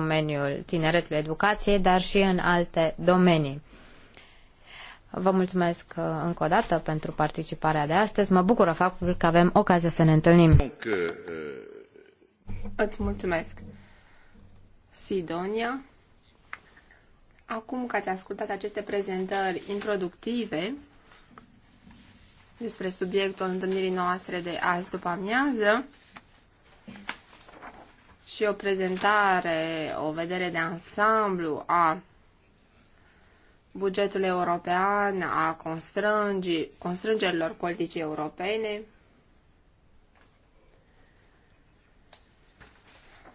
domeniul tineretului educației, dar și în alte domenii. Vă mulțumesc uh, încă o dată pentru participarea de astăzi. Mă bucură faptul că avem ocazia să ne întâlnim. Donc, uh, uh, Îți mulțumesc. Sidonia, acum că ați ascultat aceste prezentări introductive despre subiectul întâlnirii noastre de azi după amiază, și o prezentare, o vedere de ansamblu a bugetului european, a constrângerilor politicii europene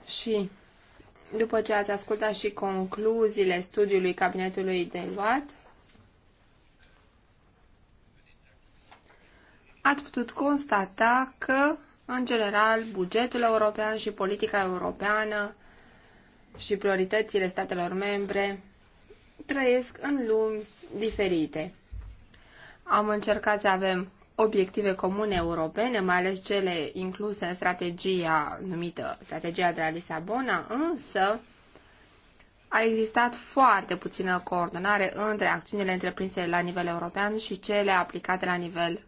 și după ce ați ascultat și concluziile studiului cabinetului de luat, ați putut constata că în general, bugetul european și politica europeană și prioritățile statelor membre trăiesc în lumi diferite. Am încercat să avem obiective comune europene, mai ales cele incluse în strategia numită strategia de la Lisabona, însă a existat foarte puțină coordonare între acțiunile întreprinse la nivel european și cele aplicate la nivel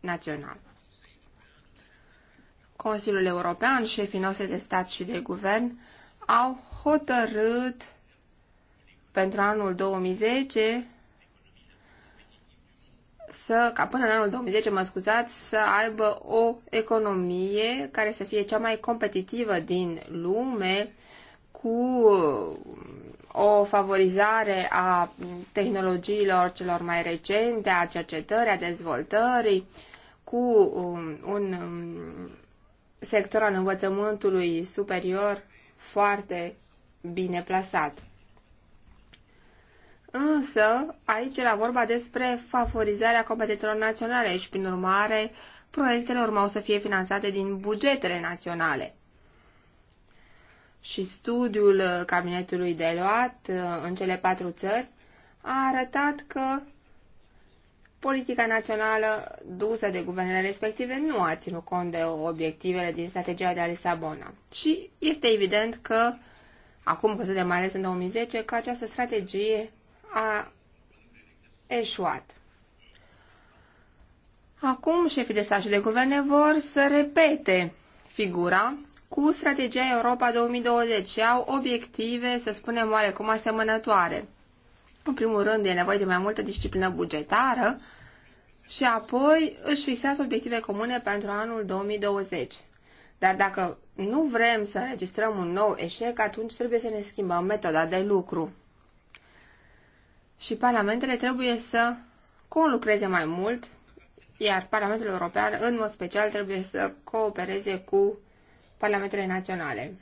național. Consiliul European, șefii noștri de stat și de guvern au hotărât pentru anul 2010 să, ca până în anul 2010, mă scuzați, să aibă o economie care să fie cea mai competitivă din lume cu o favorizare a tehnologiilor celor mai recente, a cercetării, a dezvoltării, cu um, un, un um, sector al învățământului superior foarte bine plasat. Însă, aici era vorba despre favorizarea competențelor naționale și, prin urmare, proiectele urmau să fie finanțate din bugetele naționale. Și studiul cabinetului de luat uh, în cele patru țări a arătat că politica națională dusă de guvernele respective nu a ținut cont de obiectivele din strategia de Alisabona. Lisabona. Și este evident că, acum că suntem mai ales în 2010, că această strategie a eșuat. Acum șefii de stat și de guverne vor să repete figura cu strategia Europa 2020 și au obiective, să spunem oarecum, asemănătoare. În primul rând, e nevoie de mai multă disciplină bugetară și apoi își fixează obiective comune pentru anul 2020. Dar dacă nu vrem să înregistrăm un nou eșec, atunci trebuie să ne schimbăm metoda de lucru. Și parlamentele trebuie să conlucreze mai mult, iar Parlamentul European, în mod special, trebuie să coopereze cu parlamentele naționale.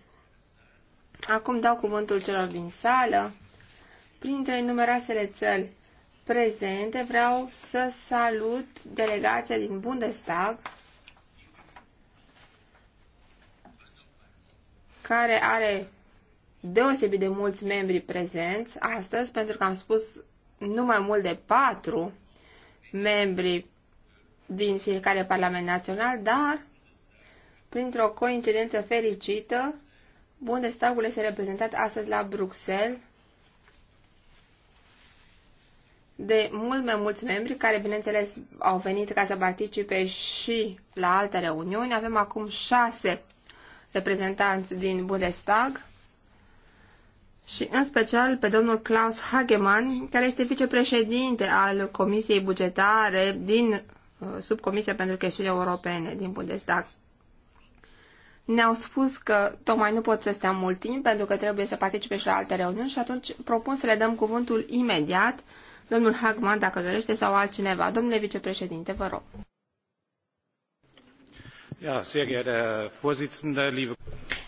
Acum dau cuvântul celor din sală printre numeroasele țări prezente, vreau să salut delegația din Bundestag, care are deosebit de mulți membri prezenți astăzi, pentru că am spus nu mai mult de patru membri din fiecare parlament național, dar printr-o coincidență fericită, Bundestagul este reprezentat astăzi la Bruxelles de mult mai mulți membri care, bineînțeles, au venit ca să participe și la alte reuniuni. Avem acum șase reprezentanți din Bundestag și în special pe domnul Klaus Hagemann, care este vicepreședinte al Comisiei Bugetare din uh, Subcomisia pentru Chestiuni Europene din Bundestag. Ne-au spus că tocmai nu pot să stea mult timp pentru că trebuie să participe și la alte reuniuni și atunci propun să le dăm cuvântul imediat Domnul Hagman, dacă dorește, sau altcineva. Domnule vicepreședinte, vă rog.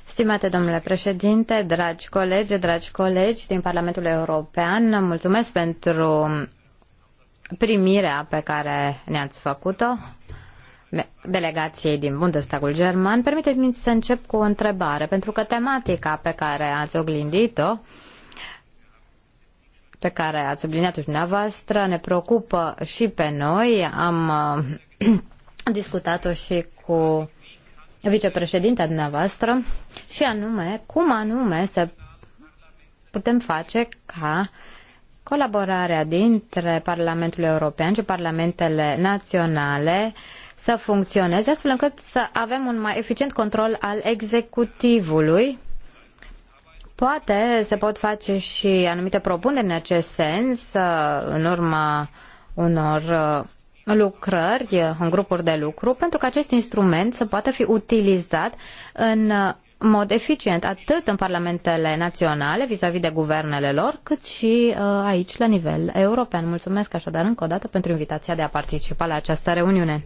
Stimate domnule președinte, dragi colegi, dragi colegi din Parlamentul European, mulțumesc pentru primirea pe care ne-ați făcut-o delegației din Bundestagul German. Permiteți-mi să încep cu o întrebare, pentru că tematica pe care ați oglindit-o pe care ați subliniat-o dumneavoastră ne preocupă și pe noi. Am uh, discutat-o și cu vicepreședintea dumneavoastră și anume cum anume să putem face ca colaborarea dintre Parlamentul European și Parlamentele naționale să funcționeze astfel încât să avem un mai eficient control al executivului Poate se pot face și anumite propuneri în acest sens uh, în urma unor uh, lucrări în uh, grupuri de lucru pentru că acest instrument să poată fi utilizat în mod eficient atât în parlamentele naționale vis-a-vis -vis de guvernele lor, cât și aici la nivel european. Mulțumesc așadar încă o dată pentru invitația de a participa la această reuniune.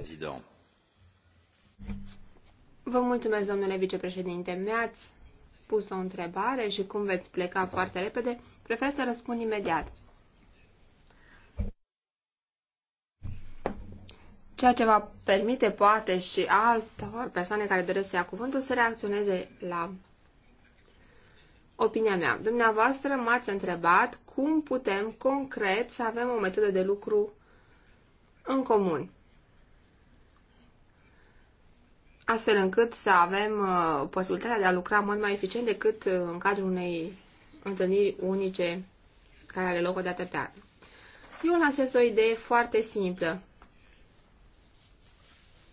Vă mulțumesc, domnule vicepreședinte. Mi-ați pus o întrebare și cum veți pleca foarte repede, prefer să răspund imediat. Ceea ce va permite poate și altor persoane care doresc să ia cuvântul să reacționeze la opinia mea. Dumneavoastră m-ați întrebat cum putem concret să avem o metodă de lucru în comun. astfel încât să avem uh, posibilitatea de a lucra mult mai eficient decât uh, în cadrul unei întâlniri unice care are loc o dată pe an. Eu lansez o idee foarte simplă.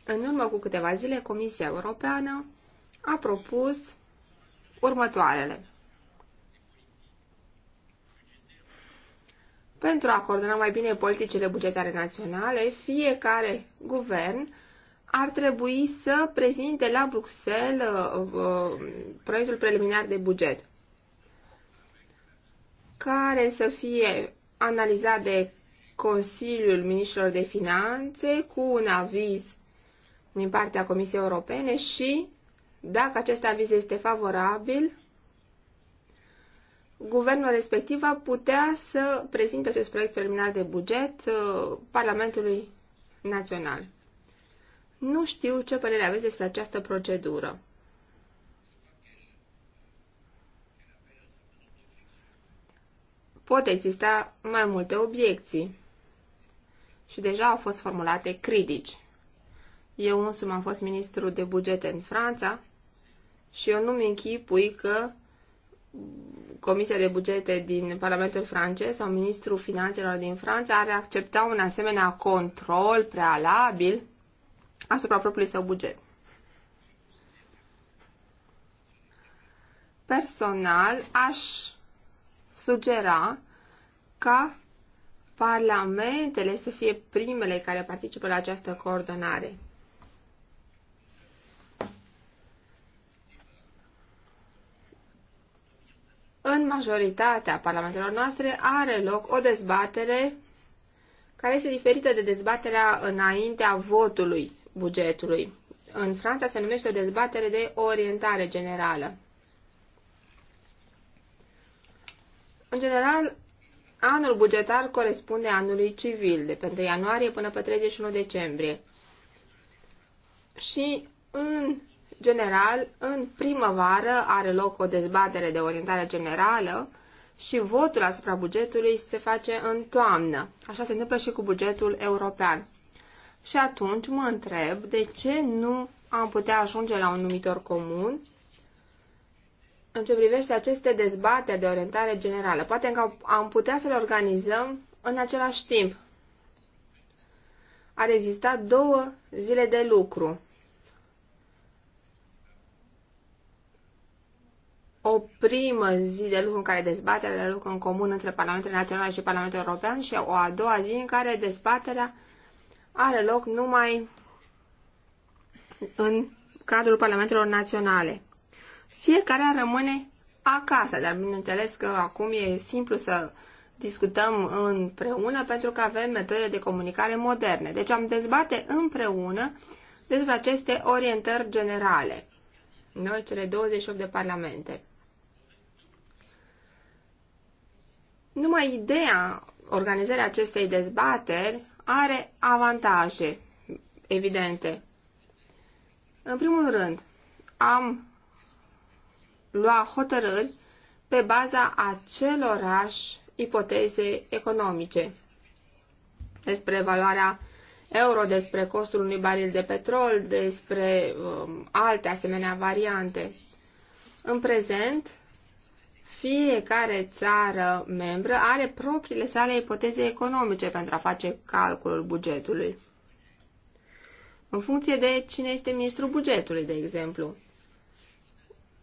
În urmă cu câteva zile, Comisia Europeană a propus următoarele. Pentru a coordona mai bine politicile bugetare naționale, fiecare guvern ar trebui să prezinte la Bruxelles uh, uh, proiectul preliminar de buget, care să fie analizat de Consiliul Ministrilor de Finanțe cu un aviz din partea Comisiei Europene și, dacă acest aviz este favorabil, guvernul respectiv va putea să prezinte acest proiect preliminar de buget uh, Parlamentului Național. Nu știu ce părere aveți despre această procedură. Pot exista mai multe obiecții și deja au fost formulate critici. Eu însumi am fost ministru de bugete în Franța și eu nu-mi închipui că Comisia de Bugete din Parlamentul francez sau Ministrul Finanțelor din Franța ar accepta un asemenea control prealabil asupra propriului său buget. Personal, aș sugera ca parlamentele să fie primele care participă la această coordonare. În majoritatea parlamentelor noastre are loc o dezbatere care este diferită de dezbaterea înaintea votului bugetului. În Franța se numește o dezbatere de orientare generală. În general, anul bugetar corespunde anului civil, de pe 1 ianuarie până pe 31 decembrie. Și, în general, în primăvară are loc o dezbatere de orientare generală și votul asupra bugetului se face în toamnă. Așa se întâmplă și cu bugetul european. Și atunci mă întreb de ce nu am putea ajunge la un numitor comun în ce privește aceste dezbateri de orientare generală. Poate că am putea să le organizăm în același timp. Ar exista două zile de lucru. O primă zi de lucru în care dezbaterea are loc în comun între Parlamentul Național și Parlamentul European și o a doua zi în care dezbaterea are loc numai în cadrul parlamentelor naționale. Fiecare rămâne acasă, dar bineînțeles că acum e simplu să discutăm împreună pentru că avem metode de comunicare moderne. Deci am dezbate împreună despre aceste orientări generale. Noi, cele 28 de parlamente. Numai ideea organizării acestei dezbateri are avantaje evidente. În primul rând, am luat hotărâri pe baza acelorași ipoteze economice despre valoarea euro, despre costul unui baril de petrol, despre um, alte asemenea variante. În prezent, fiecare țară membră are propriile sale ipoteze economice pentru a face calculul bugetului. În funcție de cine este ministrul bugetului, de exemplu.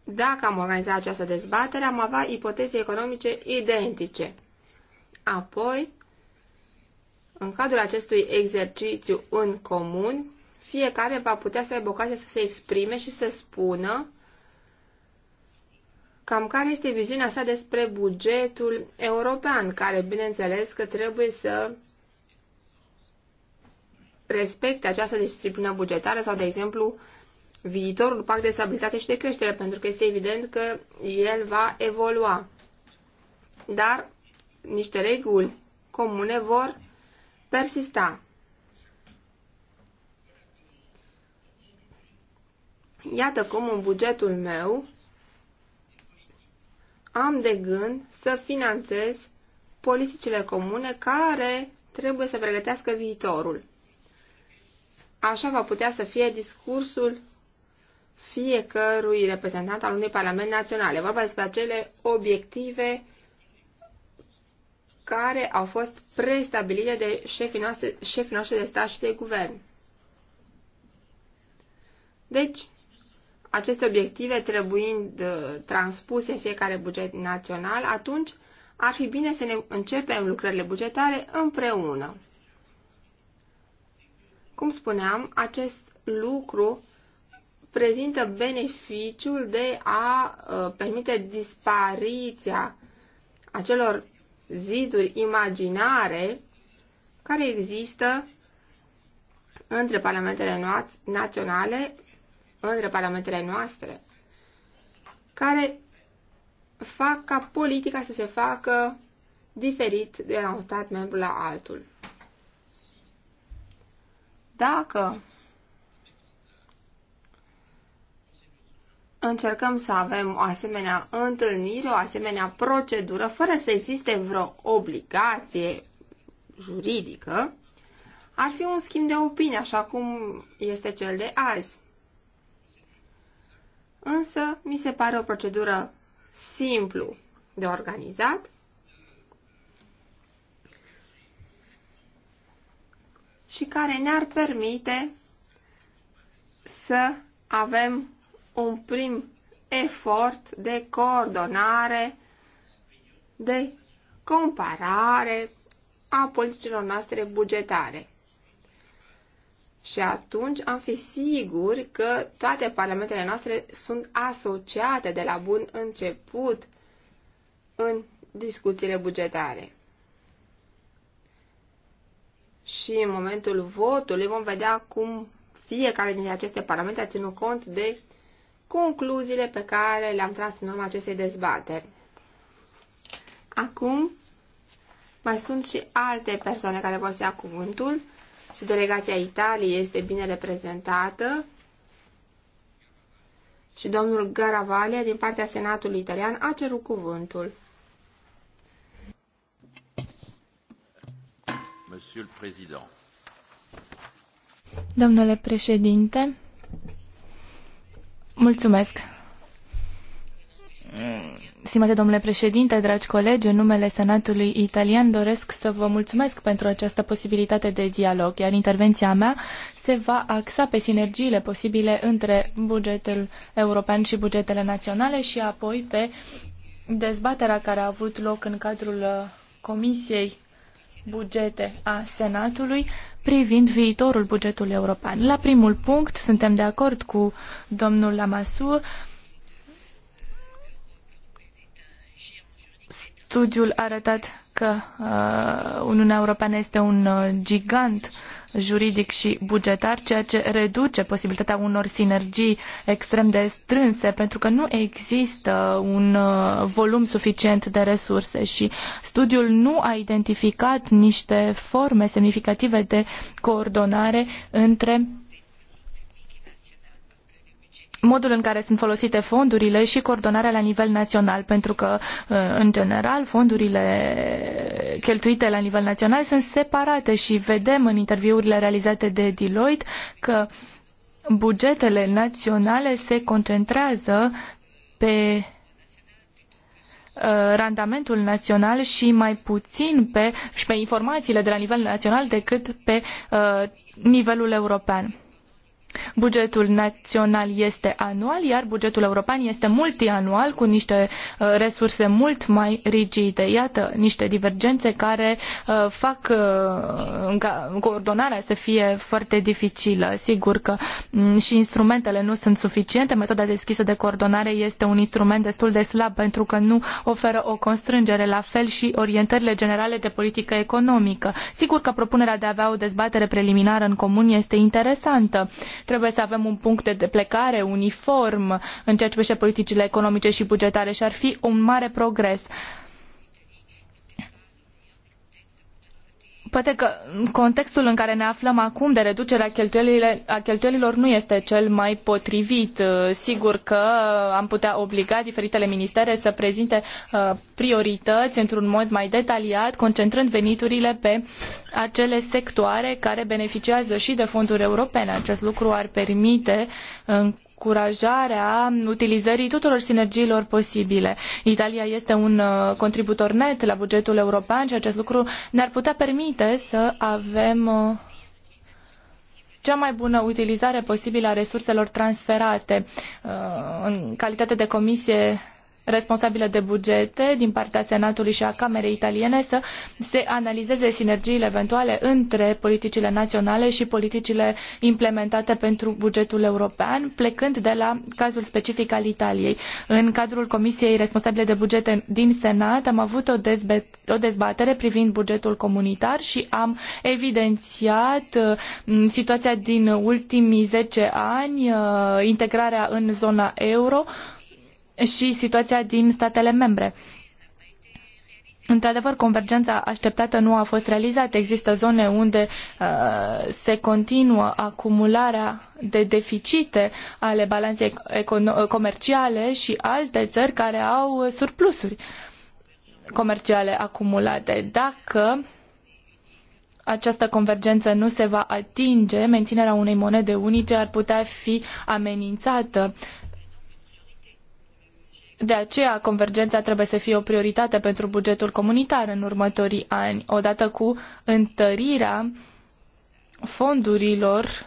Dacă am organizat această dezbatere, am avea ipoteze economice identice. Apoi, în cadrul acestui exercițiu în comun, fiecare va putea să aibă ocazia să se exprime și să spună cam care este viziunea sa despre bugetul european, care, bineînțeles, că trebuie să respecte această disciplină bugetară sau, de exemplu, viitorul pact de stabilitate și de creștere, pentru că este evident că el va evolua. Dar niște reguli comune vor persista. Iată cum în bugetul meu am de gând să finanțez politicile comune care trebuie să pregătească viitorul. Așa va putea să fie discursul fiecărui reprezentant al unui parlament național. E vorba despre acele obiective care au fost prestabilite de șefii noștri, șefii noștri de stat și de guvern. Deci, aceste obiective trebuind uh, transpuse în fiecare buget național, atunci ar fi bine să ne începem lucrările bugetare împreună. Cum spuneam, acest lucru prezintă beneficiul de a uh, permite dispariția acelor ziduri imaginare care există între parlamentele naționale între parlamentele noastre, care fac ca politica să se facă diferit de la un stat membru la altul. Dacă încercăm să avem o asemenea întâlnire, o asemenea procedură, fără să existe vreo obligație juridică, ar fi un schimb de opinie, așa cum este cel de azi însă mi se pare o procedură simplu de organizat și care ne-ar permite să avem un prim efort de coordonare, de comparare a politicilor noastre bugetare. Și atunci am fi siguri că toate parlamentele noastre sunt asociate de la bun început în discuțiile bugetare. Și în momentul votului vom vedea cum fiecare dintre aceste parlamente a ținut cont de concluziile pe care le-am tras în urma acestei dezbateri. Acum mai sunt și alte persoane care vor să ia cuvântul. Delegația Italiei este bine reprezentată și domnul Garavalia, din partea Senatului Italian, a cerut cuvântul. Domnule președinte, mulțumesc. Stimate domnule președinte, dragi colegi, în numele Senatului italian doresc să vă mulțumesc pentru această posibilitate de dialog, iar intervenția mea se va axa pe sinergiile posibile între bugetul european și bugetele naționale și apoi pe dezbaterea care a avut loc în cadrul uh, Comisiei Bugete a Senatului privind viitorul bugetului european. La primul punct, suntem de acord cu domnul Lamassoure Studiul a arătat că uh, Uniunea Europeană este un uh, gigant juridic și bugetar, ceea ce reduce posibilitatea unor sinergii extrem de strânse, pentru că nu există un uh, volum suficient de resurse și studiul nu a identificat niște forme semnificative de coordonare între modul în care sunt folosite fondurile și coordonarea la nivel național, pentru că, uh, în general, fondurile cheltuite la nivel național sunt separate și vedem în interviurile realizate de Deloitte că bugetele naționale se concentrează pe uh, randamentul național și mai puțin pe, și pe informațiile de la nivel național decât pe uh, nivelul european. Bugetul național este anual, iar bugetul european este multianual cu niște uh, resurse mult mai rigide. Iată niște divergențe care uh, fac uh, ca coordonarea să fie foarte dificilă. Sigur că mm, și instrumentele nu sunt suficiente. Metoda deschisă de coordonare este un instrument destul de slab pentru că nu oferă o constrângere, la fel și orientările generale de politică economică. Sigur că propunerea de a avea o dezbatere preliminară în comun este interesantă Trebuie să avem un punct de plecare uniform în ceea ce privește politicile economice și bugetare și ar fi un mare progres. Poate că contextul în care ne aflăm acum de reducerea a cheltuielilor nu este cel mai potrivit. Uh, sigur că uh, am putea obliga diferitele ministere să prezinte uh, priorități într-un mod mai detaliat, concentrând veniturile pe acele sectoare care beneficiază și de fonduri europene. Acest lucru ar permite în încurajarea utilizării tuturor sinergiilor posibile. Italia este un uh, contributor net la bugetul european și acest lucru ne-ar putea permite să avem uh, cea mai bună utilizare posibilă a resurselor transferate. Uh, în calitate de comisie responsabilă de bugete din partea Senatului și a Camerei italiene să se analizeze sinergiile eventuale între politicile naționale și politicile implementate pentru bugetul european, plecând de la cazul specific al Italiei. În cadrul Comisiei responsabile de bugete din Senat am avut o, o dezbatere privind bugetul comunitar și am evidențiat uh, situația din ultimii zece ani, uh, integrarea în zona euro, și situația din statele membre. Într-adevăr, convergența așteptată nu a fost realizată. Există zone unde uh, se continuă acumularea de deficite ale balanței comerciale și alte țări care au surplusuri comerciale acumulate. Dacă această convergență nu se va atinge, menținerea unei monede unice ar putea fi amenințată de aceea, convergența trebuie să fie o prioritate pentru bugetul comunitar în următorii ani, odată cu întărirea fondurilor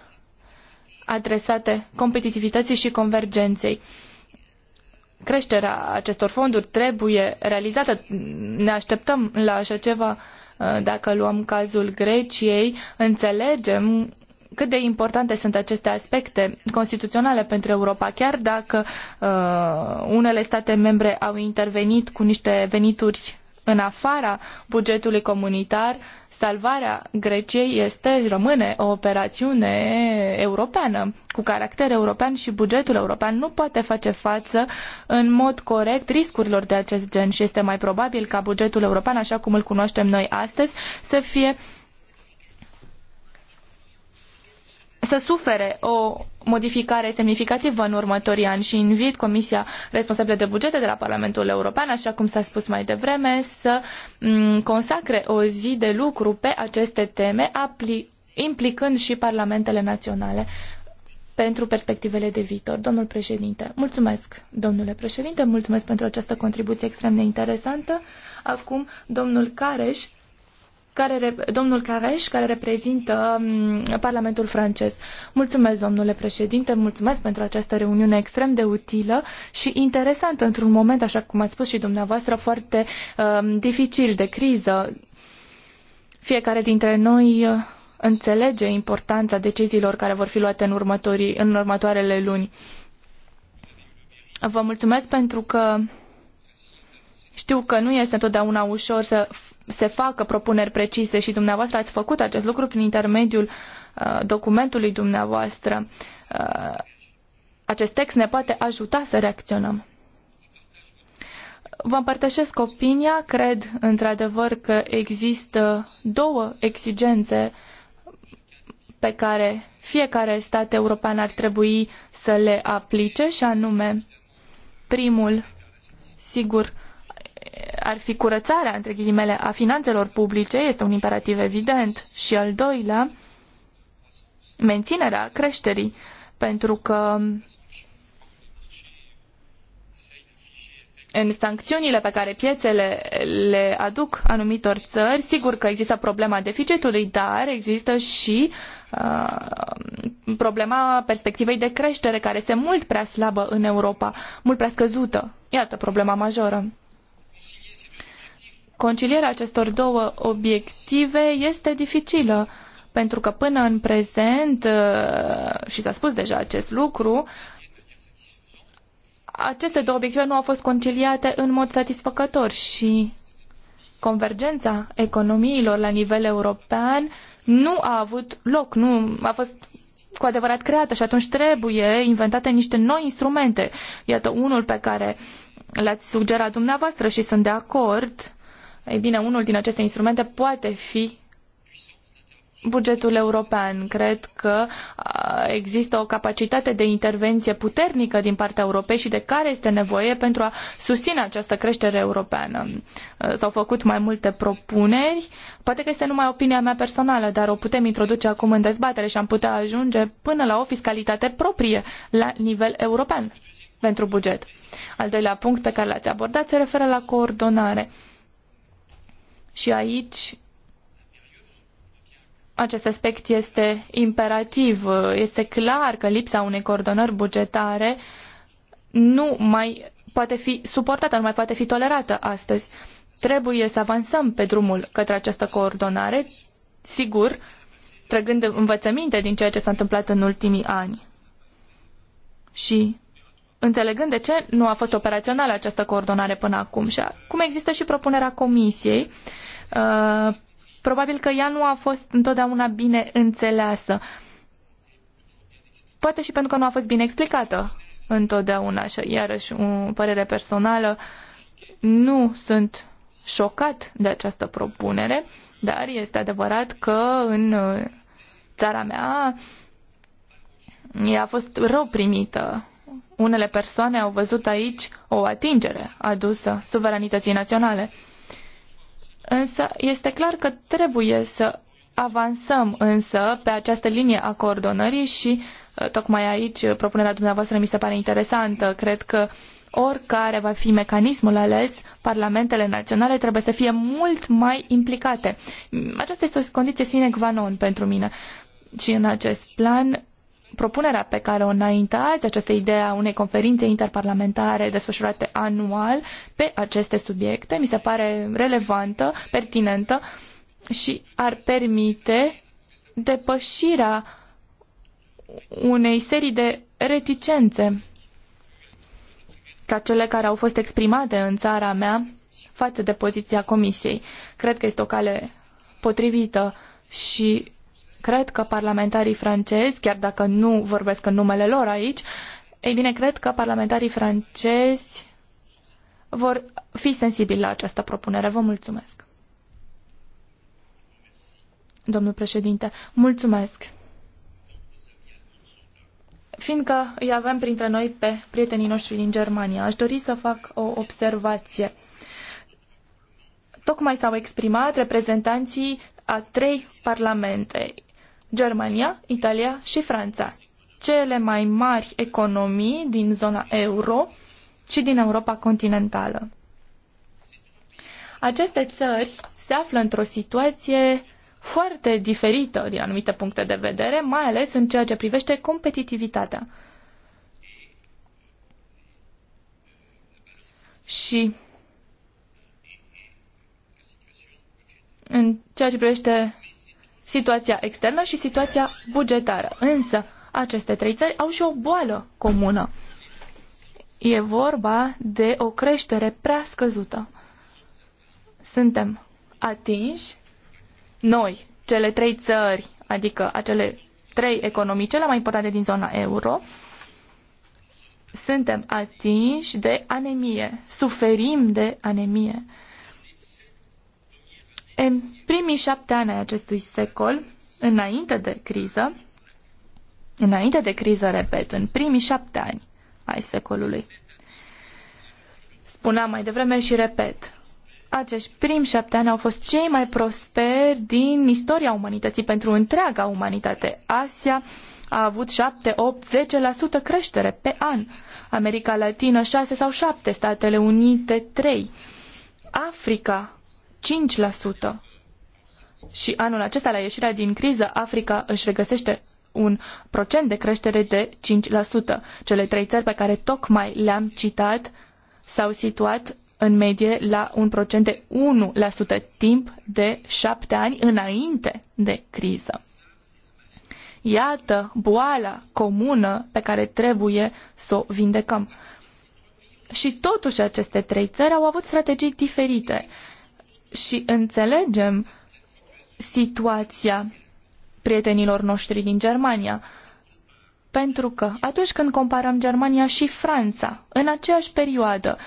adresate competitivității și convergenței. Creșterea acestor fonduri trebuie realizată. Ne așteptăm la așa ceva. Dacă luăm cazul Greciei, înțelegem cât de importante sunt aceste aspecte constituționale pentru Europa, chiar dacă uh, unele state membre au intervenit cu niște venituri în afara bugetului comunitar, salvarea Greciei este, rămâne o operațiune europeană, cu caracter european și bugetul european nu poate face față în mod corect riscurilor de acest gen și este mai probabil ca bugetul european, așa cum îl cunoaștem noi astăzi, să fie uh, să sufere o modificare semnificativă în următorii ani și invit Comisia responsabilă de bugete de la Parlamentul European, așa cum s-a spus mai devreme, să mm, consacre o zi de lucru pe aceste teme, implicând și parlamentele naționale pentru perspectivele de viitor. Domnul președinte, mulțumesc, domnule președinte, mulțumesc pentru această contribuție extrem de interesantă. Acum, domnul Careș care, domnul Careș, care reprezintă um, Parlamentul francez. Mulțumesc, domnule președinte, mulțumesc pentru această reuniune extrem de utilă și interesantă într-un moment, așa cum ați spus și dumneavoastră, foarte um, dificil de criză. Fiecare dintre noi uh, înțelege importanța deciziilor care vor fi luate în, următorii, în următoarele luni. Vă mulțumesc pentru că știu că nu este întotdeauna ușor să se facă propuneri precise și dumneavoastră ați făcut acest lucru prin intermediul uh, documentului dumneavoastră. Uh, acest text ne poate ajuta să reacționăm. Vă împărtășesc opinia, cred într-adevăr că există două exigențe pe care fiecare stat european ar trebui să le aplice și anume primul, sigur, ar fi curățarea, între ghilimele, a finanțelor publice, este un imperativ evident. Și al doilea, menținerea creșterii, pentru că în sancțiunile pe care piețele le aduc anumitor țări, sigur că există problema deficitului, dar există și uh, problema perspectivei de creștere, care este mult prea slabă în Europa, mult prea scăzută. Iată problema majoră. Concilierea acestor două obiective este dificilă, pentru că până în prezent, uh, și s-a spus deja acest lucru, aceste două obiective nu au fost conciliate în mod satisfăcător și convergența economiilor la nivel european nu a avut loc, nu a fost cu adevărat creată și atunci trebuie inventate niște noi instrumente. Iată unul pe care l-ați sugerat dumneavoastră și sunt de acord ei bine, unul din aceste instrumente poate fi bugetul european. Cred că există o capacitate de intervenție puternică din partea Europei și de care este nevoie pentru a susține această creștere europeană. S-au făcut mai multe propuneri, poate că este numai opinia mea personală, dar o putem introduce acum în dezbatere și am putea ajunge până la o fiscalitate proprie la nivel european pentru buget. Al doilea punct pe care l-ați abordat se referă la coordonare. Și aici acest aspect este imperativ. Este clar că lipsa unei coordonări bugetare nu mai poate fi suportată, nu mai poate fi tolerată astăzi. Trebuie să avansăm pe drumul către această coordonare, sigur, trăgând învățăminte din ceea ce s-a întâmplat în ultimii ani. Și înțelegând de ce nu a fost operațională această coordonare până acum. Și cum există și propunerea Comisiei uh, Uh, probabil că ea nu a fost întotdeauna bine înțeleasă. Poate și pentru că nu a fost bine explicată întotdeauna, Și iarăși o părere personală, nu sunt șocat de această propunere, dar este adevărat că în uh, țara mea ea a fost rău primită. Unele persoane au văzut aici o atingere adusă suveranității naționale. Însă este clar că trebuie să avansăm însă pe această linie a coordonării și ă, tocmai aici ă, propunerea dumneavoastră mi se pare interesantă. Cred că oricare va fi mecanismul ales, parlamentele naționale trebuie să fie mult mai implicate. Aceasta este o condiție sine qua non pentru mine. Și în acest plan propunerea pe care o înaintați, această idee a unei conferințe interparlamentare desfășurate anual pe aceste subiecte, mi se pare relevantă, pertinentă și ar permite depășirea unei serii de reticențe ca cele care au fost exprimate în țara mea față de poziția Comisiei. Cred că este o cale potrivită și cred că parlamentarii francezi, chiar dacă nu vorbesc în numele lor aici, ei bine, cred că parlamentarii francezi vor fi sensibili la această propunere. Vă mulțumesc. Domnul președinte, mulțumesc. Fiindcă îi avem printre noi pe prietenii noștri din Germania, aș dori să fac o observație. Tocmai s-au exprimat reprezentanții a trei parlamente Germania, Italia și Franța, cele mai mari economii din zona euro și din Europa continentală. Aceste țări se află într-o situație foarte diferită din anumite puncte de vedere, mai ales în ceea ce privește competitivitatea. Și în ceea ce privește situația externă și situația bugetară. Însă, aceste trei țări au și o boală comună. E vorba de o creștere prea scăzută. Suntem atinși, noi, cele trei țări, adică acele trei economii cele mai importante din zona euro, suntem atinși de anemie, suferim de anemie. În primii șapte ani ai acestui secol, înainte de criză, înainte de criză, repet, în primii șapte ani ai secolului, spuneam mai devreme și repet, acești primi șapte ani au fost cei mai prosperi din istoria umanității pentru întreaga umanitate. Asia a avut 7, 8, 10% creștere pe an. America Latină 6 sau 7, Statele Unite 3. Africa 5%. Și anul acesta, la ieșirea din criză, Africa își regăsește un procent de creștere de 5%. Cele trei țări pe care tocmai le-am citat s-au situat în medie la un procent de 1% timp de șapte ani înainte de criză. Iată boala comună pe care trebuie să o vindecăm. Și totuși aceste trei țări au avut strategii diferite și înțelegem situația prietenilor noștri din Germania. Pentru că atunci când comparăm Germania și Franța, în aceeași perioadă,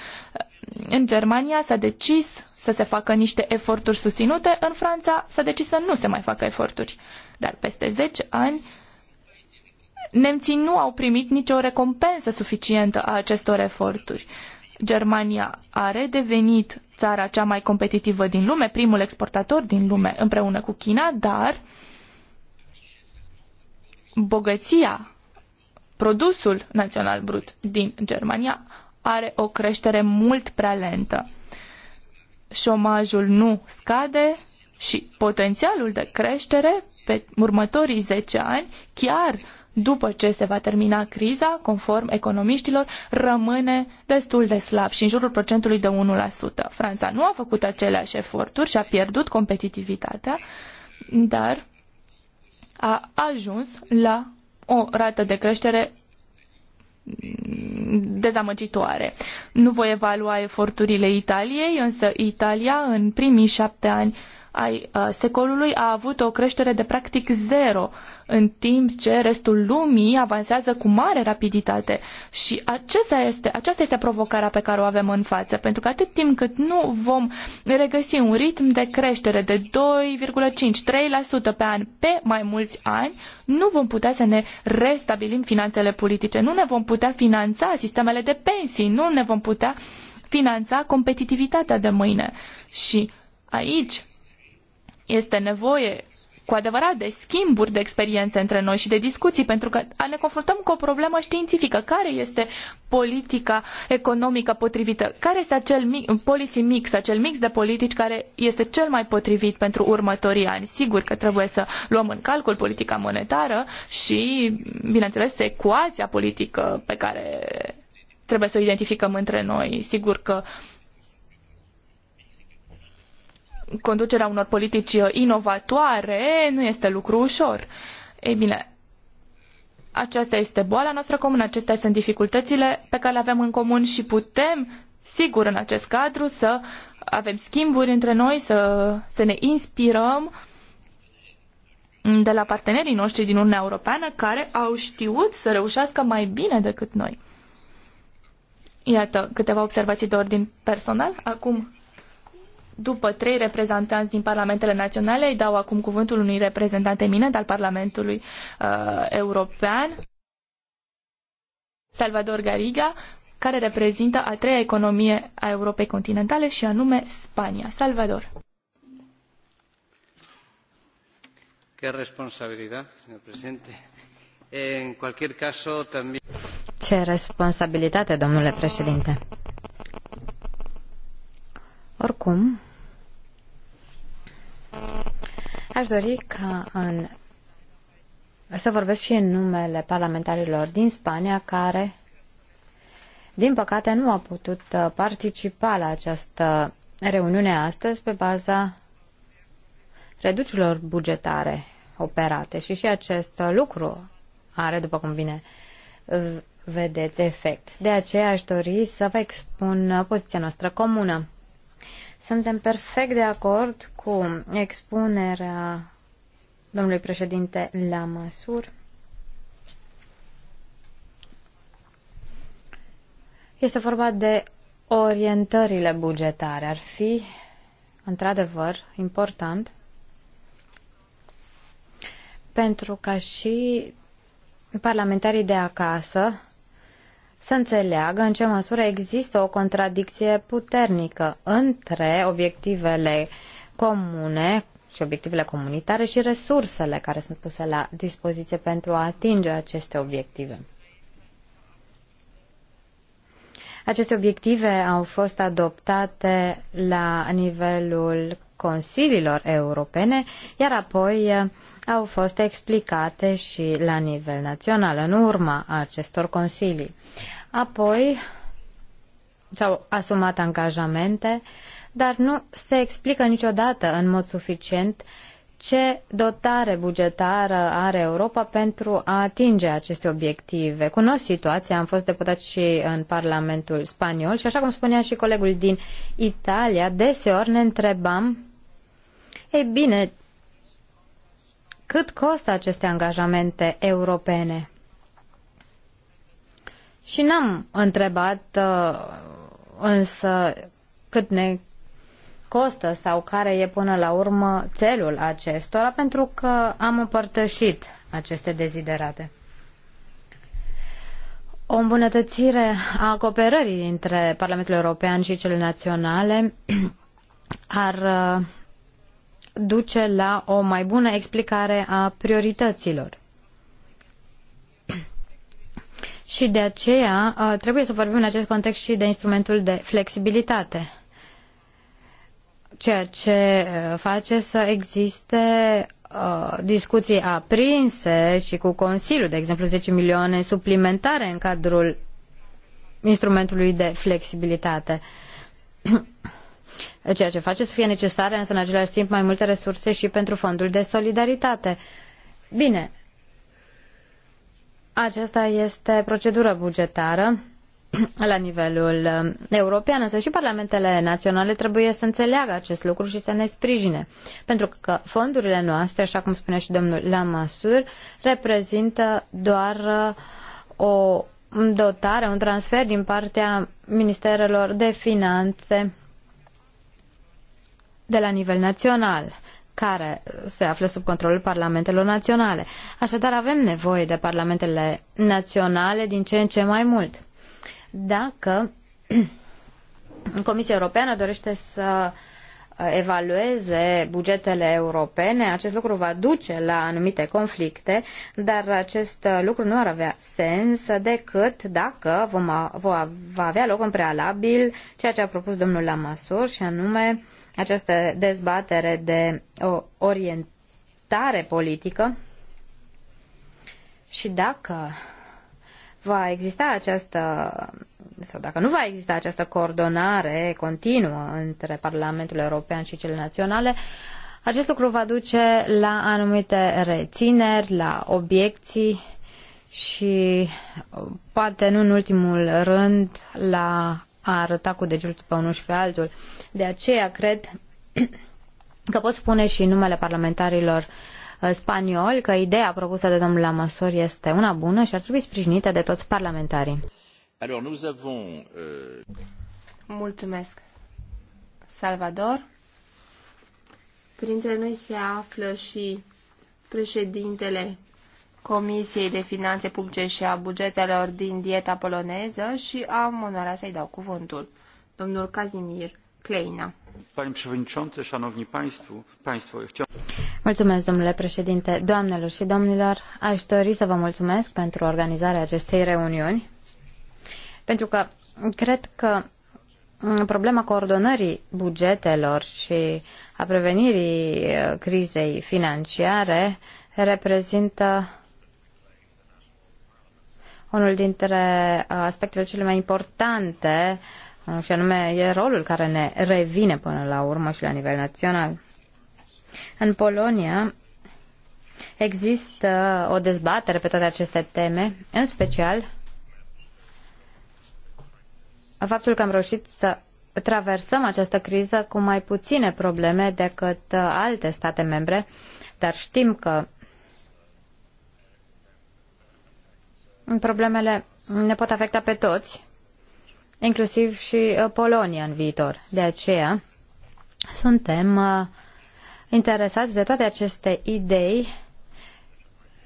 în Germania s-a decis să se facă niște eforturi susținute, în Franța s-a decis să nu se mai facă eforturi. Dar peste 10 ani, nemții nu au primit nicio recompensă suficientă a acestor eforturi. Germania a redevenit țara cea mai competitivă din lume, primul exportator din lume împreună cu China, dar bogăția, produsul național brut din Germania are o creștere mult prea lentă. Șomajul nu scade și potențialul de creștere pe următorii zece ani chiar după ce se va termina criza, conform economiștilor, rămâne destul de slab și în jurul procentului de 1%. Franța nu a făcut aceleași eforturi și a pierdut competitivitatea, dar a ajuns la o rată de creștere dezamăgitoare. Nu voi evalua eforturile Italiei, însă Italia în primii șapte ani ai uh, secolului a avut o creștere de practic zero în timp ce restul lumii avansează cu mare rapiditate. Și acesta este, aceasta este provocarea pe care o avem în față, pentru că atât timp cât nu vom regăsi un ritm de creștere de 2,5-3% pe an pe mai mulți ani, nu vom putea să ne restabilim finanțele politice, nu ne vom putea finanța sistemele de pensii, nu ne vom putea finanța competitivitatea de mâine. Și aici este nevoie cu adevărat de schimburi de experiențe între noi și de discuții, pentru că ne confruntăm cu o problemă științifică. Care este politica economică potrivită? Care este acel policy mix, acel mix de politici care este cel mai potrivit pentru următorii ani? Sigur că trebuie să luăm în calcul politica monetară și, bineînțeles, ecuația politică pe care trebuie să o identificăm între noi. Sigur că uh, conducerea unor politici uh, inovatoare nu este lucru ușor. Ei bine, aceasta este boala noastră comună, acestea sunt dificultățile pe care le avem în comun și putem, sigur, în acest cadru să avem schimburi între noi, să, să ne inspirăm de la partenerii noștri din Uniunea Europeană care au știut să reușească mai bine decât noi. Iată câteva observații de ordin personal. Acum după trei reprezentanți din parlamentele naționale, îi dau acum cuvântul unui reprezentant eminent al Parlamentului uh, European, Salvador Gariga, care reprezintă a treia economie a Europei continentale și anume Spania. Salvador. Ce responsabilitate, președinte? În En cualquier caso, también... Ce responsabilitate, domnule președinte. Oricum, Aș dori ca în, să vorbesc și în numele parlamentarilor din Spania care, din păcate, nu au putut uh, participa la această reuniune astăzi pe baza reducerilor bugetare operate și și acest lucru are, după cum bine uh, vedeți, efect. De aceea aș dori să vă expun uh, poziția noastră comună. Suntem perfect de acord cu expunerea domnului președinte la măsuri. Este vorba de orientările bugetare. Ar fi, într-adevăr, important pentru ca și parlamentarii de acasă să înțeleagă în ce măsură există o contradicție puternică între obiectivele comune și obiectivele comunitare și resursele care sunt puse la dispoziție pentru a atinge aceste obiective. Aceste obiective au fost adoptate la nivelul Consiliilor Europene, iar apoi au fost explicate și la nivel național, în urma acestor consilii. Apoi s-au asumat angajamente, dar nu se explică niciodată în mod suficient ce dotare bugetară are Europa pentru a atinge aceste obiective. Cunosc situația, am fost deputat și în Parlamentul spaniol și așa cum spunea și colegul din Italia, deseori ne întrebam, ei bine, cât costă aceste angajamente europene. Și n-am întrebat uh, însă cât ne costă sau care e până la urmă țelul acestora, pentru că am împărtășit aceste deziderate. O îmbunătățire a cooperării dintre Parlamentul European și cele naționale ar uh, duce la o mai bună explicare a priorităților. Și de aceea uh, trebuie să vorbim în acest context și de instrumentul de flexibilitate, ceea ce uh, face să existe uh, discuții aprinse și cu Consiliul, de exemplu 10 milioane suplimentare în cadrul instrumentului de flexibilitate. ceea ce face să fie necesare însă în același timp mai multe resurse și pentru fondul de solidaritate. Bine, aceasta este procedură bugetară la nivelul um, european, însă și parlamentele naționale trebuie să înțeleagă acest lucru și să ne sprijine. Pentru că fondurile noastre, așa cum spunea și domnul Lamasur, reprezintă doar uh, o dotare, un transfer din partea Ministerelor de Finanțe de la nivel național care se află sub controlul parlamentelor naționale. Așadar, avem nevoie de parlamentele naționale din ce în ce mai mult. Dacă Comisia Europeană dorește să uh, evalueze bugetele europene, acest lucru va duce la anumite conflicte, dar acest uh, lucru nu ar avea sens decât dacă vom, va avea loc în prealabil ceea ce a propus domnul Lamassur și anume această dezbatere de o orientare politică și dacă va exista această sau dacă nu va exista această coordonare continuă între Parlamentul European și cele naționale, acest lucru va duce la anumite rețineri, la obiecții și poate nu în ultimul rând la a arăta cu degetul pe unul și pe altul. De aceea cred că pot spune și în numele parlamentarilor uh, spanioli că ideea propusă de domnul Lamassoure este una bună și ar trebui sprijinită de toți parlamentarii. Alors, nous avons, euh... Mulțumesc. Salvador. Printre noi se află și președintele Comisiei de Finanțe Publice și a bugetelor din dieta poloneză și am onoarea să-i dau cuvântul. Domnul Kazimir Kleina. Mulțumesc, domnule președinte. Doamnelor și domnilor, aș dori să vă mulțumesc pentru organizarea acestei reuniuni, pentru că cred că problema coordonării bugetelor și a prevenirii eh, crizei financiare reprezintă unul dintre uh, aspectele cele mai importante uh, și anume e rolul care ne revine până la urmă și la nivel național. În Polonia există o dezbatere pe toate aceste teme, în special faptul că am reușit să traversăm această criză cu mai puține probleme decât uh, alte state membre, dar știm că problemele ne pot afecta pe toți, inclusiv și uh, Polonia în viitor. De aceea suntem uh, interesați de toate aceste idei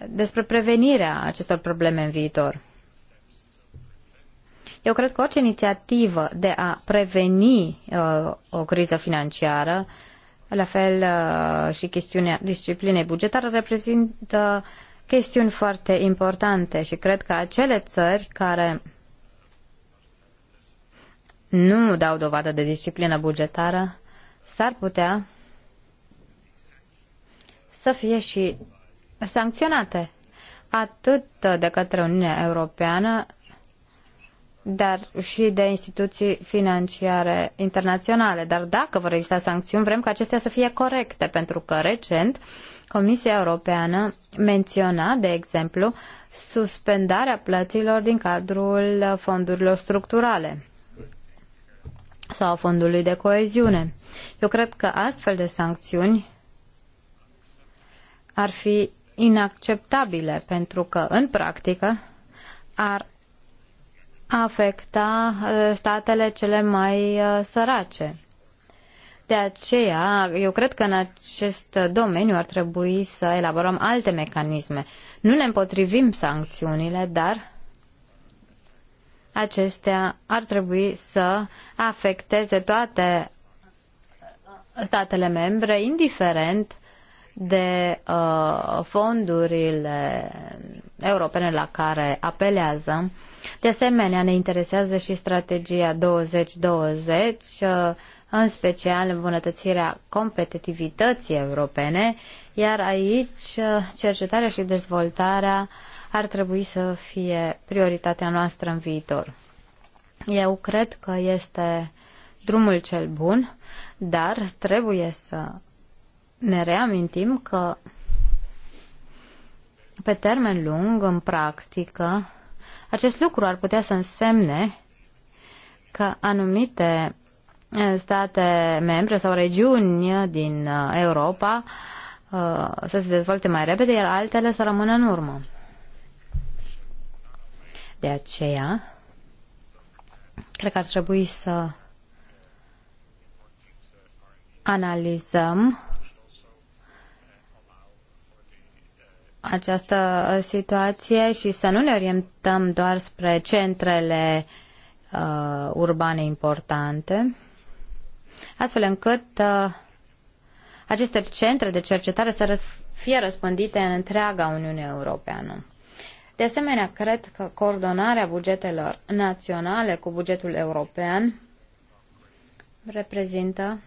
despre prevenirea acestor probleme în viitor. Eu cred că orice inițiativă de a preveni uh, o criză financiară, la fel uh, și chestiunea disciplinei bugetare, reprezintă uh, chestiuni foarte importante și cred că acele țări care nu dau dovadă de disciplină bugetară s-ar putea să fie și sancționate atât de către Uniunea Europeană, dar și de instituții financiare internaționale. Dar dacă vor exista sancțiuni, vrem ca acestea să fie corecte, pentru că recent uh, Comisia Europeană menționa, de exemplu, suspendarea plăților din cadrul fondurilor structurale sau a fondului de coeziune. Eu cred că astfel de sancțiuni ar fi inacceptabile pentru că, în practică, ar afecta uh, statele cele mai uh, sărace. De aceea, eu cred că în acest domeniu ar trebui să elaborăm alte mecanisme. Nu ne împotrivim sancțiunile, dar acestea ar trebui să afecteze toate statele membre, indiferent de uh, fondurile europene la care apelează. De asemenea, ne interesează și strategia 2020, uh, în special îmbunătățirea competitivității europene, iar aici uh, cercetarea și dezvoltarea ar trebui să fie prioritatea noastră în viitor. Eu cred că este drumul cel bun, dar trebuie să ne reamintim că pe termen lung, în practică, acest lucru ar putea să însemne că anumite state membre sau regiuni din uh, Europa uh, să se dezvolte mai repede, iar altele să rămână în urmă. De aceea, cred că ar trebui să analizăm această situație și să nu ne orientăm doar spre centrele uh, urbane importante, astfel încât uh, aceste centre de cercetare să fie răspândite în întreaga Uniune Europeană. De asemenea, cred că coordonarea bugetelor naționale cu bugetul european reprezintă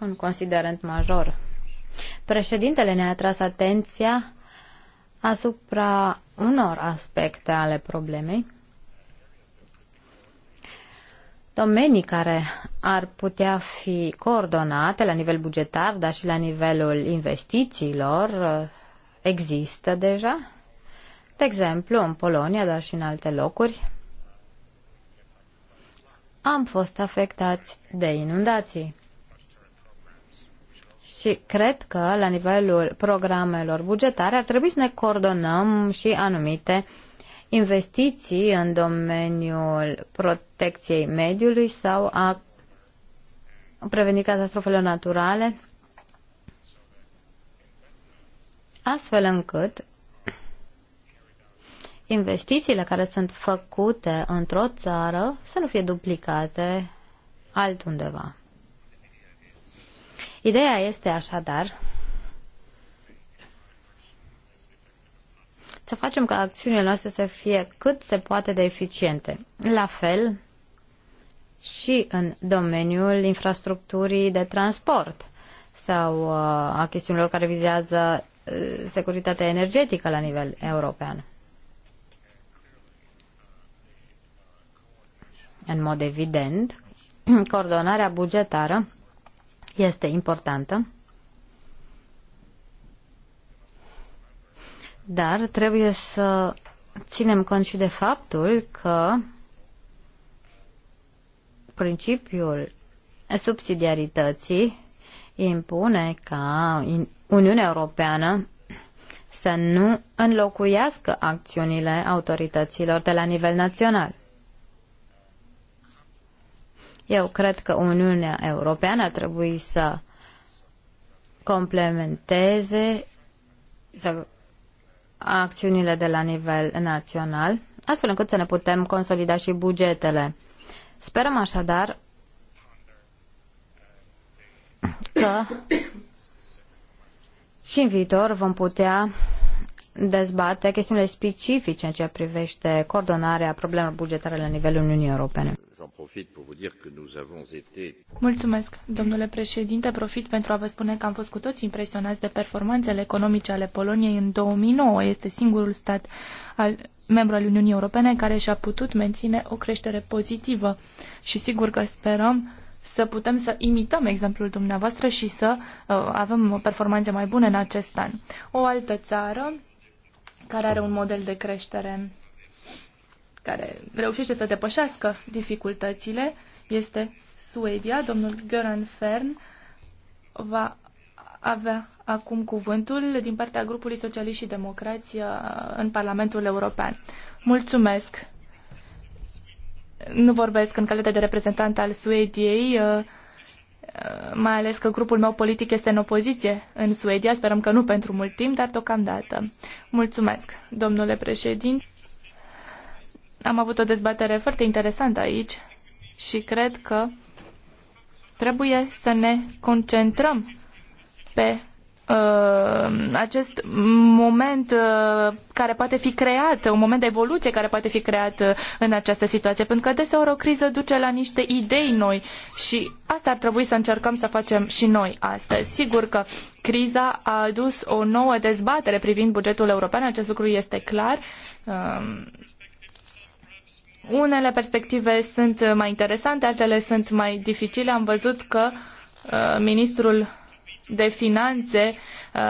un considerent major. Președintele ne-a atras atenția asupra unor aspecte ale problemei domenii care ar putea fi coordonate la nivel bugetar, dar și la nivelul investițiilor, uh, există deja. De exemplu, în Polonia, dar și în alte locuri, am fost afectați de inundații. Și cred că, la nivelul programelor bugetare, ar trebui să ne coordonăm și anumite uh, investiții în domeniul protecției mediului sau a preveni catastrofele naturale, astfel încât investițiile care sunt făcute într-o țară să nu fie duplicate altundeva. Ideea este așadar să facem ca acțiunile noastre să fie cât se poate de eficiente. La fel și în domeniul infrastructurii de transport sau uh, a chestiunilor care vizează uh, securitatea energetică la nivel european. În mod evident, coordonarea bugetară este importantă Dar trebuie să ținem cont și de faptul că principiul subsidiarității impune ca Uniunea Europeană să nu înlocuiască acțiunile autorităților de la nivel național. Eu cred că Uniunea Europeană ar trebui să complementeze, să acțiunile de la nivel național, astfel încât să ne putem consolida și bugetele. Sperăm așadar că și în viitor vom putea dezbate chestiunile specifice în ceea ce privește coordonarea problemelor bugetare la nivelul Uniunii Europene. J'en profit pour vous dire que nous avons été... Mulțumesc, domnule președinte. Profit pentru a vă spune că am fost cu toți impresionați de performanțele economice ale Poloniei în 2009. Este singurul stat al, membru al Uniunii Europene care și-a putut menține o creștere pozitivă. Și sigur că sperăm să putem să imităm exemplul dumneavoastră și să uh, avem performanțe mai bune în acest an. O altă țară care are un model de creștere care reușește să depășească dificultățile este Suedia. Domnul Göran Fern va avea acum cuvântul din partea grupului Socialiști și Democrație uh, în Parlamentul European. Mulțumesc! Nu vorbesc în calitate de reprezentant al Suediei, uh, uh, mai ales că grupul meu politic este în opoziție în Suedia, sperăm că nu pentru mult timp, dar deocamdată. Mulțumesc, domnule președinte. Am avut o dezbatere foarte interesantă aici și cred că trebuie să ne concentrăm pe uh, acest moment uh, care poate fi creat, un moment de evoluție care poate fi creat uh, în această situație, pentru că deseori o criză duce la niște idei noi și asta ar trebui să încercăm să facem și noi astăzi. Sigur că criza a adus o nouă dezbatere privind bugetul european, acest lucru este clar. Uh, unele perspective sunt mai interesante, altele sunt mai dificile. Am văzut că uh, ministrul de finanțe uh,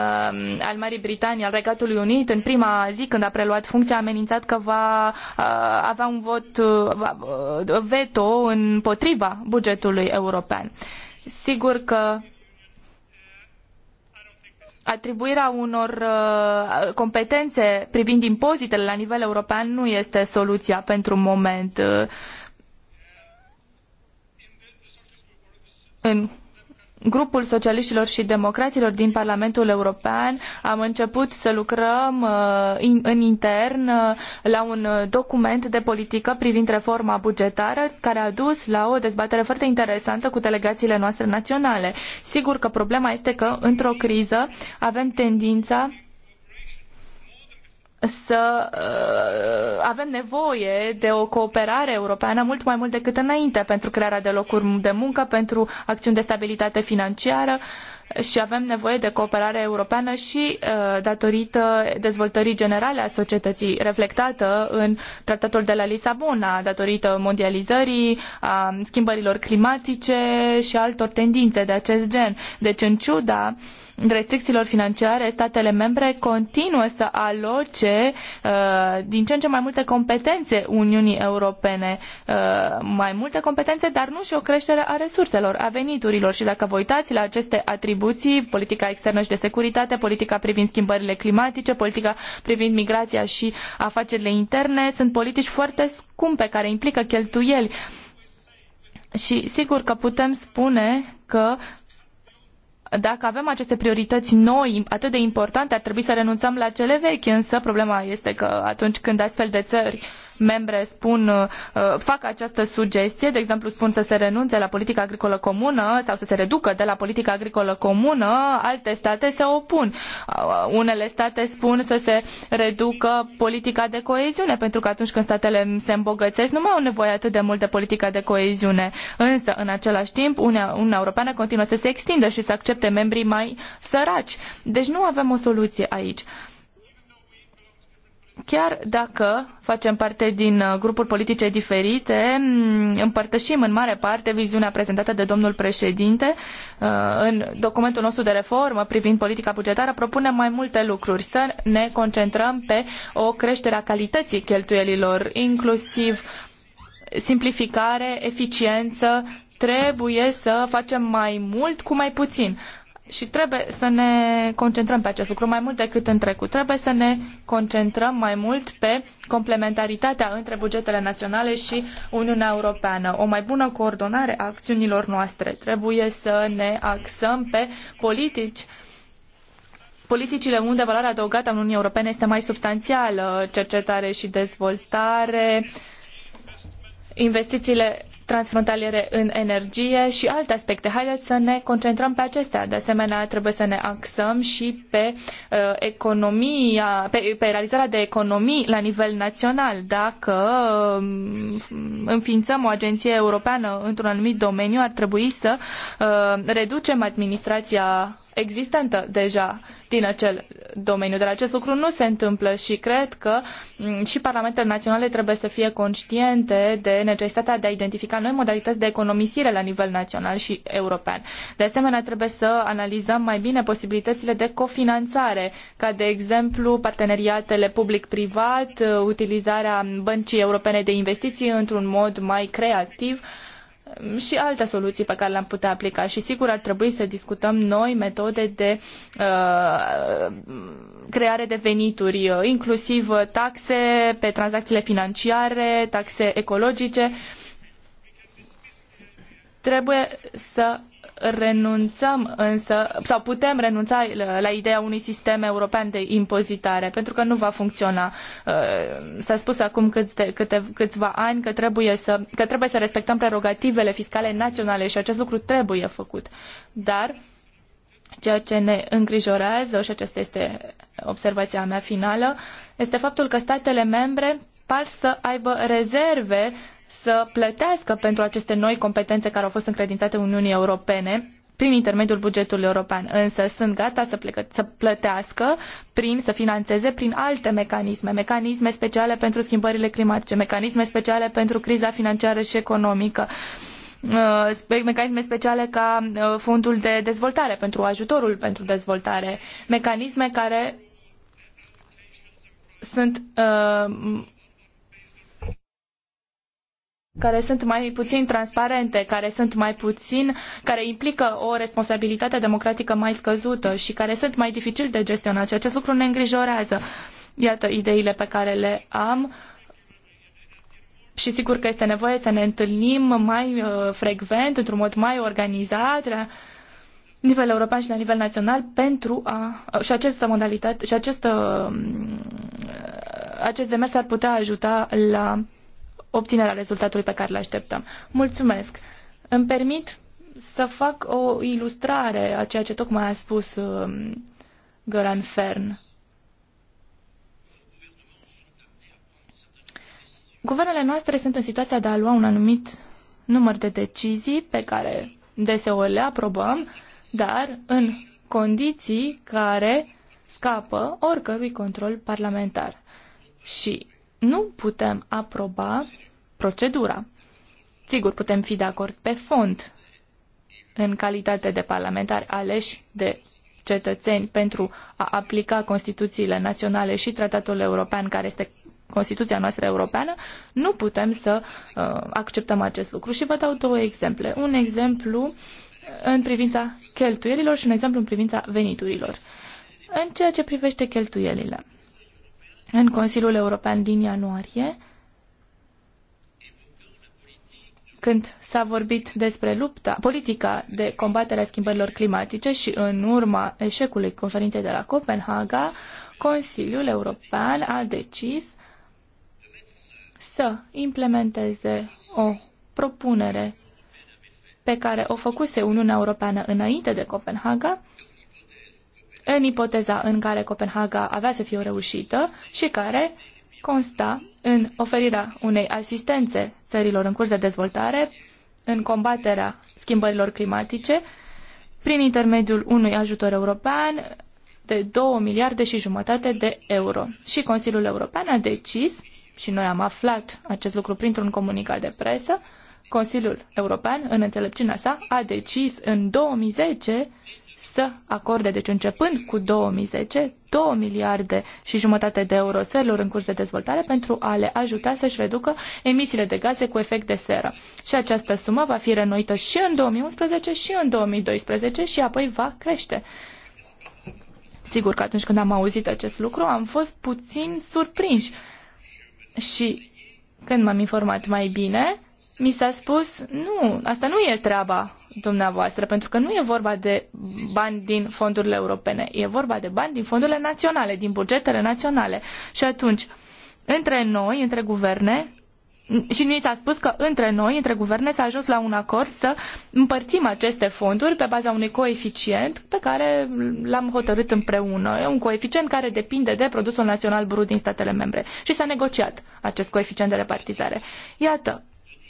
al Marii Britanii, al Regatului Unit, în prima zi când a preluat funcția, a amenințat că va uh, avea un vot uh, uh veto împotriva bugetului european. Sigur că atribuirea unor uh, competențe privind impozitele la nivel european nu este soluția pentru moment. Uh, în grupul socialiștilor și democraților din Parlamentul European am început să lucrăm uh, în intern uh, la un uh, document de politică privind reforma bugetară care a dus la o dezbatere foarte interesantă cu delegațiile noastre naționale. Sigur că problema este că într-o criză avem tendința să uh, avem nevoie de o cooperare europeană mult mai mult decât înainte pentru crearea de locuri de muncă, pentru acțiuni de stabilitate financiară. Uh, și avem nevoie de cooperare europeană și uh, datorită dezvoltării generale a societății reflectată în tratatul de la Lisabona, datorită mondializării, a schimbărilor climatice și altor tendințe de acest gen. Deci, în ciuda restricțiilor financiare, statele membre continuă să aloce uh, din ce în ce mai multe competențe Uniunii Europene, uh, mai multe competențe, dar nu și o creștere a resurselor, a veniturilor. Și dacă vă uitați la aceste atribuții, atribuții, politica externă și de securitate, politica privind schimbările climatice, politica privind migrația și afacerile interne. Sunt politici foarte scumpe care implică cheltuieli. Și sigur că putem spune că dacă avem aceste priorități noi atât de importante, ar trebui să renunțăm la cele vechi, însă problema este că atunci când astfel de țări membre spun, uh, fac această sugestie, de exemplu spun să se renunțe la politica agricolă comună sau să se reducă de la politica agricolă comună, alte state se opun. Uh, unele state spun să se reducă politica de coeziune, pentru că atunci când statele se îmbogățesc, nu mai au nevoie atât de mult de politica de coeziune. Însă, în același timp, Uniunea Europeană continuă să se extindă și să accepte membrii mai săraci. Deci nu avem o soluție aici chiar dacă facem parte din uh, grupuri politice diferite, împărtășim în mare parte viziunea prezentată de domnul președinte. Uh, în documentul nostru de reformă privind politica bugetară propunem mai multe lucruri. Să ne concentrăm pe o creștere a calității cheltuielilor, inclusiv simplificare, eficiență, trebuie să facem mai mult cu mai puțin și trebuie să ne concentrăm pe acest lucru mai mult decât în trecut. Trebuie să ne concentrăm mai mult pe complementaritatea între bugetele naționale și Uniunea Europeană. O mai bună coordonare a acțiunilor noastre. Trebuie să ne axăm pe politici politicile unde valoarea adăugată a Uniunii Europene este mai substanțială, cercetare și dezvoltare, investițiile transfrontaliere în energie și alte aspecte. Haideți să ne concentrăm pe acestea. De asemenea, trebuie să ne axăm și pe uh, economia, pe, pe realizarea de economii la nivel național. Dacă um, înființăm o agenție europeană într-un anumit domeniu, ar trebui să uh, reducem administrația existentă deja din acel domeniu. Dar acest lucru nu se întâmplă și cred că mm, și parlamentele naționale trebuie să fie conștiente de necesitatea de a identifica noi modalități de economisire la nivel național și european. De asemenea, trebuie să analizăm mai bine posibilitățile de cofinanțare, ca de exemplu parteneriatele public-privat, utilizarea băncii europene de investiții într-un mod mai creativ, și alte soluții pe care le-am putea aplica și sigur ar trebui să discutăm noi metode de uh, creare de venituri, uh, inclusiv taxe pe tranzacțiile financiare, taxe ecologice. Trebuie să renunțăm însă, sau putem renunța la, ideea unui sistem european de impozitare, pentru că nu va funcționa. Uh, s-a spus acum câte, câte, câțiva ani că trebuie, să, că trebuie să respectăm prerogativele fiscale naționale și acest lucru trebuie făcut. Dar ceea ce ne îngrijorează, și aceasta este observația mea finală, este faptul că statele membre par să aibă rezerve să plătească pentru aceste noi competențe care au fost încredințate Uniunii Europene prin intermediul bugetului european, însă sunt gata să, plecă, să plătească prin, să financeze prin alte mecanisme, mecanisme speciale pentru schimbările climatice, mecanisme speciale pentru criza financiară și economică, uh, mecanisme speciale ca uh, fondul de dezvoltare, pentru ajutorul pentru dezvoltare, mecanisme care sunt uh, care sunt mai puțin transparente, care sunt mai puțin, care implică o responsabilitate democratică mai scăzută și care sunt mai dificil de gestionat. Și acest lucru ne îngrijorează. Iată ideile pe care le am și sigur că este nevoie să ne întâlnim mai uh, frecvent, într-un mod mai organizat, la nivel european și la nivel național, pentru a... Uh, și această modalitate, și acest, um, uh, acest demers ar putea ajuta la obținerea rezultatului pe care îl așteptăm. Mulțumesc! Îmi permit să fac o ilustrare a ceea ce tocmai a spus uh, Göran Fern. Guvernele noastre sunt în situația de a lua un anumit număr de decizii pe care deseori le aprobăm, dar în condiții care scapă oricărui control parlamentar. Și nu putem aproba procedura. Sigur, putem fi de acord pe fond în calitate de parlamentari aleși de cetățeni pentru a aplica Constituțiile naționale și tratatul european, care este Constituția noastră europeană, nu putem să uh, acceptăm acest lucru. Și vă dau două exemple. Un exemplu uh, în privința cheltuielilor și un exemplu în privința veniturilor. În ceea ce privește cheltuielile, în Consiliul European din ianuarie, când s-a vorbit despre lupta, politica de combatere a schimbărilor climatice și în urma eșecului conferinței de la Copenhaga, Consiliul European a decis să implementeze o propunere pe care o făcuse Uniunea Europeană înainte de Copenhaga, în ipoteza în care Copenhaga avea să fie o reușită și care consta în oferirea unei asistențe țărilor în curs de dezvoltare în combaterea schimbărilor climatice prin intermediul unui ajutor european de 2 miliarde și jumătate de euro. Și Consiliul European a decis, și noi am aflat acest lucru printr-un comunicat de presă, Consiliul European, în înțelepciunea sa, a decis în 2010 să acorde, deci începând cu 2010, 2 miliarde și jumătate de euro țărilor în curs de dezvoltare pentru a le ajuta să-și reducă emisiile de gaze cu efect de seră. Și această sumă va fi renoită și în 2011 și în 2012 și apoi va crește. Sigur că atunci când am auzit acest lucru am fost puțin surprinși și când m-am informat mai bine, mi s-a spus, nu, asta nu e treaba dumneavoastră, pentru că nu e vorba de bani din fondurile europene, e vorba de bani din fondurile naționale, din bugetele naționale. Și atunci, între noi, între guverne, și mi s-a spus că între noi, între guverne, s-a ajuns la un acord să împărțim aceste fonduri pe baza unui coeficient pe care l-am hotărât împreună. E un coeficient care depinde de produsul național brut din statele membre. Și s-a negociat acest coeficient de repartizare. Iată,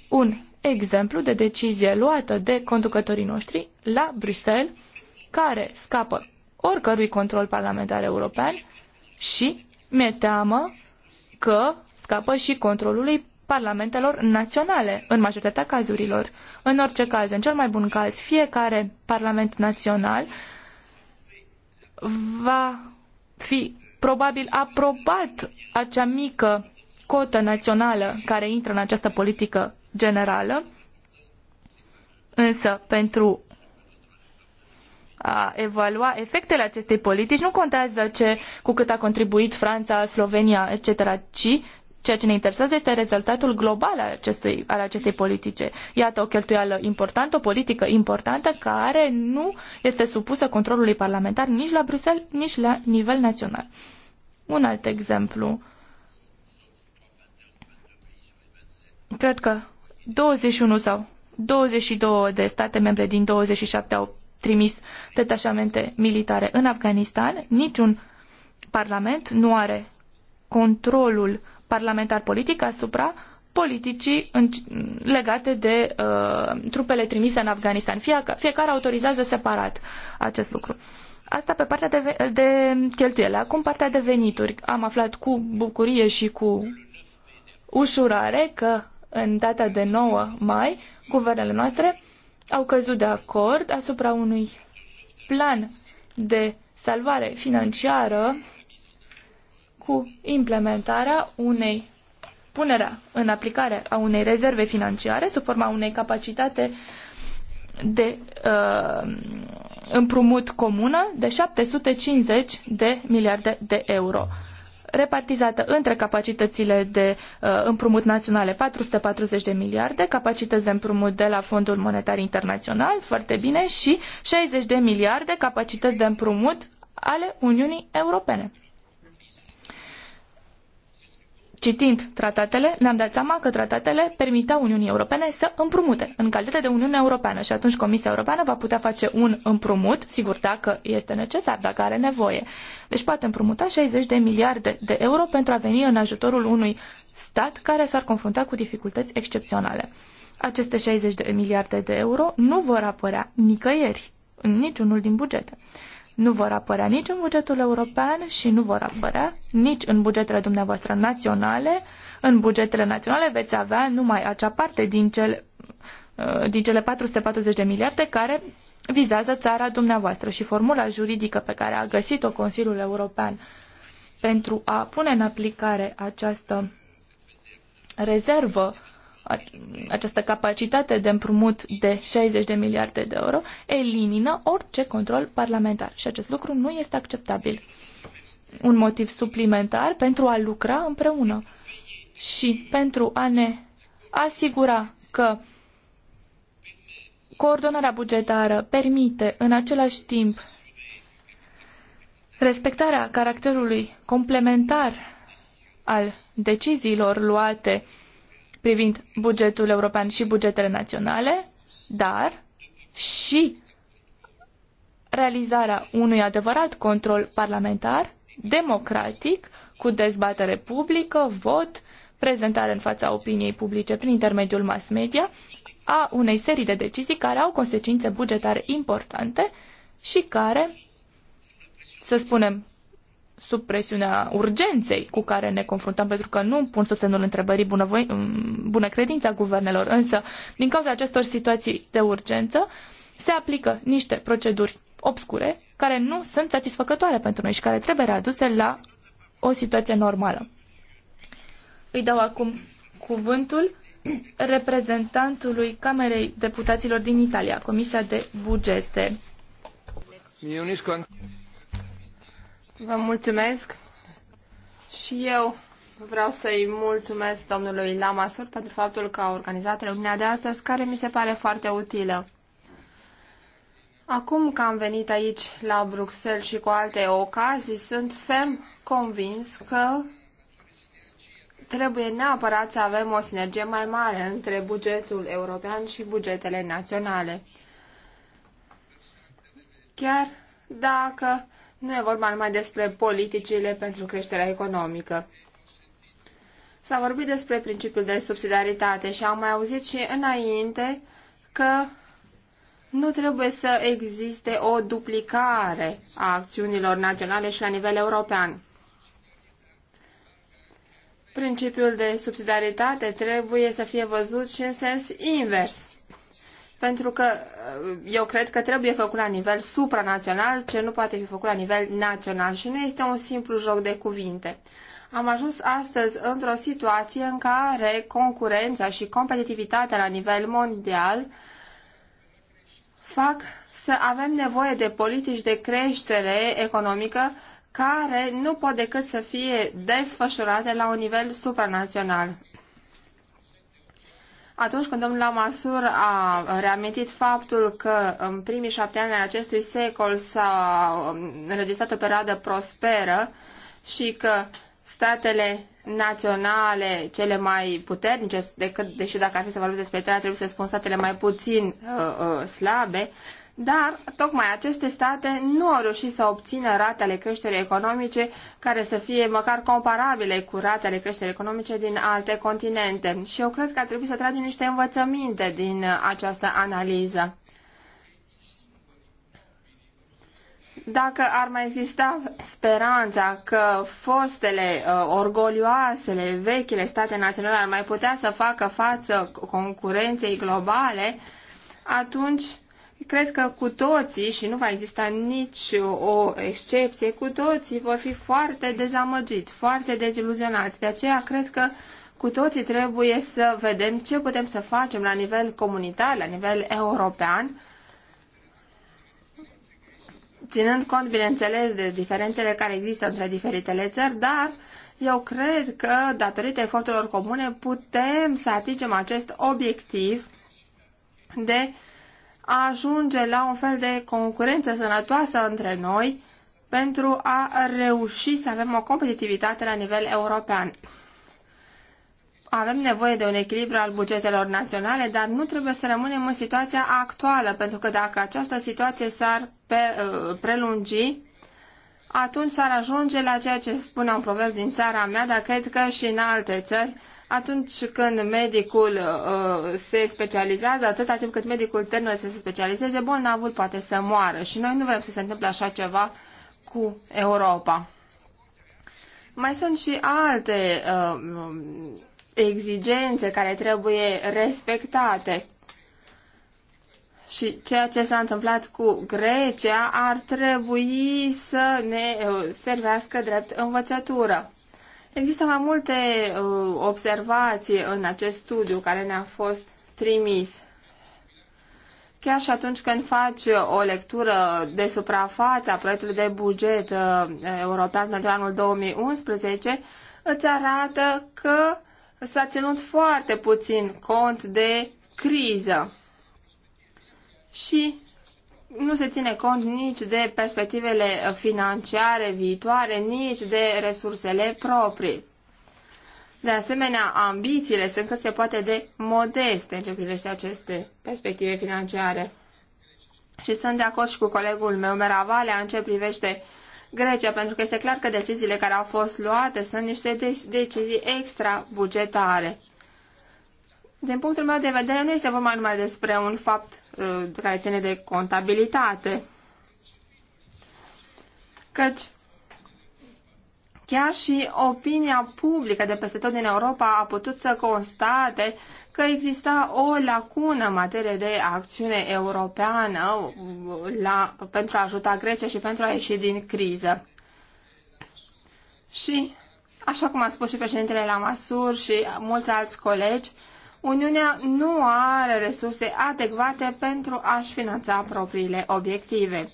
un exemplu de decizie luată de conducătorii noștri la Bruxelles, care scapă oricărui control parlamentar european și mi-e teamă că scapă și controlului parlamentelor naționale, în majoritatea cazurilor. În orice caz, în cel mai bun caz, fiecare parlament național va fi probabil aprobat acea mică cotă națională care intră în această politică generală, însă pentru a evalua efectele acestei politici nu contează ce, cu cât a contribuit Franța, Slovenia, etc., ci ceea ce ne interesează este rezultatul global al, acestui, al acestei politice. Iată o cheltuială importantă, o politică importantă care nu este supusă controlului parlamentar nici la Bruxelles, nici la nivel național. Un alt exemplu. Cred că 21 sau 22 de state membre din 27 au trimis detașamente militare în Afganistan. Niciun parlament nu are controlul parlamentar politic asupra politicii în, legate de uh, trupele trimise în Afganistan. Fiecare, fiecare autorizează separat acest lucru. Asta pe partea de, de cheltuiele. Acum partea de venituri. Am aflat cu bucurie și cu ușurare că în data de 9 mai, guvernele noastre au căzut de acord asupra unui plan de salvare financiară cu implementarea unei punerea în aplicare a unei rezerve financiare sub forma unei capacitate de uh, împrumut comună de 750 de miliarde de euro repartizată între capacitățile de uh, împrumut naționale, 440 de miliarde, capacități de împrumut de la Fondul Monetar Internațional, foarte bine, și 60 de miliarde capacități de împrumut ale Uniunii Europene. Citind tratatele, ne-am dat seama că tratatele permiteau Uniunii Europene să împrumute în calitate de Uniune Europeană și atunci Comisia Europeană va putea face un împrumut, sigur dacă este necesar, dacă are nevoie. Deci poate împrumuta 60 de miliarde de euro pentru a veni în ajutorul unui stat care s-ar confrunta cu dificultăți excepționale. Aceste 60 de miliarde de euro nu vor apărea nicăieri, în niciunul din bugete nu vor apărea nici în bugetul european și nu vor apărea nici în bugetele dumneavoastră naționale. În bugetele naționale veți avea numai acea parte din, cel, uh, din cele 440 de miliarde care vizează țara dumneavoastră și formula juridică pe care a găsit-o Consiliul European pentru a pune în aplicare această rezervă această capacitate de împrumut de 60 de miliarde de euro elimină orice control parlamentar și acest lucru nu este acceptabil. Un motiv suplimentar pentru a lucra împreună și pentru a ne asigura că coordonarea bugetară permite în același timp respectarea caracterului complementar al deciziilor luate privind bugetul european și bugetele naționale, dar și realizarea unui adevărat control parlamentar, democratic, cu dezbatere publică, vot, prezentare în fața opiniei publice prin intermediul mass media a unei serii de decizii care au consecințe bugetare importante și care, să spunem, sub presiunea urgenței cu care ne confruntăm, pentru că nu pun sub semnul întrebării bunăvoi, bună credința guvernelor, însă din cauza acestor situații de urgență se aplică niște proceduri obscure care nu sunt satisfăcătoare pentru noi și care trebuie readuse la o situație normală. Îi dau acum cuvântul reprezentantului Camerei Deputaților din Italia, Comisia de Bugete. Vă mulțumesc și eu vreau să-i mulțumesc domnului Lamasur pentru faptul că a organizat reuniunea de astăzi, care mi se pare foarte utilă. Acum că am venit aici la Bruxelles și cu alte ocazii, sunt ferm convins că trebuie neapărat să avem o sinergie mai mare între bugetul european și bugetele naționale. Chiar dacă nu e vorba numai despre politicile pentru creșterea economică. S-a vorbit despre principiul de subsidiaritate și am mai auzit și înainte că nu trebuie să existe o duplicare a acțiunilor naționale și la nivel european. Principiul de subsidiaritate trebuie să fie văzut și în sens invers pentru că uh, eu cred că trebuie făcut la nivel supranațional ce nu poate fi făcut la nivel național și nu este un simplu joc de cuvinte. Am ajuns astăzi într-o situație în care concurența și competitivitatea la nivel mondial fac să avem nevoie de politici de creștere economică care nu pot decât să fie desfășurate la un nivel supranațional atunci când domnul Lamasur a reamintit faptul că în primii șapte ani ai acestui secol s-a um, înregistrat o perioadă prosperă și că statele naționale cele mai puternice, decât, deși dacă ar fi să vorbim despre Italia, trebuie să spun statele mai puțin uh, uh, slabe, dar tocmai aceste state nu au reușit să obțină ratele creșterii economice care să fie măcar comparabile cu ratele creșterii economice din alte continente. Și eu cred că ar trebui să tragem niște învățăminte din această analiză. Dacă ar mai exista speranța că fostele, uh, orgolioasele, vechile state naționale ar mai putea să facă față concurenței globale, atunci Cred că cu toții, și nu va exista nici o excepție, cu toții vor fi foarte dezamăgiți, foarte deziluzionați. De aceea cred că cu toții trebuie să vedem ce putem să facem la nivel comunitar, la nivel european, ținând cont, bineînțeles, de diferențele care există între diferitele țări, dar eu cred că, datorită eforturilor comune, putem să atingem acest obiectiv de ajunge la un fel de concurență sănătoasă între noi pentru a reuși să avem o competitivitate la nivel european. Avem nevoie de un echilibru al bugetelor naționale, dar nu trebuie să rămânem în situația actuală, pentru că dacă această situație s-ar uh, prelungi, atunci s-ar ajunge la ceea ce spune un proverb din țara mea, dar cred că și în alte țări, atunci când medicul uh, se specializează, atâta timp cât medicul termină să se specializeze, bolnavul poate să moară. Și noi nu vrem să se întâmple așa ceva cu Europa. Mai sunt și alte uh, exigențe care trebuie respectate. Și ceea ce s-a întâmplat cu Grecia ar trebui să ne uh, servească drept învățătură. Există mai multe uh, observații în acest studiu care ne-a fost trimis. Chiar și atunci când faci o lectură de suprafață a proiectului de buget uh, european pentru anul 2011, îți arată că s-a ținut foarte puțin cont de criză. Și nu se ține cont nici de perspectivele financiare viitoare, nici de resursele proprii. De asemenea, ambițiile sunt cât se poate de modeste în ce privește aceste perspective financiare. Și sunt de acord și cu colegul meu, Meravalea, în ce privește Grecia, pentru că este clar că deciziile care au fost luate sunt niște decizii extra-bugetare. Din punctul meu de vedere, nu este vorba numai despre un fapt uh, care ține de contabilitate, căci Chiar și opinia publică de peste tot din Europa a putut să constate că exista o lacună în materie de acțiune europeană uh, la, pentru a ajuta Grecia și pentru a ieși din criză. Și, așa cum a spus și președintele Lamasur și mulți alți colegi, uh, Uniunea nu are resurse adecvate pentru a-și finanța propriile obiective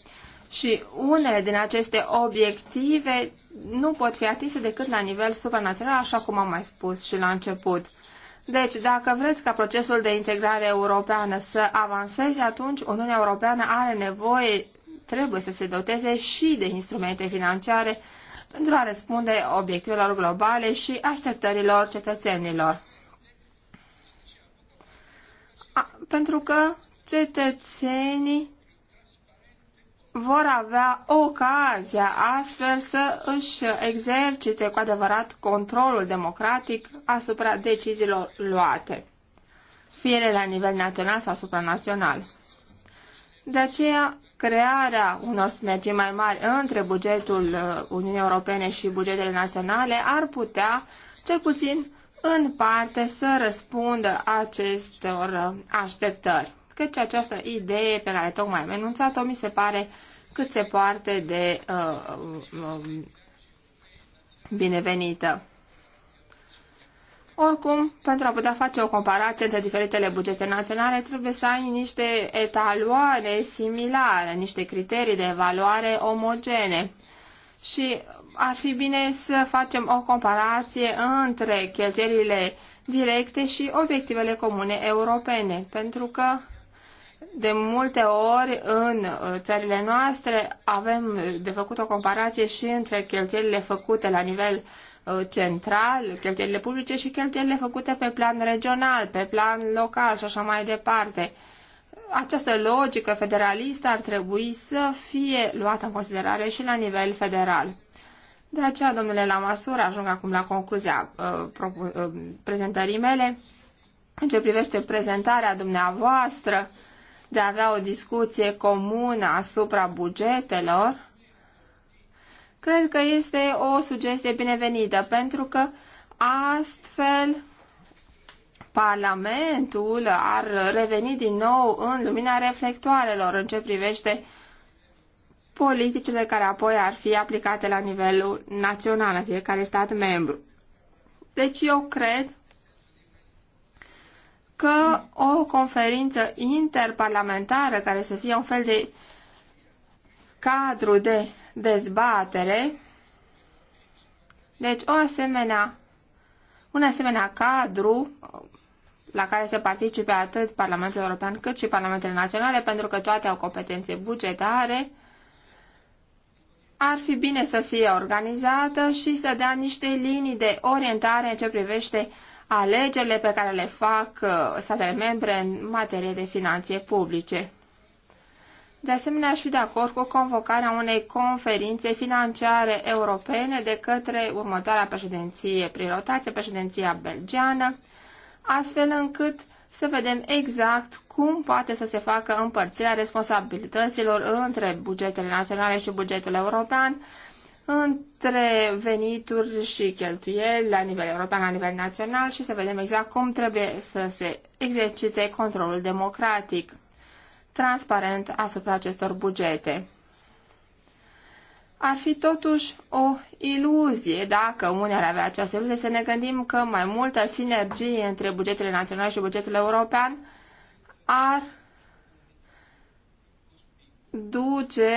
și unele din aceste obiective nu pot fi atinse decât la nivel supranațional, așa cum am mai spus și la început. Deci, dacă vreți ca procesul de integrare europeană să avanseze, atunci Uniunea Europeană are nevoie, trebuie să se doteze și de instrumente financiare pentru a răspunde obiectivelor globale și așteptărilor cetățenilor. pentru că cetățenii vor avea ocazia astfel să își exercite cu adevărat controlul democratic asupra deciziilor luate, fie ele la nivel național sau supranațional. De aceea, crearea unor sinergii mai mari între bugetul uh, Uniunii Europene și bugetele naționale ar putea, cel puțin, în parte să răspundă acestor uh, așteptări. Căci această idee pe care tocmai am enunțat-o mi se pare cât se poate de uh, uh, binevenită. Oricum, pentru a putea face o comparație între diferitele bugete naționale, trebuie să ai niște etaloane similare, niște criterii de evaluare omogene. Și ar fi bine să facem o comparație între cheltuielile directe și obiectivele comune europene, pentru că de multe ori în uh, țările noastre avem de făcut o comparație și între cheltuielile făcute la nivel uh, central, cheltuielile publice și cheltuielile făcute pe plan regional, pe plan local și așa mai departe. Această logică federalistă ar trebui să fie luată în considerare și la nivel federal. De aceea, domnule Lamasur, ajung acum la concluzia uh, uh, prezentării mele. În ce privește prezentarea dumneavoastră de a avea o discuție comună asupra bugetelor, cred că este o sugestie binevenită, pentru că astfel Parlamentul ar reveni din nou în lumina reflectoarelor în ce privește politicile care apoi ar fi aplicate la nivelul național în fiecare stat membru. Deci eu cred că o conferință interparlamentară care să fie un fel de cadru de dezbatere, deci o asemenea, un asemenea cadru la care se participe atât Parlamentul European cât și Parlamentele Naționale, pentru că toate au competențe bugetare, ar fi bine să fie organizată și să dea niște linii de orientare în ce privește alegerile pe care le fac uh, statele membre în materie de finanțe publice. De asemenea, aș fi de acord cu convocarea unei conferințe financiare europene de către următoarea președinție prin rotație, președinția belgeană, astfel încât să vedem exact cum poate să se facă împărțirea responsabilităților între bugetele naționale și bugetul european, între venituri și cheltuieli la nivel european, la nivel național și să vedem exact cum trebuie să se exercite controlul democratic transparent asupra acestor bugete ar fi totuși o iluzie dacă Uniunea ar avea această iluzie să ne gândim că mai multă sinergie între bugetele naționale și bugetul european ar duce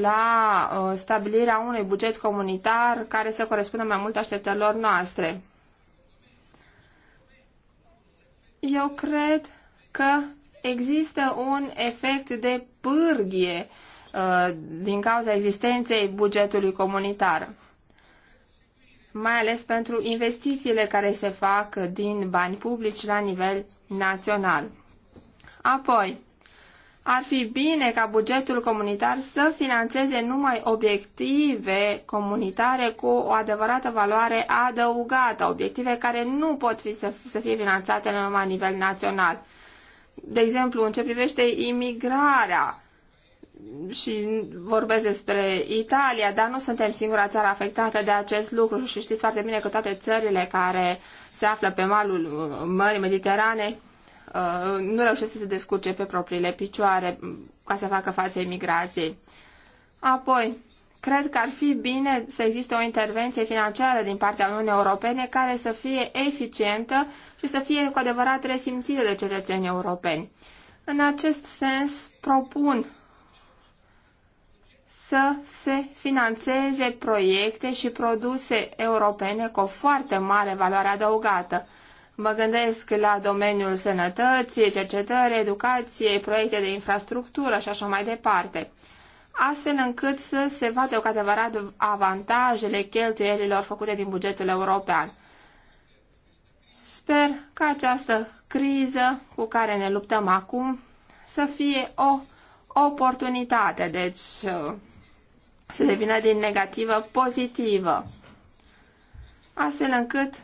la uh, stabilirea unui buget comunitar care să corespundă mai mult așteptărilor noastre. Eu cred că există un efect de pârghie Uh, din cauza existenței bugetului comunitar, mai ales pentru investițiile care se fac din bani publici la nivel național. Apoi, ar fi bine ca bugetul comunitar să financeze numai obiective comunitare cu o adevărată valoare adăugată, obiective care nu pot fi să, să fie finanțate la nivel național. De exemplu, în ce privește imigrarea, și vorbesc despre Italia, dar nu suntem singura țară afectată de acest lucru și știți foarte bine că toate țările care se află pe malul uh, Mării Mediterane uh, nu reușesc să se descurce pe propriile picioare ca să facă față imigrației. Apoi, cred că ar fi bine să existe o intervenție financiară din partea Uniunii Europene care să fie eficientă și să fie cu adevărat resimțită de cetățenii europeni. În acest sens, propun să se financeze proiecte și produse europene cu o foarte mare valoare adăugată. Mă gândesc la domeniul sănătății, cercetării, educației, proiecte de infrastructură și așa mai departe, astfel încât să se vadă cu adevărat avantajele cheltuielilor făcute din bugetul european. Sper că această criză cu care ne luptăm acum să fie o oportunitate, deci să devină din negativă pozitivă, astfel încât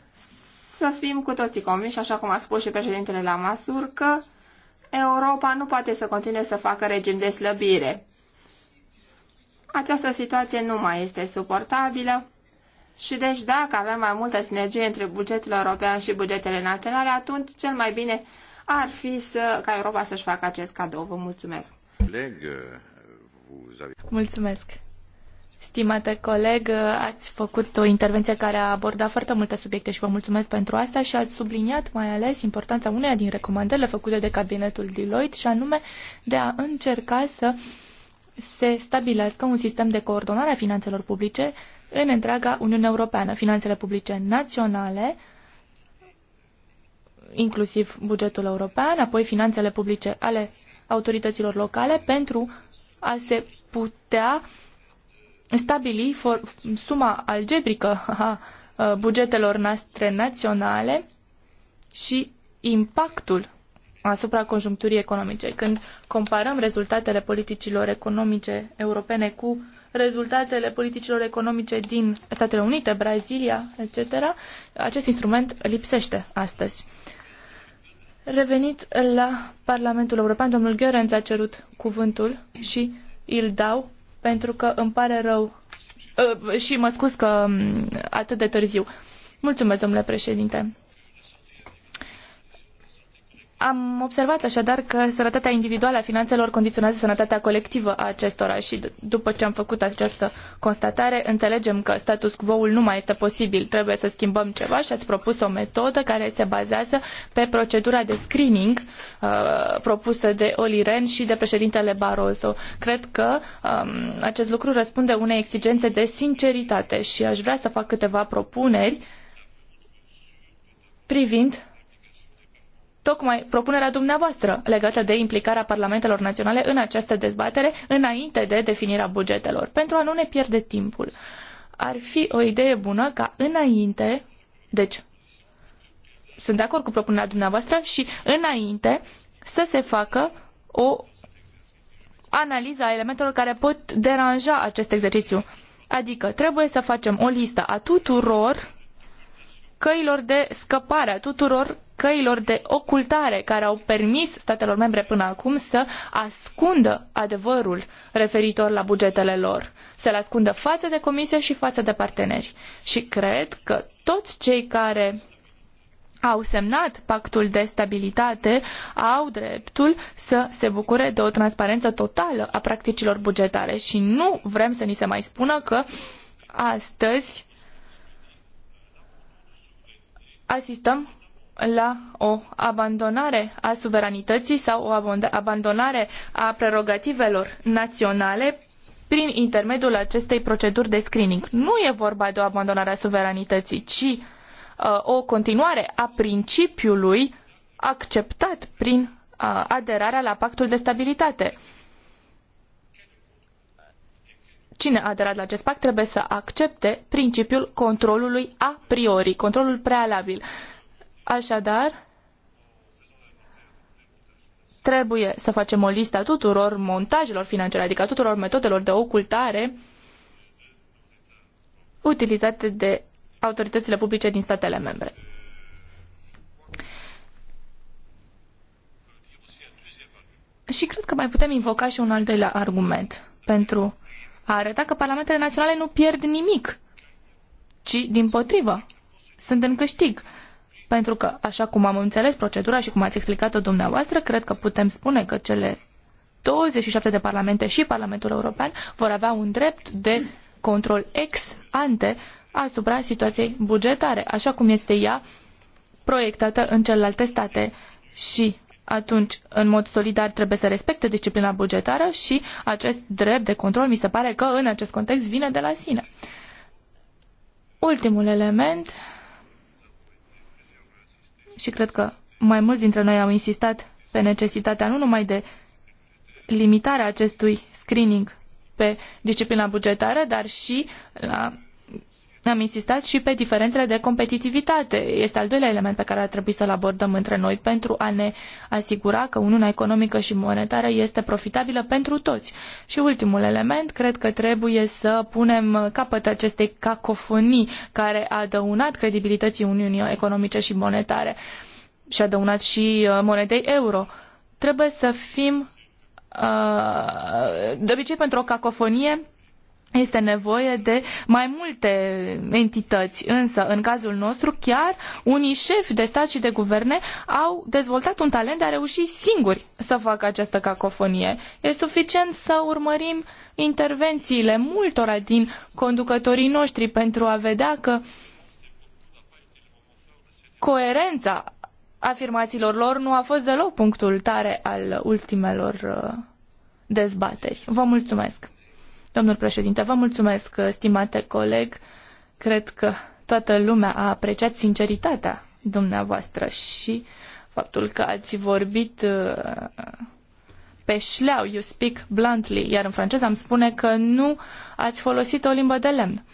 să fim cu toții convinși, așa cum a spus și președintele la Masur, că Europa nu poate să continue să facă regim de slăbire. Această situație nu mai este suportabilă și deci dacă avem mai multă sinergie între bugetul european și bugetele naționale, atunci cel mai bine ar fi să, ca Europa să-și facă acest cadou. Vă mulțumesc! Uh, mulțumesc! Stimate coleg, ați făcut o intervenție care a abordat foarte multe subiecte și vă mulțumesc pentru asta și ați subliniat mai ales importanța uneia din recomandările făcute de cabinetul Deloitte și anume de a încerca să se stabilească un sistem de coordonare a finanțelor publice în întreaga Uniune Europeană, finanțele publice naționale, inclusiv bugetul european, apoi finanțele publice ale autorităților locale pentru a se putea stabili for, suma algebrică a bugetelor noastre naționale și impactul asupra conjuncturii economice. Când comparăm rezultatele politicilor economice europene cu rezultatele politicilor economice din Statele Unite, Brazilia, etc., acest instrument lipsește astăzi. Revenit la Parlamentul European, domnul Gheorenț a cerut cuvântul și îl dau pentru că îmi pare rău uh, și mă scuz că mm, atât de târziu. Mulțumesc, domnule președinte. Am observat așadar că sănătatea individuală a finanțelor condiționează sănătatea colectivă a acestora și după ce am făcut această constatare, înțelegem că status quo-ul nu mai este posibil, trebuie să schimbăm ceva și ați propus o metodă care se bazează pe procedura de screening uh, propusă de Oli Ren și de președintele Barroso. Cred că um, acest lucru răspunde unei exigențe de sinceritate și aș vrea să fac câteva propuneri privind tocmai propunerea dumneavoastră legată de implicarea parlamentelor naționale în această dezbatere înainte de definirea bugetelor, pentru a nu ne pierde timpul. Ar fi o idee bună ca înainte, deci sunt de acord cu propunerea dumneavoastră și înainte să se facă o analiză a elementelor care pot deranja acest exercițiu. Adică trebuie să facem o listă a tuturor căilor de scăpare, a tuturor căilor de ocultare care au permis statelor membre până acum să ascundă adevărul referitor la bugetele lor, să-l ascundă față de comisie și față de parteneri. Și cred că toți cei care au semnat pactul de stabilitate au dreptul să se bucure de o transparență totală a practicilor bugetare și nu vrem să ni se mai spună că astăzi asistăm la o abandonare a suveranității sau o abandonare a prerogativelor naționale prin intermediul acestei proceduri de screening. Nu e vorba de o abandonare a suveranității, ci uh, o continuare a principiului acceptat prin uh, aderarea la pactul de stabilitate. Cine a aderat la acest pact trebuie să accepte principiul controlului a priori, controlul prealabil. Uh, Așadar, trebuie să facem o listă a tuturor montajelor financiare, adică a tuturor metodelor de ocultare utilizate de autoritățile publice din statele membre. Și cred că mai putem invoca și un al doilea argument pentru a arăta că parlamentele naționale nu pierd nimic, ci din potrivă, sunt în câștig pentru că, așa cum am înțeles procedura și cum ați explicat-o dumneavoastră, cred că putem spune că cele 27 de parlamente și Parlamentul European vor avea un drept de control ex ante asupra situației bugetare, așa cum este ea proiectată în celelalte state și atunci, în mod solidar, trebuie să respecte disciplina bugetară și acest drept de control mi se pare că în acest context vine de la sine. Ultimul element și cred că mai mulți dintre noi au insistat pe necesitatea nu numai de limitarea acestui screening pe disciplina bugetară, dar și la am insistat și pe diferențele de competitivitate. Este al doilea element pe care ar trebui să-l abordăm între noi pentru a ne asigura că Uniunea Economică și Monetară este profitabilă pentru toți. Și ultimul element, cred că trebuie să punem capăt acestei cacofonii care a dăunat credibilității Uniunii Economice și Monetare și a dăunat și uh, monedei euro. Trebuie să fim uh, de obicei pentru o cacofonie este nevoie de mai multe entități, însă în cazul nostru chiar unii șefi de stat și de guverne au dezvoltat un talent de a reuși singuri să facă această cacofonie. E suficient să urmărim intervențiile multora din conducătorii noștri pentru a vedea că coerența afirmațiilor lor nu a fost deloc punctul tare al ultimelor uh, dezbateri. Vă mulțumesc! Domnul președinte, vă mulțumesc, stimate coleg. Cred că toată lumea a apreciat sinceritatea dumneavoastră și faptul că ați vorbit uh, pe șleau, you speak bluntly, iar în franceză am spune că nu ați folosit o limbă de lemn.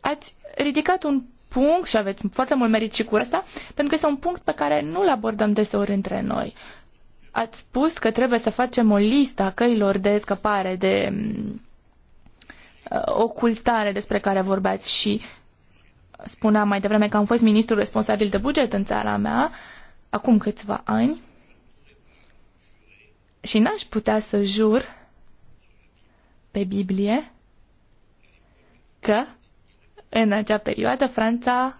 Ați ridicat un punct și aveți foarte mult merit și cu asta, pentru că este un punct pe care nu-l abordăm deseori între noi ați spus că trebuie să facem o listă a căilor de scăpare, de uh, ocultare despre care vorbeați și spuneam mai devreme că am fost ministrul responsabil de buget în țara mea acum câțiva ani și n-aș putea să jur pe Biblie că în acea perioadă Franța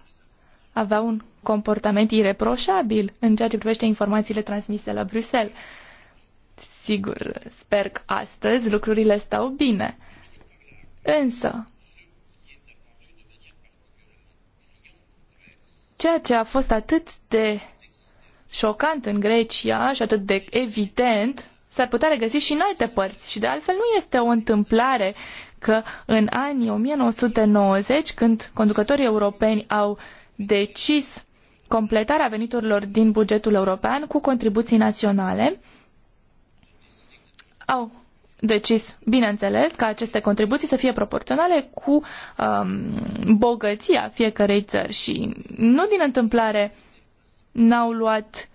avea un comportament ireproșabil în ceea ce privește informațiile transmise la Bruxelles. Sigur, sper că astăzi lucrurile stau bine. Însă, ceea ce a fost atât de șocant în Grecia și atât de evident s-ar putea regăsi și în alte părți. Și de altfel nu este o întâmplare că în anii 1990, când conducătorii europeni au decis completarea veniturilor din bugetul european cu contribuții naționale, au decis, bineînțeles, ca aceste contribuții să fie proporționale cu um, bogăția fiecărei țări și nu din întâmplare n-au luat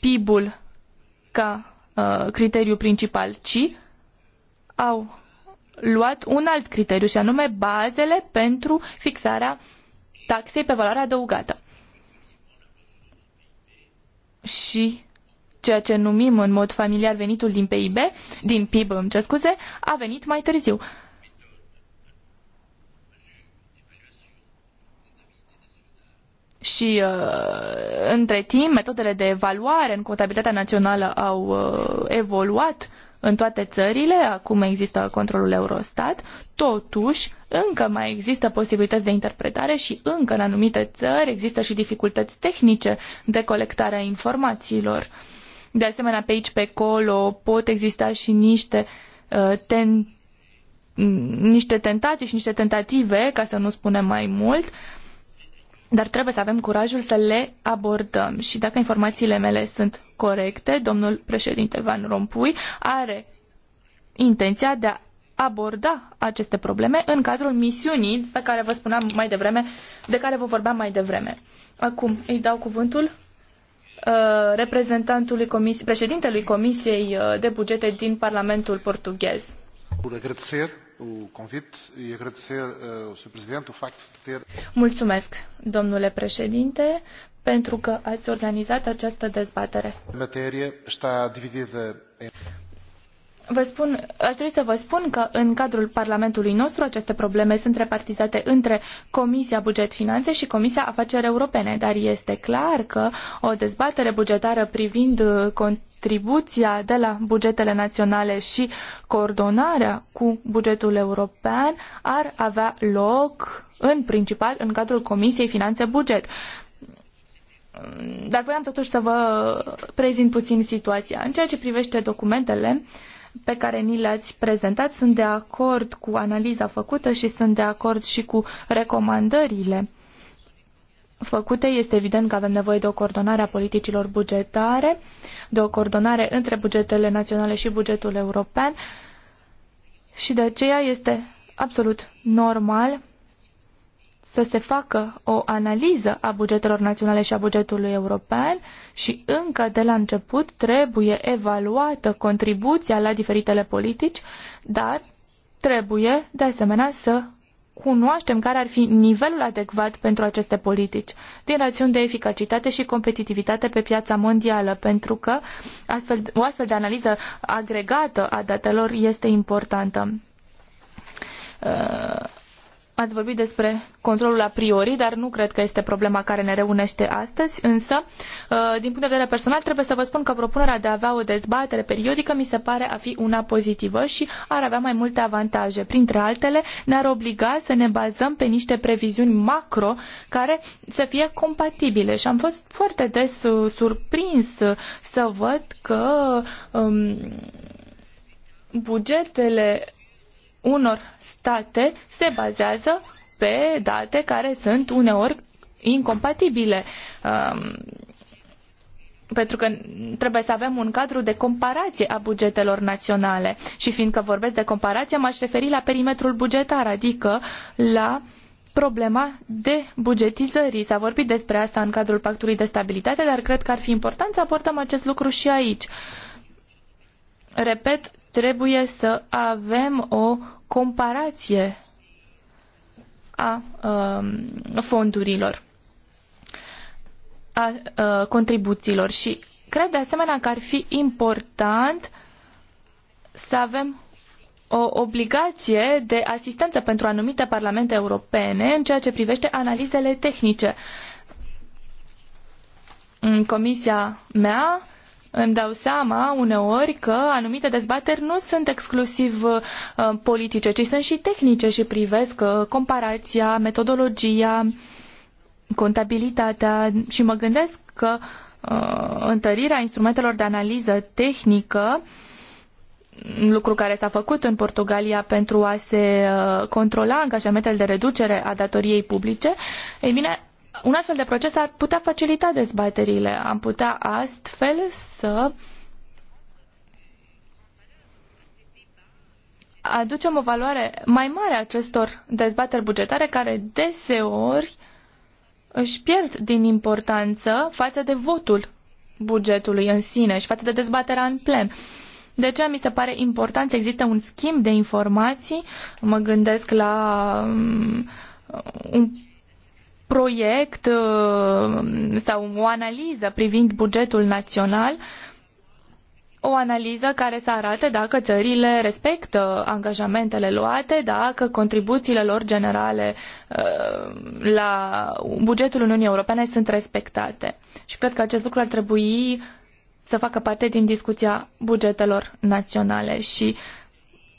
PIB-ul ca uh, criteriu principal, ci au luat un alt criteriu și anume bazele pentru fixarea taxei pe valoare adăugată și ceea ce numim în mod familiar venitul din PIB, din PIB, îmi cer scuze, a venit mai târziu. și uh, între timp metodele de evaluare în contabilitatea națională au uh, evoluat în toate țările, acum există controlul Eurostat, totuși încă mai există posibilități de interpretare și încă în anumite țări există și dificultăți tehnice de colectare a informațiilor. De asemenea, pe aici, pe acolo, pot exista și niște, uh, ten, niște tentații și niște tentative, ca să nu spunem mai mult, uh, dar trebuie să avem curajul să le abordăm. Și dacă informațiile mele sunt corecte, domnul președinte Van Rompuy are intenția de a aborda aceste probleme în cadrul misiunii pe care vă spuneam mai devreme, de care vă vorbeam mai devreme. Acum îi dau cuvântul uh, reprezentantului comis- președintelui Comisiei uh, de Bugete din Parlamentul Portughez. Bună, Eh, Mulțumesc, domnule președinte, pentru că ați organizat această dezbatere. Materie este dividită Vă spun, aș dori să vă spun că în cadrul Parlamentului nostru aceste probleme sunt repartizate între Comisia Buget Finanțe și Comisia Afaceri Europene, dar este clar că o dezbatere bugetară privind uh, contribuția de la bugetele naționale și coordonarea cu bugetul european ar avea loc în principal în cadrul Comisiei Finanțe Buget. Dar voiam totuși să vă prezint puțin situația. În ceea ce privește documentele, uh, pe care ni le-ați prezentat. Sunt de acord cu analiza făcută și sunt de acord și cu recomandările făcute. Este evident că avem nevoie de o coordonare a politicilor bugetare, de o coordonare între bugetele naționale și bugetul european și de aceea este absolut normal să se facă o analiză a bugetelor naționale și a bugetului european și încă de la început trebuie evaluată contribuția la diferitele politici, dar trebuie de asemenea să cunoaștem care ar fi nivelul adecvat pentru aceste politici, din rațiuni de eficacitate și competitivitate pe piața mondială, pentru că astfel, o astfel de analiză agregată a datelor este importantă. Uh Ați vorbit despre controlul a priori, dar nu cred că este problema care ne reunește astăzi, însă, uh, din punct de vedere personal, trebuie să vă spun că propunerea de a avea o dezbatere periodică mi se pare a fi una pozitivă și ar avea mai multe avantaje. Printre altele, ne-ar obliga să ne bazăm pe niște previziuni macro care să fie compatibile și am fost foarte des uh, surprins uh, să văd că um, bugetele unor state se bazează pe date care sunt uneori incompatibile. Um, pentru că trebuie să avem un cadru de comparație a bugetelor naționale. Și fiindcă vorbesc de comparație, m-aș referi la perimetrul bugetar, adică la problema de bugetizării. S-a vorbit despre asta în cadrul Pactului de Stabilitate, dar cred că ar fi important să abordăm acest lucru și aici. Repet, trebuie să avem o comparație a um, fondurilor, a uh, contribuțiilor și cred de asemenea că ar fi important să avem o obligație de asistență pentru anumite parlamente europene în ceea ce privește analizele tehnice. Comisia mea îmi dau seama uneori că anumite dezbateri nu sunt exclusiv uh, politice, ci sunt și tehnice și privesc uh, comparația, metodologia, contabilitatea și mă gândesc că uh, întărirea instrumentelor de analiză tehnică lucru care s-a făcut în Portugalia pentru a se controla angajamentele de reducere a datoriei publice, ei bine, un astfel de proces ar putea facilita dezbaterile, am putea astfel să aducem o valoare mai mare acestor dezbateri bugetare care deseori își pierd din importanță față de votul bugetului în sine și față de dezbaterea în plen. De ce mi se pare important să existe un schimb de informații. Mă gândesc la um, un proiect uh, sau o analiză privind bugetul național, o analiză care să arate dacă țările respectă angajamentele luate, dacă contribuțiile lor generale uh, la bugetul Uniunii Europene sunt respectate. Și cred că acest lucru ar trebui să facă parte din discuția bugetelor naționale și uh,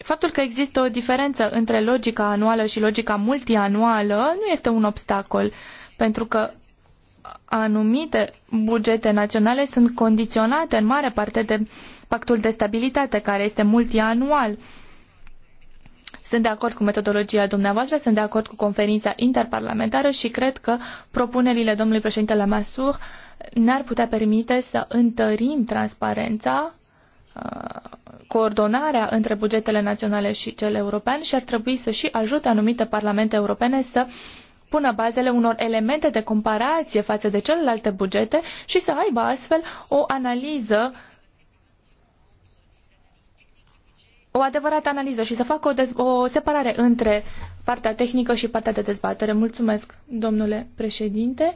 Faptul că există o diferență între logica anuală și logica multianuală nu este un obstacol, pentru că anumite bugete naționale sunt condiționate în mare parte de pactul de stabilitate, care este multianual. Sunt de acord cu metodologia dumneavoastră, sunt de acord cu conferința interparlamentară și cred că propunerile domnului președinte masur, ne-ar putea permite să întărim transparența coordonarea între bugetele naționale și cel european și ar trebui să și ajute anumite parlamente europene să pună bazele unor elemente de comparație față de celelalte bugete și să aibă astfel o analiză o adevărată analiză și să facă o, o separare între partea tehnică și partea de dezbatere. Mulțumesc, domnule președinte.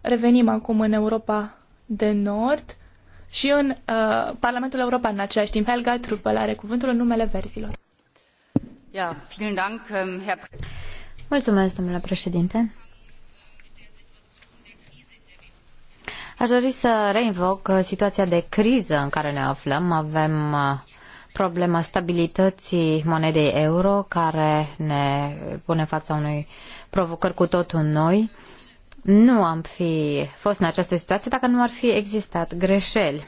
Revenim acum în Europa de Nord și în uh, Parlamentul European în același timp. Helga Truppel are cuvântul în numele verzilor. Ja, vielen Dank, ähm, Herr... Mulțumesc, domnule președinte. Aș dori să reinvoc uh, situația de criză în care ne aflăm. Avem uh, problema stabilității monedei euro, care ne pune în fața unui provocări cu totul noi. Nu am fi fost în această situație dacă nu ar fi existat greșeli.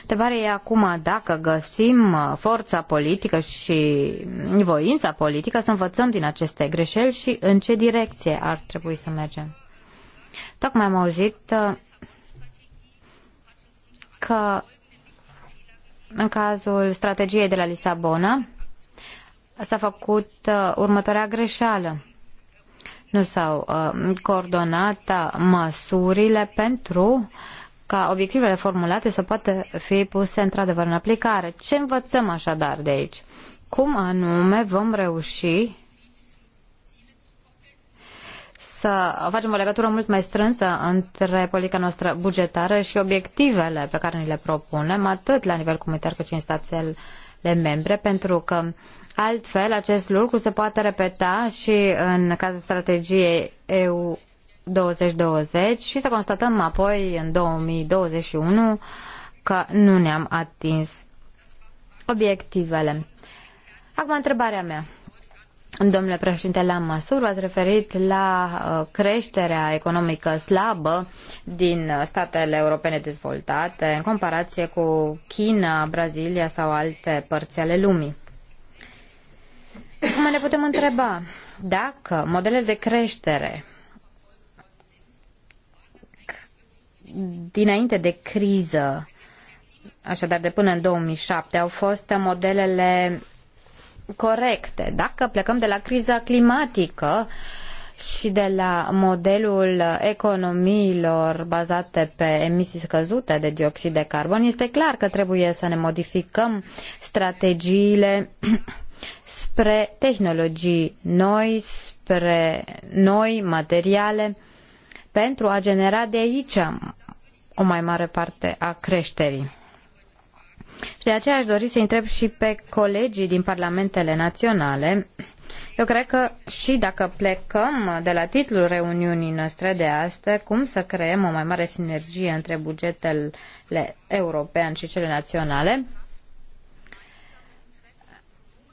Întrebarea e acum dacă găsim uh, forța politică și voința politică să învățăm din aceste greșeli și în ce direcție ar trebui să mergem. Tocmai am auzit uh, că în cazul strategiei de la Lisabona s-a făcut uh, următoarea greșeală nu s-au uh, coordonat uh, măsurile pentru ca obiectivele formulate să poată fi puse într-adevăr în aplicare. Ce învățăm așadar de aici? Cum anume vom reuși să facem o legătură mult mai strânsă între politica noastră bugetară și obiectivele pe care ni le propunem, atât la nivel comunitar cât și în statele membre, pentru că uh, Altfel, acest lucru se poate repeta și în cazul strategiei EU 2020 și să constatăm apoi în 2021 că nu ne-am atins obiectivele. Acum întrebarea mea. Domnule președinte, la măsură ați referit la uh, creșterea economică slabă din statele europene dezvoltate în comparație cu China, Brazilia sau alte părți ale lumii. Acum ne putem întreba dacă modelele de creștere dinainte de criză, așadar de până în 2007, au fost modelele corecte. Dacă plecăm de la criza climatică și de la modelul economiilor bazate pe emisii scăzute de dioxid de carbon, este clar că trebuie să ne modificăm strategiile spre tehnologii noi, spre noi materiale, pentru a genera de aici o mai mare parte a creșterii. Și de aceea aș dori să întreb și pe colegii din parlamentele naționale. Eu cred că și dacă plecăm de la titlul reuniunii noastre de astăzi, cum să creăm o mai mare sinergie între bugetele european și cele naționale,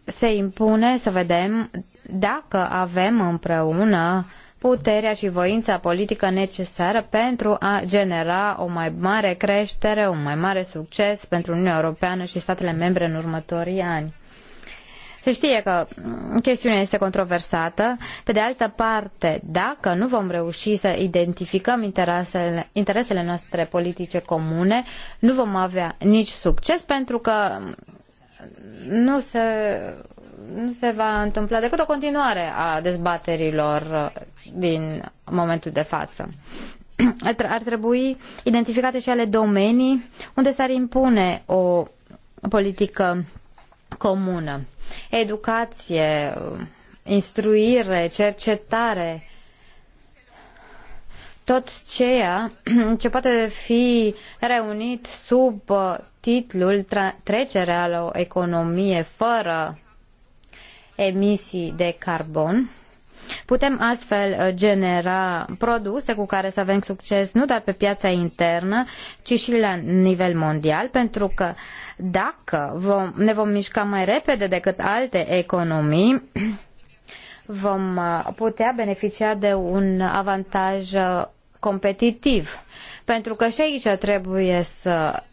se impune să vedem dacă avem împreună puterea și voința politică necesară pentru a genera o mai mare creștere, un mai mare succes pentru Uniunea Europeană și statele membre în următorii ani. Se știe că chestiunea este controversată. Pe de altă parte, dacă nu vom reuși să identificăm interesele, interesele noastre politice comune, nu vom avea nici succes pentru că nu se, nu se va întâmpla decât o continuare a dezbaterilor uh, din momentul de față. Ar trebui identificate și ale domenii unde s-ar impune o politică comună. Educație, uh, instruire, cercetare, tot ceea ce poate fi reunit sub uh, titlul Trecerea la o economie fără emisii de carbon. Putem astfel uh, genera produse cu care să avem succes nu doar pe piața internă, ci și la nivel mondial, pentru că dacă vom, ne vom mișca mai repede decât alte economii, vom uh, putea beneficia de un avantaj uh, competitiv. Pentru că și aici trebuie să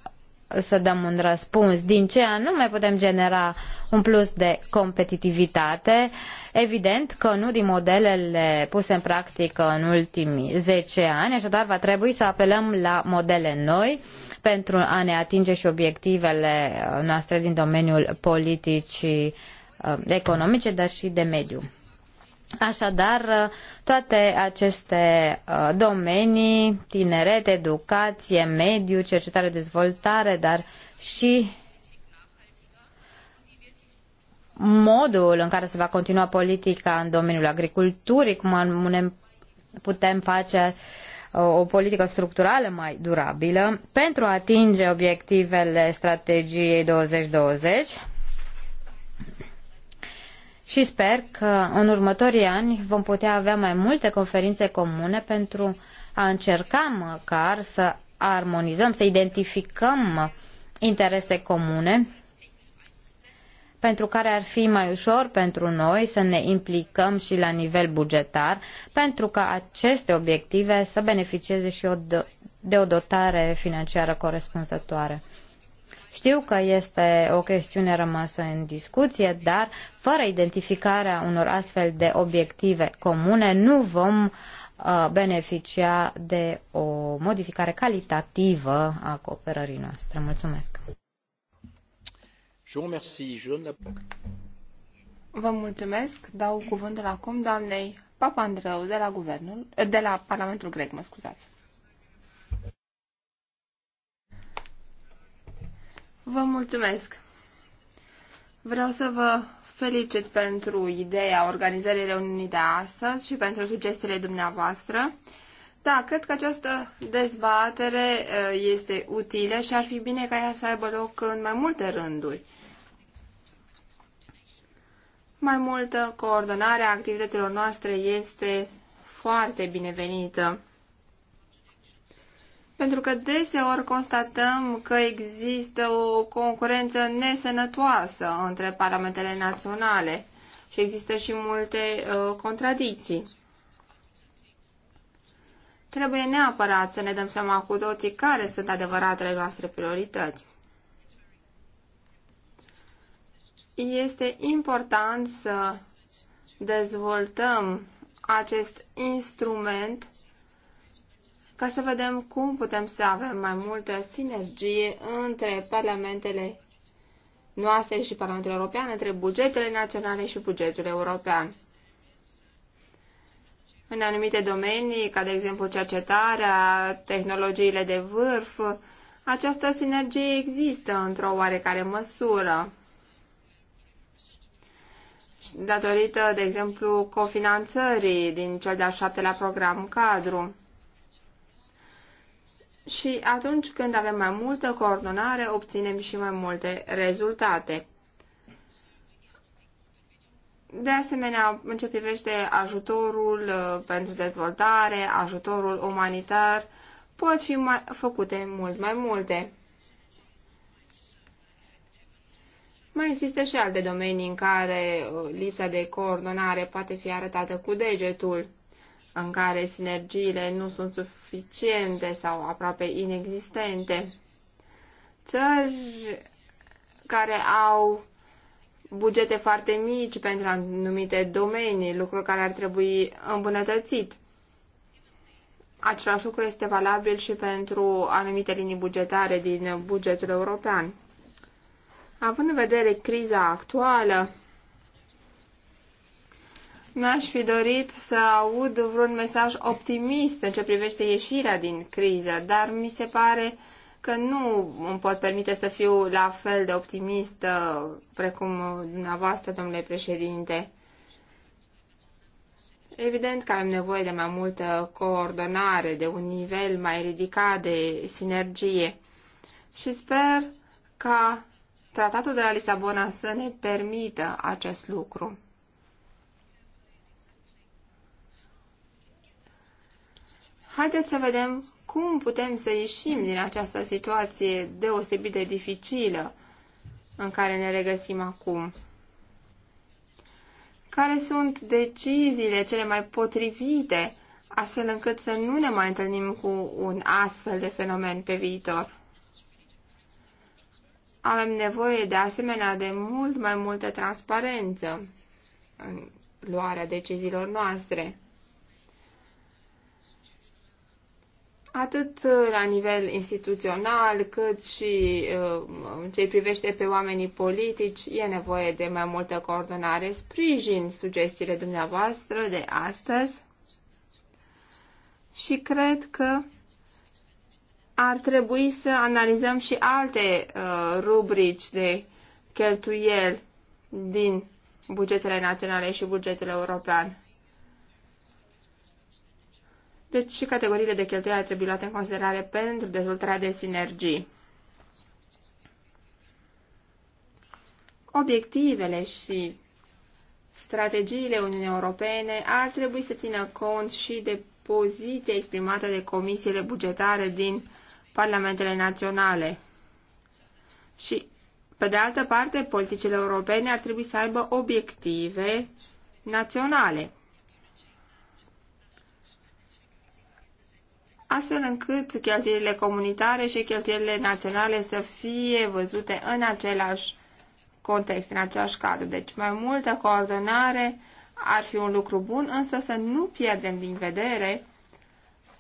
să dăm un răspuns. Din ce anume putem genera un plus de competitivitate? Evident că nu din modelele puse în practică în ultimii zece ani, așadar va trebui să apelăm la modele noi pentru a ne atinge și obiectivele noastre din domeniul politicii uh, economice, dar și de mediu. Așadar, toate aceste uh, domenii, tineret, educație, mediu, cercetare, dezvoltare, dar și modul în care se va continua politica în domeniul agriculturii, cum putem face uh, o politică structurală mai durabilă pentru a atinge obiectivele strategiei 2020 și sper că în următorii ani vom putea avea mai multe conferințe comune pentru a încerca măcar să armonizăm, să identificăm interese comune pentru care ar fi mai ușor pentru noi să ne implicăm și la nivel bugetar, pentru ca aceste obiective să beneficieze și de o dotare financiară corespunzătoare. Știu că este o chestiune rămasă în discuție, dar fără identificarea unor astfel de obiective comune nu vom uh, beneficia de o modificare calitativă a cooperării noastre. Mulțumesc! Vă mulțumesc. Dau cuvântul acum doamnei Papandreou de la, guvernul, de la Parlamentul Grec, mă scuzați. Vă mulțumesc! Vreau să vă felicit pentru ideea organizării reuniunii de astăzi și pentru sugestiile dumneavoastră. Da, cred că această dezbatere uh, este utilă și ar fi bine ca ea să aibă loc în mai multe rânduri. Mai multă coordonare a activităților noastre este foarte binevenită. Pentru că deseori constatăm că există o concurență nesănătoasă între parlamentele naționale și există și multe uh, contradicții. Trebuie neapărat să ne dăm seama cu toții care sunt adevăratele noastre priorități. Este important să dezvoltăm acest instrument ca să vedem cum putem să avem mai multă sinergie între parlamentele noastre și Parlamentul European, între bugetele naționale și bugetul european. În anumite domenii, ca de exemplu cercetarea, tehnologiile de vârf, această sinergie există într-o oarecare măsură. Datorită, de exemplu, cofinanțării din cel de-al șaptelea program cadru și atunci când avem mai multă coordonare, obținem și mai multe rezultate. De asemenea, în ce privește ajutorul uh, pentru dezvoltare, ajutorul umanitar, pot fi mai, făcute mult mai multe. Mai există și alte domenii în care uh, lipsa de coordonare poate fi arătată cu degetul în care sinergiile nu sunt suficiente sau aproape inexistente. Țări care au bugete foarte mici pentru anumite domenii, lucru care ar trebui îmbunătățit. Același lucru este valabil și pentru anumite linii bugetare din bugetul european. Având în vedere criza actuală, mi-aș fi dorit să aud vreun mesaj optimist în ce privește ieșirea din criză, dar mi se pare că nu îmi pot permite să fiu la fel de optimistă uh, precum dumneavoastră, domnule președinte. Evident că am nevoie de mai multă coordonare, de un nivel mai ridicat de sinergie și sper ca tratatul de la Lisabona să ne permită acest lucru. Haideți să vedem cum putem să ieșim din această situație deosebit de dificilă în care ne regăsim acum. Care sunt deciziile cele mai potrivite astfel încât să nu ne mai întâlnim cu un astfel de fenomen pe viitor? Avem nevoie de asemenea de mult mai multă transparență în luarea deciziilor noastre. atât uh, la nivel instituțional, cât și uh, în ce privește pe oamenii politici, e nevoie de mai multă coordonare. Sprijin sugestiile dumneavoastră de astăzi și cred că ar trebui să analizăm și alte uh, rubrici de cheltuieli din bugetele naționale și bugetul european. Deci și categoriile de cheltuieli ar trebui luate în considerare pentru dezvoltarea de sinergii. Obiectivele și strategiile Uniunii Europene ar trebui să țină cont și de poziția exprimată de comisiile bugetare din parlamentele naționale. Și, pe de altă parte, politicile europene ar trebui să aibă obiective naționale. astfel încât cheltuielile comunitare și cheltuielile naționale să fie văzute în același context, în același cadru. Deci mai multă coordonare ar fi un lucru bun, însă să nu pierdem din vedere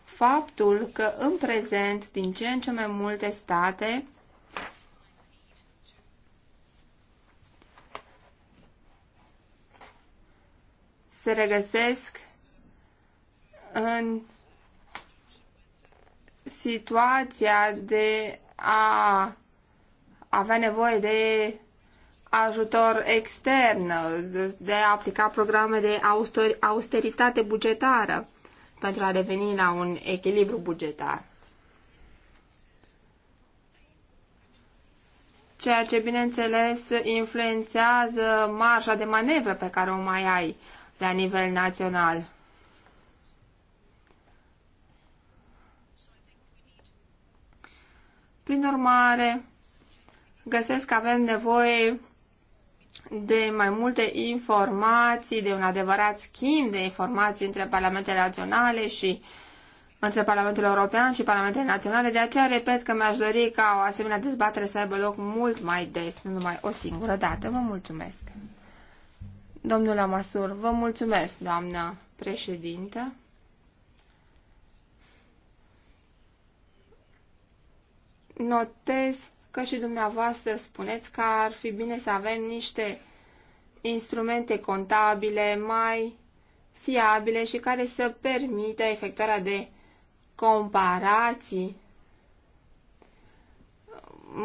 faptul că în prezent din ce în ce mai multe state se regăsesc în situația de a avea nevoie de ajutor extern, de a aplica programe de austeritate bugetară pentru a reveni la un echilibru bugetar. Ceea ce, bineînțeles, influențează marja de manevră pe care o mai ai la nivel național. Prin urmare, găsesc că avem nevoie de mai multe informații, de un adevărat schimb de informații între parlamentele naționale și între Parlamentul European și Parlamentele Naționale. De aceea repet că mi-aș dori ca o asemenea dezbatere să aibă loc mult mai des, nu numai o singură dată. Vă mulțumesc. domnule Amasur, vă mulțumesc, doamna președintă. notez că și dumneavoastră spuneți că ar fi bine să avem niște instrumente contabile mai fiabile și care să permită efectuarea de comparații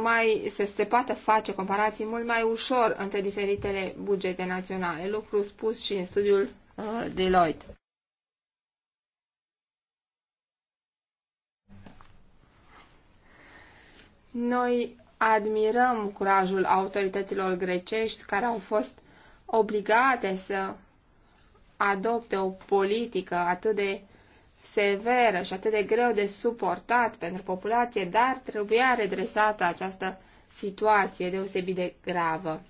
mai să se poată face comparații mult mai ușor între diferitele bugete naționale, lucru spus și în studiul uh, Deloitte. Noi admirăm curajul autorităților grecești care au fost obligate să adopte o politică atât de severă și atât de greu de suportat pentru populație, dar trebuia redresată această situație deosebit de gravă.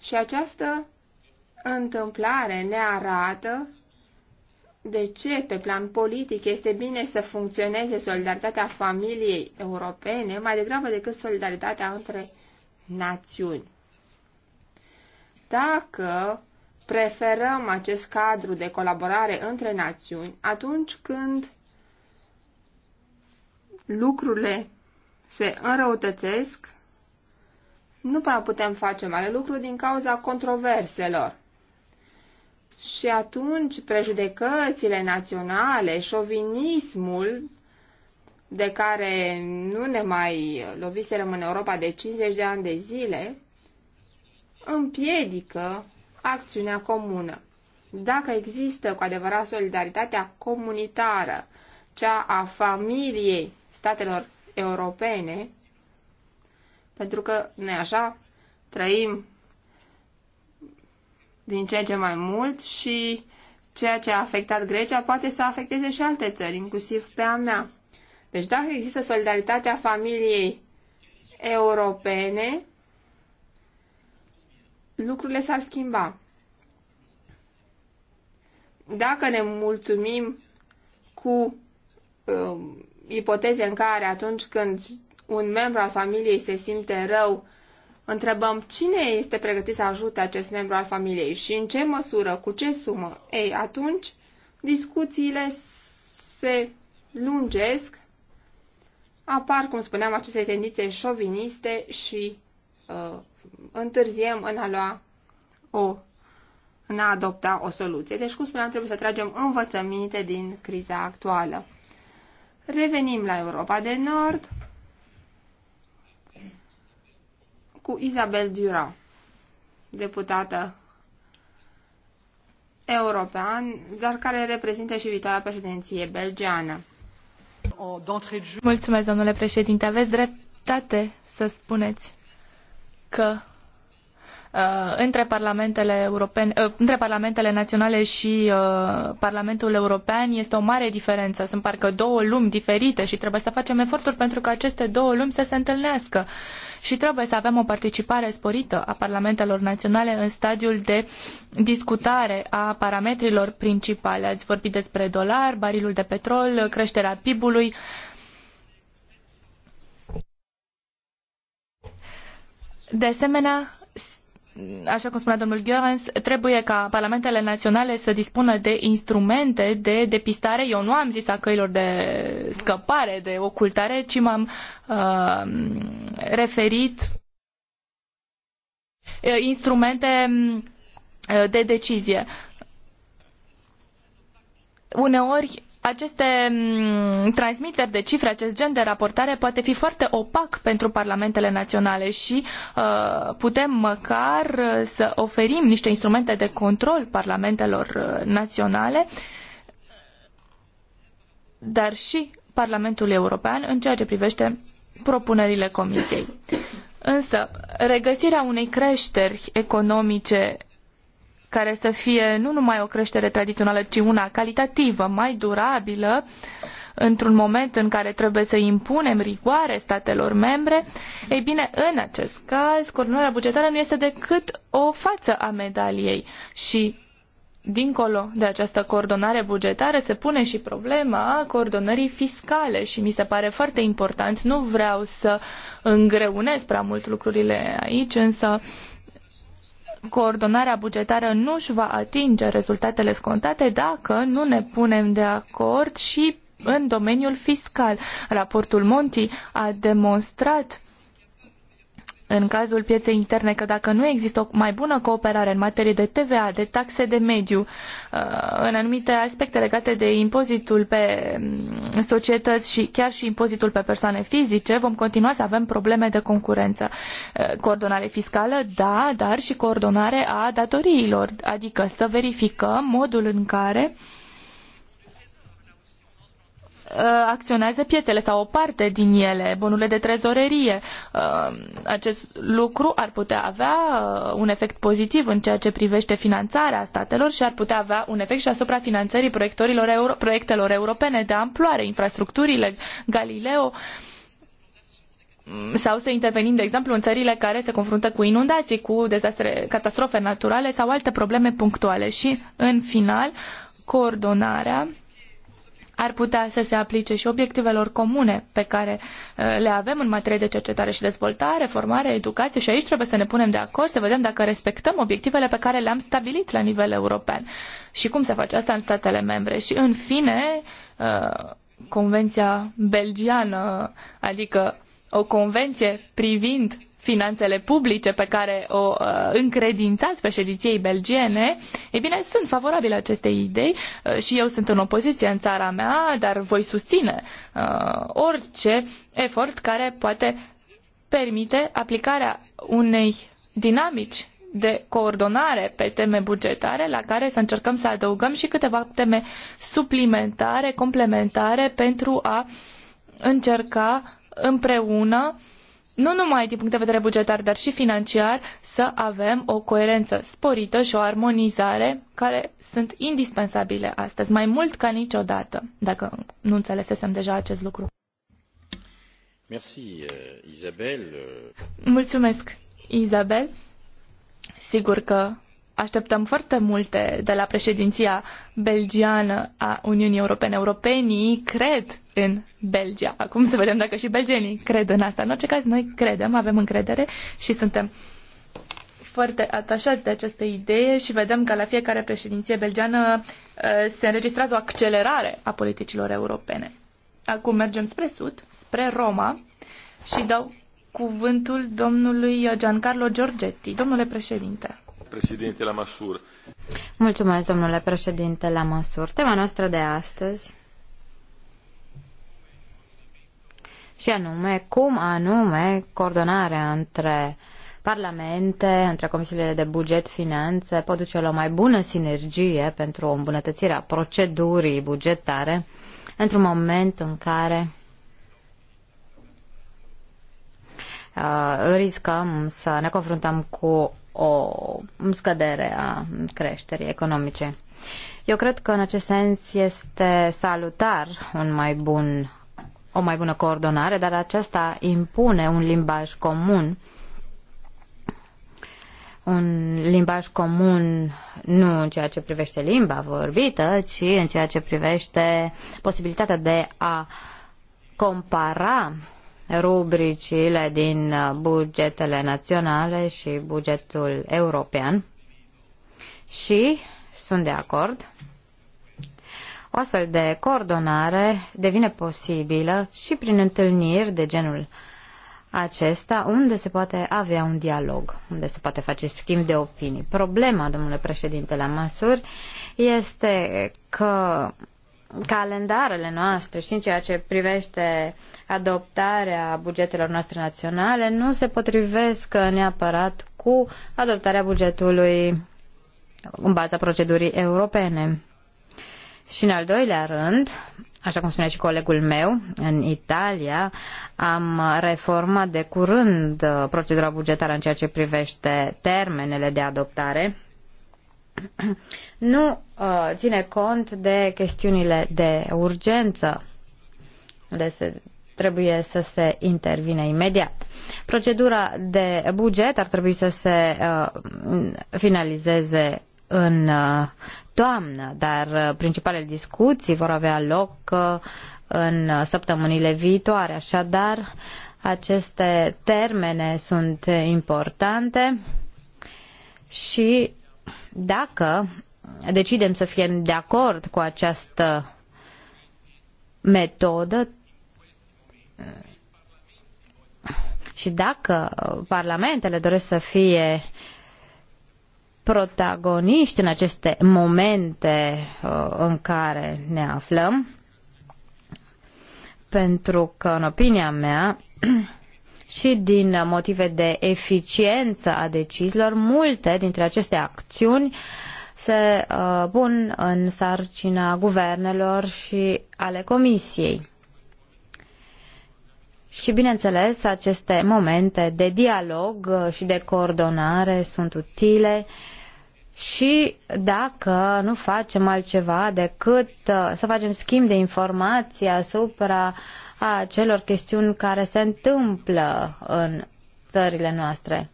Și această întâmplare ne arată de ce pe plan politic este bine să funcționeze solidaritatea familiei europene mai degrabă decât solidaritatea între națiuni. Dacă preferăm acest cadru de colaborare între națiuni, atunci când lucrurile se înrăutățesc, nu prea putem face mare lucru din cauza controverselor. Și atunci prejudecățile naționale, șovinismul de care nu ne mai loviserăm în Europa de 50 de ani de zile, împiedică acțiunea comună. Dacă există cu adevărat solidaritatea comunitară, cea a familiei statelor europene, pentru că noi așa trăim din ce în ce mai mult și ceea ce a afectat Grecia poate să afecteze și alte țări, inclusiv pe a mea. Deci dacă există solidaritatea familiei europene, lucrurile s-ar schimba. Dacă ne mulțumim cu uh, ipoteze în care atunci când un membru al familiei se simte rău, întrebăm cine este pregătit să ajute acest membru al familiei și în ce măsură, cu ce sumă, ei, atunci discuțiile se lungesc, apar, cum spuneam, aceste tendințe șoviniste și uh, întârziem în a lua o în a adopta o soluție. Deci, cum spuneam, trebuie să tragem învățăminte din criza actuală. Revenim la Europa de Nord. cu Isabel Dura, deputată european, dar care reprezintă și viitoarea președinție belgeană. Mulțumesc, domnule președinte. Aveți dreptate să spuneți că uh, între parlamentele europene, uh, între parlamentele naționale și uh, Parlamentul European este o mare diferență. Sunt parcă două lumi diferite și trebuie să facem eforturi pentru ca aceste două lumi să se întâlnească. Uh, și trebuie să avem o participare sporită a parlamentelor naționale în stadiul de discutare a parametrilor principale. Ați vorbit despre dolar, barilul de petrol, creșterea PIB-ului. De asemenea, așa cum spunea domnul Goerens, trebuie ca parlamentele naționale să dispună de instrumente de depistare. Eu nu am zis a căilor de scăpare, de ocultare, ci m-am uh, referit uh, instrumente mm, uh, de decizie. Uneori aceste mm, transmiteri de cifre, acest gen de raportare poate fi foarte opac pentru parlamentele naționale și uh, putem măcar uh, să oferim niște instrumente de control parlamentelor uh, naționale, dar și Parlamentul European în ceea ce privește propunerile Comisiei. Însă, regăsirea unei creșteri economice care să fie nu numai o creștere tradițională, ci una calitativă, mai durabilă, într-un moment în care trebuie să impunem rigoare statelor membre, ei bine, în acest caz, coordonarea bugetară nu este decât o față a medaliei și Dincolo de această coordonare bugetară se pune și problema coordonării fiscale și mi se pare foarte important. Nu vreau să îngreunez prea mult lucrurile aici, însă uh, coordonarea bugetară nu își va atinge rezultatele scontate dacă nu ne punem de acord și în domeniul fiscal. Raportul Monti a demonstrat în cazul pieței interne că dacă nu există o mai bună cooperare în materie de TVA, de taxe de mediu, uh, în anumite aspecte legate de impozitul pe mm, societăți și chiar și impozitul pe persoane fizice, vom continua să avem probleme de concurență. Uh, coordonare fiscală, da, dar și coordonare a datoriilor, adică să verificăm modul în care Uh, acționează pietele sau o parte din ele, bonurile de trezorerie. Uh, acest lucru ar putea avea uh, un efect pozitiv în ceea ce privește finanțarea statelor și ar putea avea un efect și asupra finanțării euro, proiectelor europene de amploare, infrastructurile Galileo mm, sau să intervenim, de exemplu, în țările care se confruntă cu inundații, cu dezastre, catastrofe naturale sau alte probleme punctuale. Și, în final, coordonarea ar putea să se aplice și obiectivelor comune pe care uh, le avem în materie de cercetare și dezvoltare, formare, educație și aici trebuie să ne punem de acord, să vedem dacă respectăm obiectivele pe care le-am stabilit la nivel european și cum se face asta în statele membre. Și în fine, uh, Convenția belgiană, adică o convenție privind finanțele publice pe care o uh, încredințați președinției belgiene, e bine, sunt favorabile acestei idei uh, și eu sunt în opoziție în țara mea, dar voi susține uh, orice efort care poate permite aplicarea unei dinamici de coordonare pe teme bugetare, la care să încercăm să adăugăm și câteva teme suplimentare, complementare, pentru a încerca împreună uh, nu numai din punct de vedere bugetar, dar și financiar, să avem o coerență sporită și o armonizare care sunt indispensabile astăzi, mai mult ca niciodată, dacă nu înțelesesem deja acest lucru. Merci, uh, Isabel. Mulțumesc, Isabel. Sigur că Așteptăm foarte multe de la președinția belgiană a Uniunii Europene. Europenii cred în Belgia. Acum să vedem dacă și belgenii cred în asta. În orice caz, noi credem, avem încredere și suntem foarte atașați de această idee și vedem că la fiecare președinție belgiană uh, se înregistrează o accelerare a politicilor europene. Acum mergem spre sud, spre Roma și dau cuvântul domnului Giancarlo Giorgetti. Domnule președinte președinte Lamassoure. Mulțumesc, domnule președinte Lamassoure. Tema noastră de astăzi și anume cum anume coordonarea între parlamente, între comisiile de buget, finanțe, pot duce la o mai bună sinergie pentru o îmbunătățire a procedurii bugetare într-un moment în care uh, riscăm să ne confruntăm cu o scădere a creșterii economice. Eu cred că în acest sens este salutar un mai bun, o mai bună coordonare, dar aceasta impune un limbaj comun un limbaj comun nu în ceea ce privește limba vorbită, ci în ceea ce privește posibilitatea de a compara rubricile din uh, bugetele naționale și bugetul european și sunt de acord. O astfel de coordonare devine posibilă și prin întâlniri de genul acesta, unde se poate avea un dialog, unde se poate face schimb de opinii. Problema, domnule președinte, la măsuri este că calendarele noastre și în ceea ce privește adoptarea bugetelor noastre naționale nu se potrivesc neapărat cu adoptarea bugetului în baza procedurii europene. Și în al doilea rând, așa cum spunea și colegul meu, în Italia am reformat de curând procedura bugetară în ceea ce privește termenele de adoptare nu uh, ține cont de chestiunile de urgență, unde se trebuie să se intervine imediat. Procedura de buget ar trebui să se uh, finalizeze în uh, toamnă, dar uh, principalele discuții vor avea loc uh, în uh, săptămânile viitoare. Așadar, aceste termene sunt importante și dacă decidem să fim de acord cu această metodă și dacă parlamentele doresc să fie protagoniști în aceste momente uh, în care ne aflăm, pentru că, în opinia mea, și din motive de eficiență a deciziilor, multe dintre aceste acțiuni se uh, pun în sarcina guvernelor și ale comisiei. Și, bineînțeles, aceste momente de dialog uh, și de coordonare sunt utile și dacă nu facem altceva decât uh, să facem schimb de informații asupra uh, a celor chestiuni care se întâmplă în țările noastre.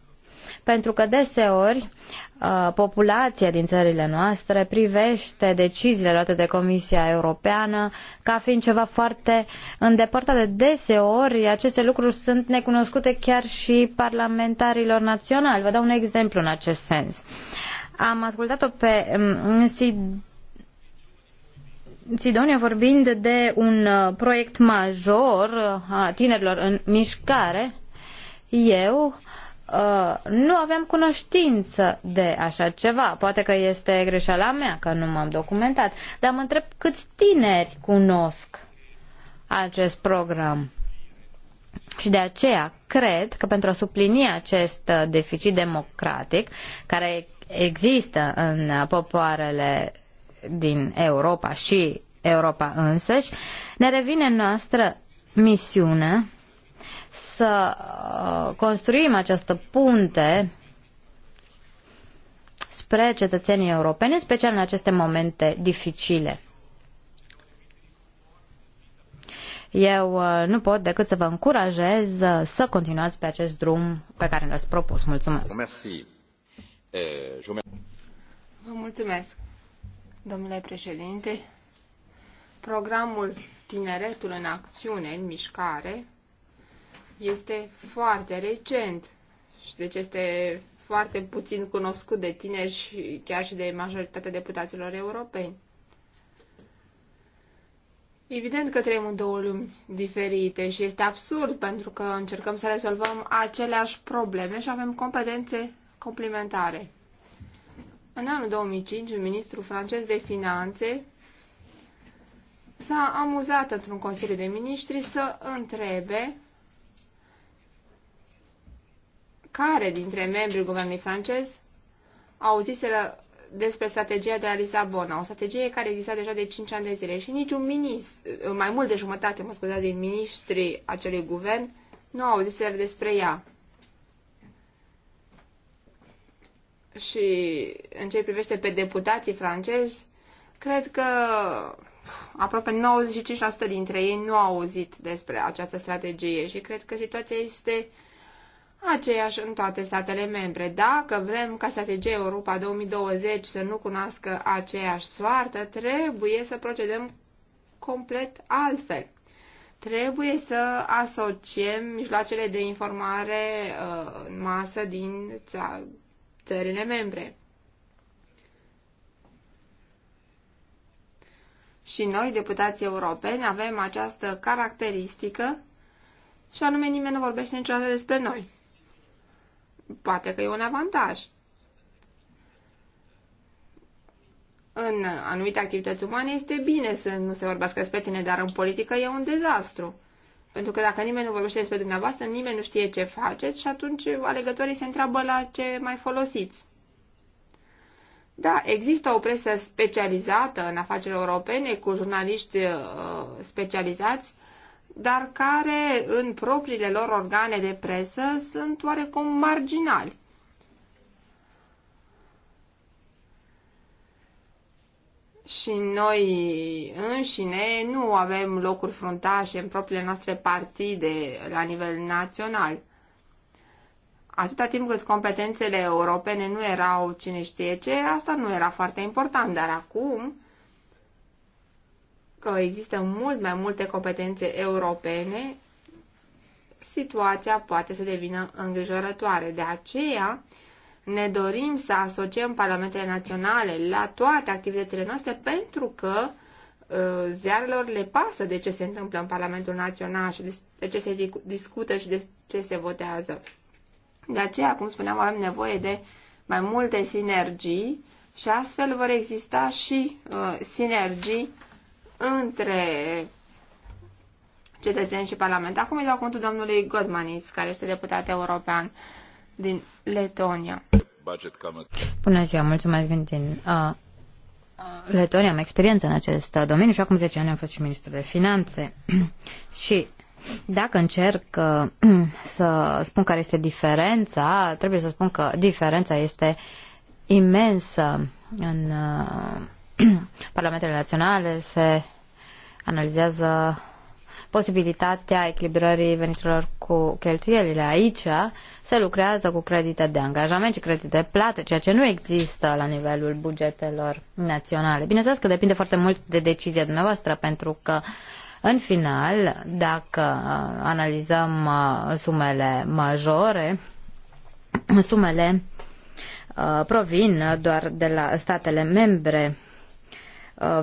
Pentru că deseori uh, populația din țările noastre privește deciziile luate de Comisia Europeană ca fiind ceva foarte îndepărtat. De deseori aceste lucruri sunt necunoscute chiar și parlamentarilor naționali. Vă dau un exemplu în acest sens. Am ascultat-o pe Nancy um, Sidonia, vorbind de un uh, proiect major uh, a tinerilor în mișcare, eu uh, nu aveam cunoștință de așa ceva. Poate că este greșeala mea că nu m-am documentat, dar mă întreb câți tineri cunosc acest program. Și de aceea cred că pentru a suplini acest uh, deficit democratic care există în popoarele din Europa și Europa însăși, ne revine noastră misiune să uh, construim această punte spre cetățenii europeni, în special în aceste momente dificile. Eu uh, nu pot decât să vă încurajez uh, să continuați pe acest drum pe care l-ați propus. Mulțumesc! Eh, vă mulțumesc! domnule președinte. Programul Tineretul în Acțiune, în Mișcare, este foarte recent și deci este foarte puțin cunoscut de tineri și chiar și de majoritatea deputaților europeni. Evident că trăim în două lumi diferite și este absurd pentru că încercăm să rezolvăm aceleași probleme și avem competențe complementare. În anul 2005, ministrul francez de finanțe s-a amuzat într-un consiliu de ministri să întrebe care dintre membrii guvernului francez auziseră despre strategia de la Lisabona, o strategie care exista deja de 5 ani de zile și niciun ministru, mai mult de jumătate, mă scuzați, din ministrii acelui guvern nu auziseră despre ea. și în ce privește pe deputații francezi, cred că aproape 95% dintre ei nu au auzit despre această strategie și cred că situația este aceeași în toate statele membre. Dacă vrem ca strategia Europa 2020 să nu cunoască aceeași soartă, trebuie să procedăm complet altfel. Trebuie să asociem mijloacele de informare uh, în masă din țările membre. Și noi, deputații europeni, avem această caracteristică și anume nimeni nu vorbește niciodată despre noi. Poate că e un avantaj. În anumite activități umane este bine să nu se vorbească despre tine, dar în politică e un dezastru. Pentru că dacă nimeni nu vorbește despre dumneavoastră, nimeni nu știe ce faceți și atunci alegătorii se întreabă la ce mai folosiți. Da, există o presă specializată în afaceri europene cu jurnaliști uh, specializați, dar care în propriile lor organe de presă sunt oarecum marginali. și noi înșine nu avem locuri fruntașe în propriile noastre partide la nivel național. Atâta timp cât competențele europene nu erau cine știe ce, asta nu era foarte important, dar acum că există mult mai multe competențe europene, situația poate să devină îngrijorătoare. De aceea, ne dorim să asociem parlamentele naționale la toate activitățile noastre pentru că uh, ziarelor le pasă de ce se întâmplă în Parlamentul Național și de ce se discută și de ce se votează. De aceea, cum spuneam, avem nevoie de mai multe sinergii și astfel vor exista și uh, sinergii între cetățeni și parlament. Acum îi dau cuvântul domnului Godmanis, care este deputat european din Letonia. Bună ziua, mulțumesc, uh, Letonia, am experiență în acest domeniu și acum 10 ani am fost și ministru de finanțe. și dacă încerc uh, să spun care este diferența, trebuie să spun că diferența este imensă în uh, Parlamentele Naționale, se analizează posibilitatea echilibrării veniturilor cu cheltuielile. Aici se lucrează cu credite de angajament și credite de plată, ceea ce nu există la nivelul bugetelor naționale. Bineînțeles că depinde foarte mult de decizia dumneavoastră, pentru că în final, dacă uh, analizăm uh, sumele majore, sumele uh, provin doar de la statele membre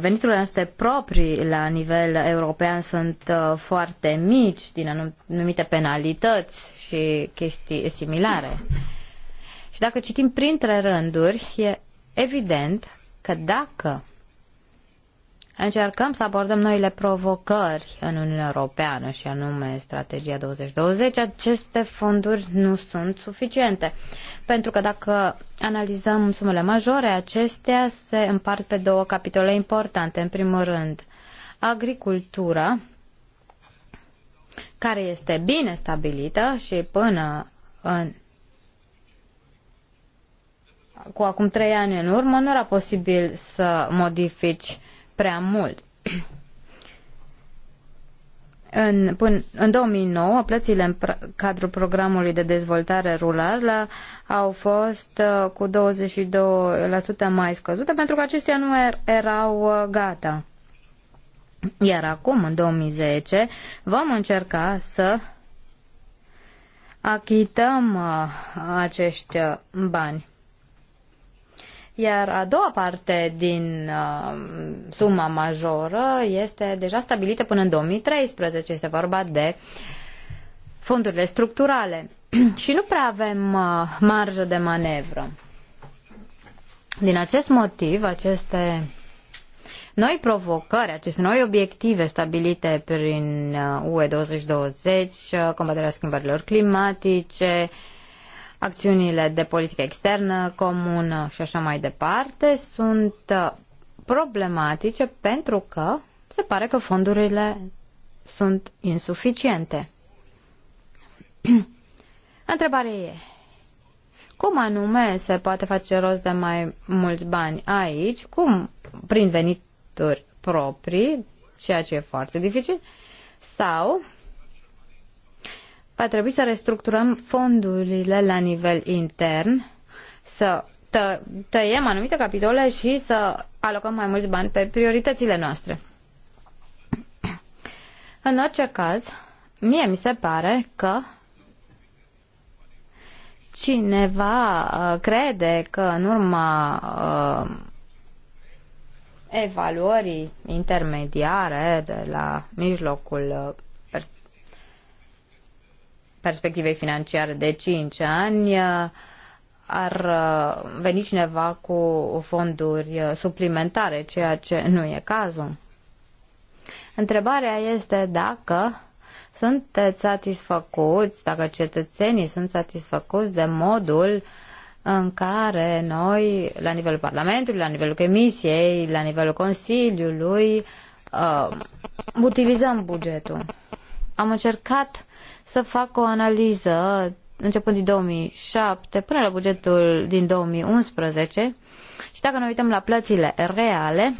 veniturile noastre proprii la nivel european sunt foarte mici din anumite penalități și chestii similare. Și dacă citim printre rânduri, e evident că dacă încercăm să abordăm noile provocări în Uniunea Europeană și anume strategia 2020, aceste fonduri nu sunt suficiente. Pentru că dacă analizăm sumele majore, acestea se împart pe două capitole importante. În primul rând, agricultura, care este bine stabilită și până în cu acum trei ani în urmă nu era posibil să modifici prea mult. În, până, în 2009, plățile în cadrul programului de dezvoltare rurală au fost uh, cu 22% mai scăzute pentru că acestea nu er, erau uh, gata. Iar acum, în 2010, vom încerca să achităm uh, acești uh, bani. Iar a doua parte din uh, suma majoră este deja stabilită până în 2013. Este vorba de fondurile structurale. Și nu prea avem uh, marjă de manevră. Din acest motiv, aceste noi provocări, aceste noi obiective stabilite prin uh, UE 2020, uh, combaterea schimbărilor climatice, acțiunile de politică externă comună și așa mai departe, sunt uh, problematice pentru că se pare că fondurile sunt insuficiente. Întrebarea e, cum anume se poate face rost de mai mulți bani aici? Cum? Prin venit drepturi proprii, ceea ce e foarte dificil, sau va trebui să restructurăm fondurile la nivel intern, să tă- tăiem anumite capitole și să alocăm mai mulți bani pe prioritățile noastre. În orice caz, mie mi se pare că cineva uh, crede că în urma uh, evaluării intermediare de la mijlocul uh, perspectivei financiare de 5 ani uh, ar uh, veni cineva cu fonduri suplimentare, ceea ce nu e cazul. Întrebarea este dacă sunteți satisfăcuți, dacă cetățenii sunt satisfăcuți de modul uh, în care noi, la nivelul Parlamentului, la nivelul Comisiei, la nivelul Consiliului, uh, utilizăm bugetul. Am încercat să fac o analiză începând din 2007 până la bugetul din 2011 și dacă ne uităm la plățile reale,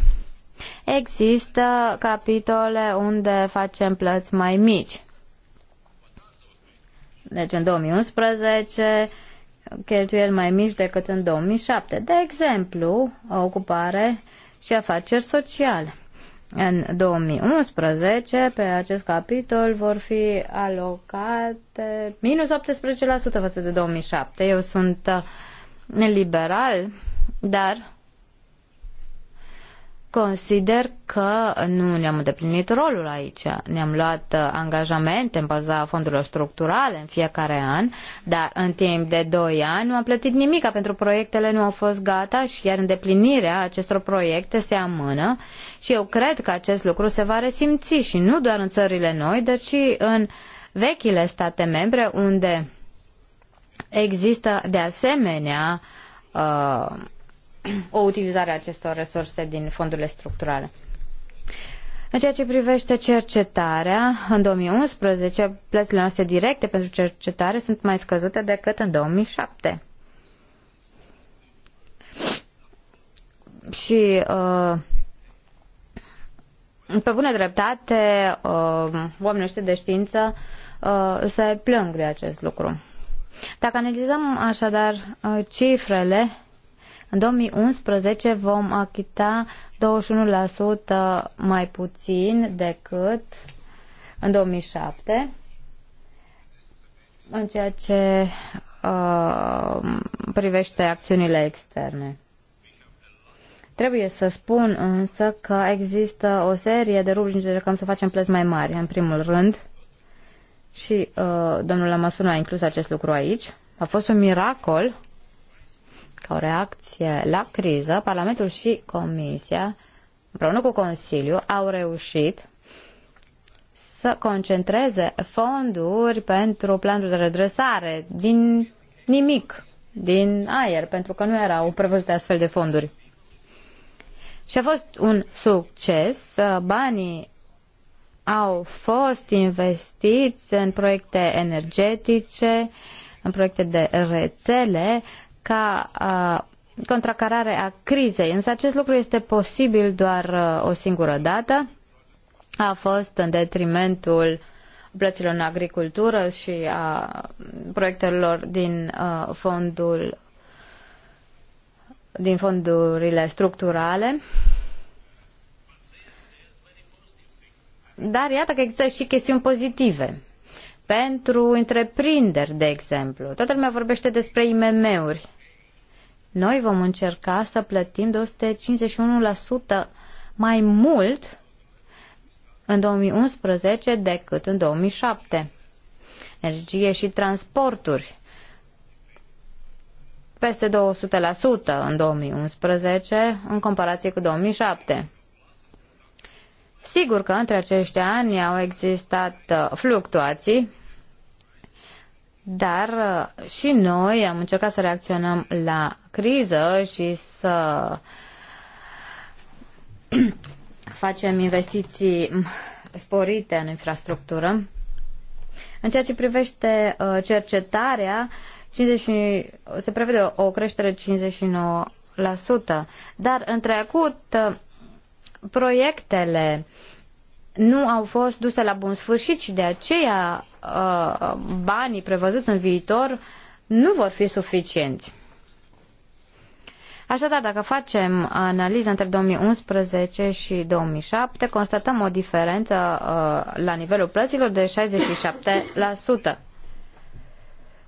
există capitole unde facem plăți mai mici. Deci în 2011 cheltuieli mai mici decât în 2007. De exemplu, ocupare și afaceri sociale. În 2011, pe acest capitol, vor fi alocate minus 18% față de 2007. Eu sunt uh, liberal, dar Consider că nu ne-am îndeplinit rolul aici. Ne-am luat uh, angajamente în baza fondurilor structurale în fiecare an, dar în timp de 2 ani nu am plătit nimic, pentru proiectele nu au fost gata și iar îndeplinirea acestor proiecte se amână și eu cred că acest lucru se va resimți și nu doar în țările noi, dar și în vechile state membre unde există de asemenea uh, o utilizare a acestor resurse din fondurile structurale. În ceea ce privește cercetarea, în 2011 plățile noastre directe pentru cercetare sunt mai scăzute decât în 2007. Și uh, pe bună dreptate, uh, oamenii ăștia de știință uh, se plâng de acest lucru. Dacă analizăm așadar uh, cifrele, în 2011 vom achita 21% mai puțin decât în 2007, în ceea ce uh, privește acțiunile externe. Trebuie să spun însă că există o serie de rubrici de cum să facem plăți mai mari, în primul rând, și uh, domnul Lamasun a inclus acest lucru aici. A fost un miracol ca o reacție la criză, Parlamentul și Comisia, împreună cu Consiliul, au reușit să concentreze fonduri pentru planul de redresare din nimic, din aer, pentru că nu erau prevăzute astfel de fonduri. Și a fost un succes. Banii au fost investiți în proiecte energetice, în proiecte de rețele, ca contracarare a crizei. Însă acest lucru este posibil doar o singură dată. A fost în detrimentul plăților în agricultură și a proiectelor din fondul din fondurile structurale. Dar iată că există și chestiuni pozitive. Pentru întreprinderi, de exemplu, toată lumea vorbește despre IMM-uri noi vom încerca să plătim 251% mai mult în 2011 decât în 2007. Energie și transporturi peste 200% în 2011 în comparație cu 2007. Sigur că între acești ani au existat uh, fluctuații, dar uh, și noi am încercat să reacționăm la criză și să facem investiții sporite în infrastructură. În ceea ce privește uh, cercetarea, 50, se prevede o creștere 59%, dar în trecut uh, proiectele nu au fost duse la bun sfârșit și de aceea uh, banii prevăzuți în viitor nu vor fi suficienți. Așadar, dacă facem analiza între 2011 și 2007, constatăm o diferență uh, la nivelul plăților de 67%.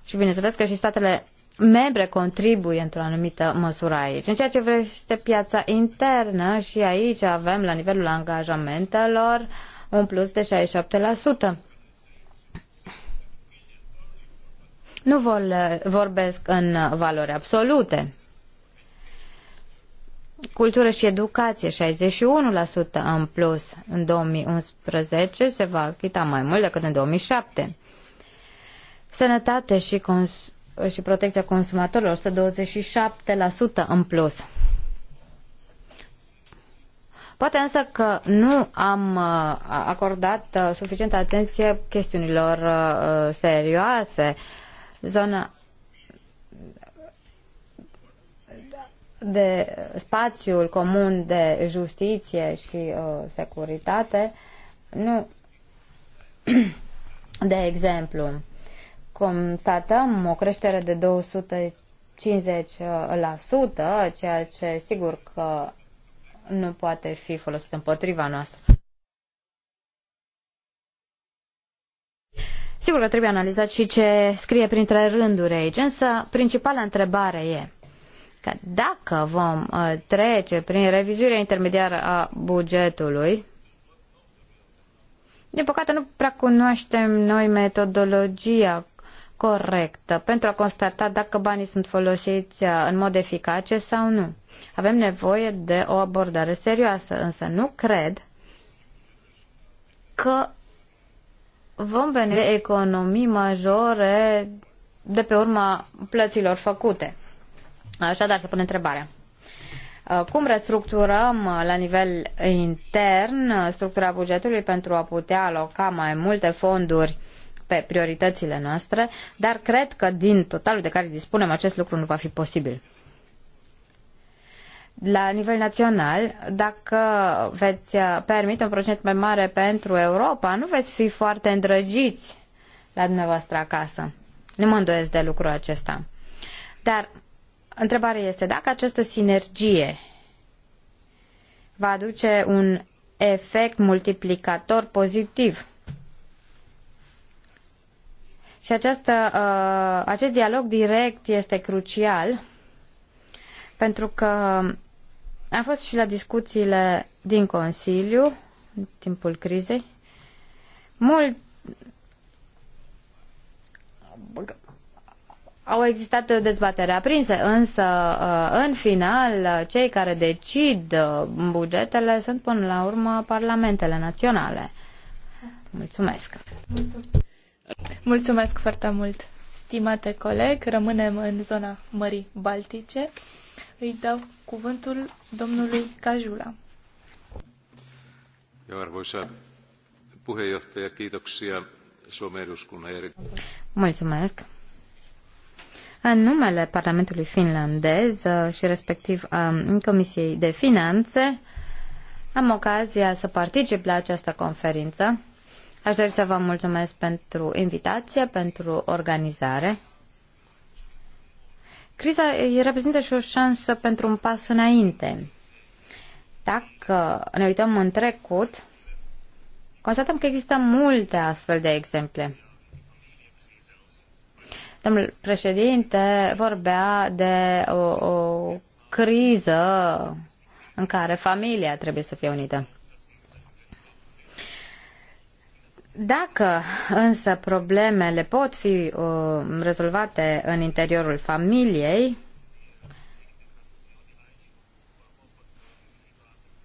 Și bineînțeles că și statele membre contribuie într-o anumită măsură aici. În ceea ce vrește piața internă și aici avem la nivelul angajamentelor un plus de 67%. Nu vorbesc în valori absolute. Cultură și educație, 61% în plus. În 2011 se va achita mai mult decât în 2007. Sănătate și și protecția consumatorilor, 127% în plus. Poate însă că nu am uh, acordat uh, suficientă atenție chestiunilor uh, serioase. Zona de spațiul comun de justiție și uh, securitate, nu, de exemplu, constatăm o creștere de 250%, ceea ce sigur că nu poate fi folosit împotriva noastră. Sigur că trebuie analizat și ce scrie printre rânduri aici, însă principala întrebare e că dacă vom uh, trece prin revizuirea intermediară a bugetului, din păcate nu prea cunoaștem noi metodologia corectă pentru a constata dacă banii sunt folosiți uh, în mod eficace sau nu. Avem nevoie de o abordare serioasă, însă nu cred că vom beneficia economii majore de pe urma plăților făcute. Așadar, să pun întrebarea. Uh, cum restructurăm uh, la nivel intern structura bugetului pentru a putea aloca mai multe fonduri pe prioritățile noastre, dar cred că din totalul de care dispunem acest lucru nu va fi posibil. La nivel național, dacă veți uh, permite un procent mai mare pentru Europa, nu veți fi foarte îndrăgiți la dumneavoastră acasă. Nu mă îndoiesc de lucrul acesta. Dar întrebarea este dacă această sinergie va aduce un efect multiplicator pozitiv și această, uh, acest dialog direct este crucial pentru că am fost și la discuțiile din Consiliu în timpul crizei. Mult au existat dezbatere aprinse, însă uh, în final cei care decid uh, bugetele sunt până la urmă parlamentele naționale. Mulțumesc! Mulțumesc. Mulțumesc foarte mult, stimate coleg. Rămânem în zona Mării Baltice. Îi dau cuvântul domnului Cajula. Mulțumesc. În numele Parlamentului finlandez uh, și respectiv um, Comisiei de Finanțe, am ocazia să particip la această conferință Aș dori să vă mulțumesc pentru invitație, pentru organizare. Criza reprezintă și o șansă pentru un pas înainte. Dacă ne uităm în trecut, constatăm că există multe astfel de exemple. Domnul președinte vorbea de o, o criză în care familia trebuie să fie unită. Dacă însă problemele pot fi uh, rezolvate în interiorul familiei,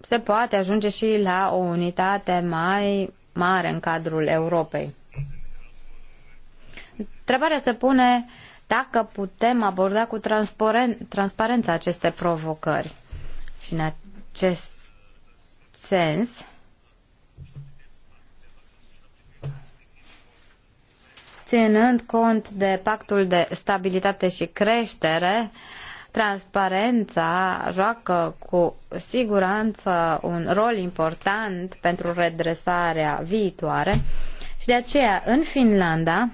se poate ajunge și la o unitate mai mare în cadrul Europei. Întrebarea se pune dacă putem aborda cu transparen- transparență aceste provocări. Și în acest sens, ținând cont de pactul de stabilitate și creștere, transparența joacă cu siguranță un rol important pentru redresarea viitoare și de aceea în Finlanda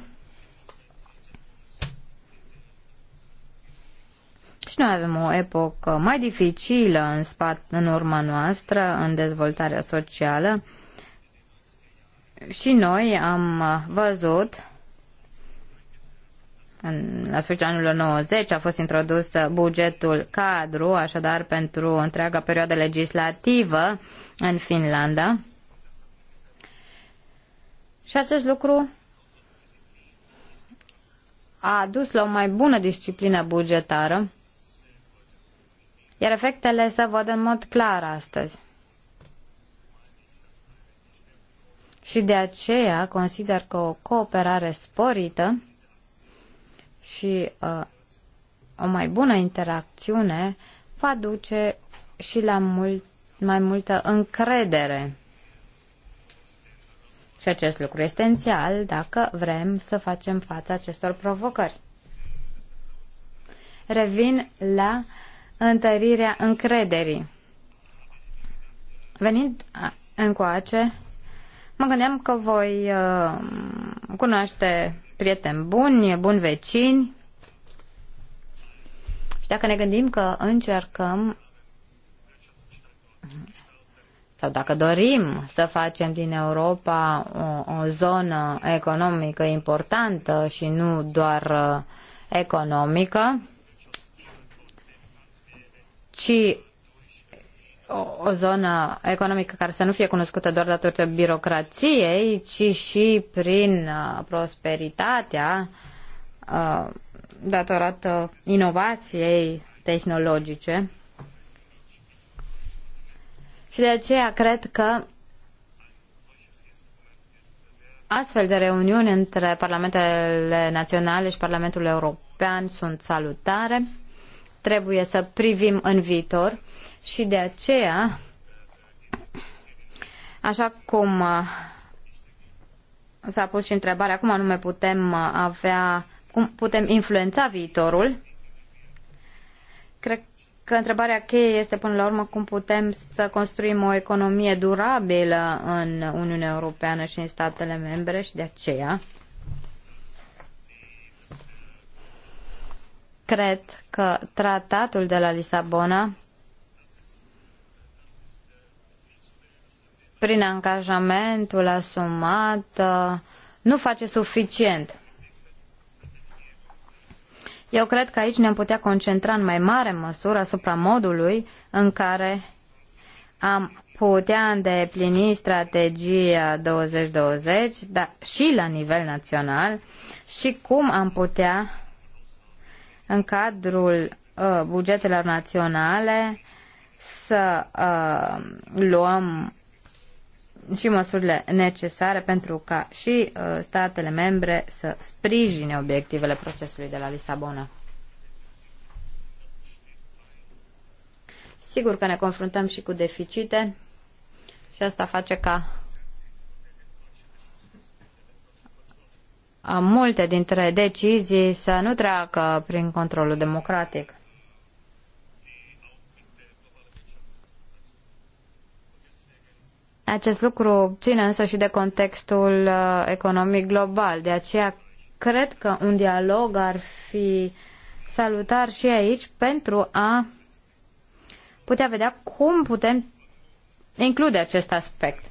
și noi avem o epocă mai dificilă în, spate, în urma noastră, în dezvoltarea socială și noi am văzut în, la sfârșitul anilor 90 a fost introdus uh, bugetul cadru, așadar pentru întreaga perioadă legislativă în Finlanda. Și acest lucru a dus la o mai bună disciplină bugetară, iar efectele se văd în mod clar astăzi. Și de aceea consider că o cooperare sporită și uh, o mai bună interacțiune va duce și la mult, mai multă încredere. Și acest lucru este esențial dacă vrem să facem față acestor provocări. Revin la întărirea încrederii. Venind încoace, mă gândeam că voi uh, cunoaște prieteni buni, buni vecini. Și dacă ne gândim că încercăm sau dacă dorim să facem din Europa o, o zonă economică importantă și nu doar uh, economică, ci o, zonă economică care să nu fie cunoscută doar datorită birocrației, ci și prin uh, prosperitatea uh, datorată inovației tehnologice. Și de aceea cred că astfel de reuniuni între parlamentele naționale și Parlamentul European sunt salutare. Trebuie să privim în viitor și de aceea, așa cum uh, s-a pus și întrebarea cum anume putem uh, avea, cum putem influența viitorul, cred că întrebarea cheie este până la urmă cum putem să construim o economie durabilă în Uniunea Europeană și în statele membre și de aceea cred că tratatul de la Lisabona prin angajamentul asumat uh, nu face suficient. Eu cred că aici ne-am putea concentra în mai mare măsură asupra modului în care am putea îndeplini strategia 2020 dar și la nivel național și cum am putea în cadrul uh, bugetelor naționale să uh, luăm și măsurile necesare pentru ca și uh, statele membre să sprijine obiectivele procesului de la Lisabona. Sigur că ne confruntăm și cu deficite și asta face ca uh, multe dintre decizii să nu treacă prin controlul democratic. Acest lucru ține însă și de contextul uh, economic global, de aceea cred că un dialog ar fi salutar și aici pentru a putea vedea cum putem include acest aspect.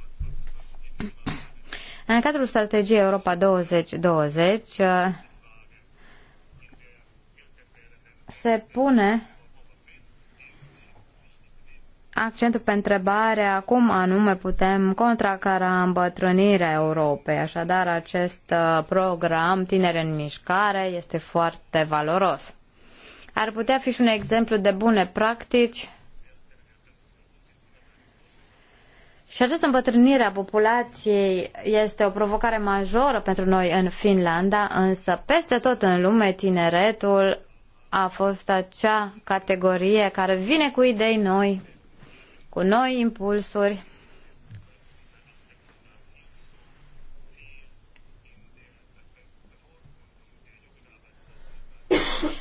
În cadrul strategiei Europa 2020 uh, se pune accentul pe întrebarea cum anume putem contracara îmbătrânirea Europei. Așadar, acest uh, program Tineri în Mișcare este foarte valoros. Ar putea fi și un exemplu de bune practici Și această îmbătrânire a populației este o provocare majoră pentru noi în Finlanda, însă peste tot în lume tineretul a fost acea categorie care vine cu idei noi, cu noi impulsuri.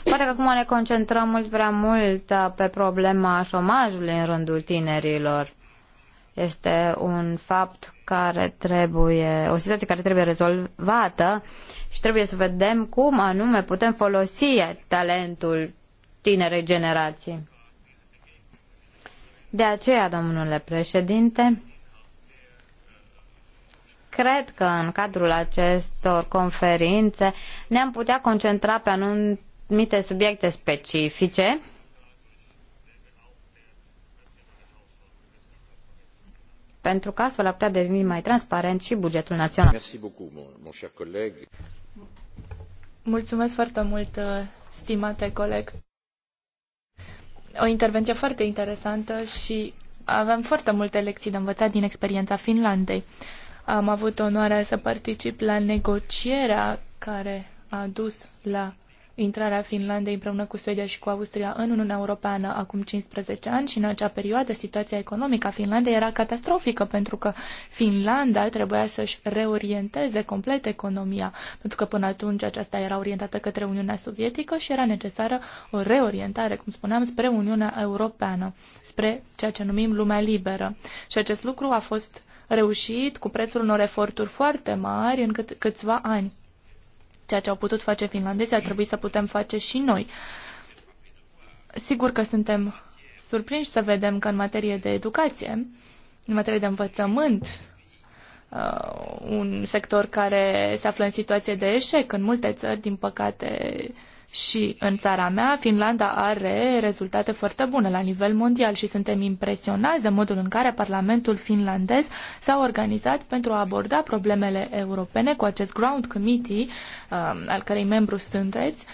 Poate că acum ne concentrăm mult prea mult pe problema șomajului în rândul tinerilor. Este un fapt care trebuie, o situație care trebuie rezolvată și trebuie să vedem cum anume putem folosi talentul tinerei generații. De aceea, domnule președinte, cred că în cadrul acestor conferințe ne-am putea concentra pe anumite subiecte specifice pentru că astfel ar putea deveni mai transparent și bugetul național. Mulțumesc foarte mult, stimate coleg o intervenție foarte interesantă și avem foarte multe lecții de învățat din experiența Finlandei. Am avut onoarea să particip la negocierea care a dus la intrarea Finlandei împreună cu Suedia și cu Austria în Uniunea Europeană acum 15 ani și în acea perioadă situația economică a Finlandei era catastrofică pentru că Finlanda trebuia să-și reorienteze complet economia pentru că până atunci aceasta era orientată către Uniunea Sovietică și era necesară o reorientare, cum spuneam, spre Uniunea Europeană, spre ceea ce numim lumea liberă. Și acest lucru a fost reușit cu prețul unor eforturi foarte mari în cât, câțiva ani ceea ce au putut face finlandezii ar trebui să putem face și noi. Sigur că suntem surprinși să vedem că în materie de educație, în materie de învățământ, uh, un sector care se află în situație de eșec în multe țări, din păcate, și în țara mea, Finlanda are rezultate foarte bune la nivel mondial și suntem impresionați de modul în care Parlamentul finlandez s-a organizat pentru a aborda problemele europene cu acest Ground Committee, um, al cărei membru sunteți,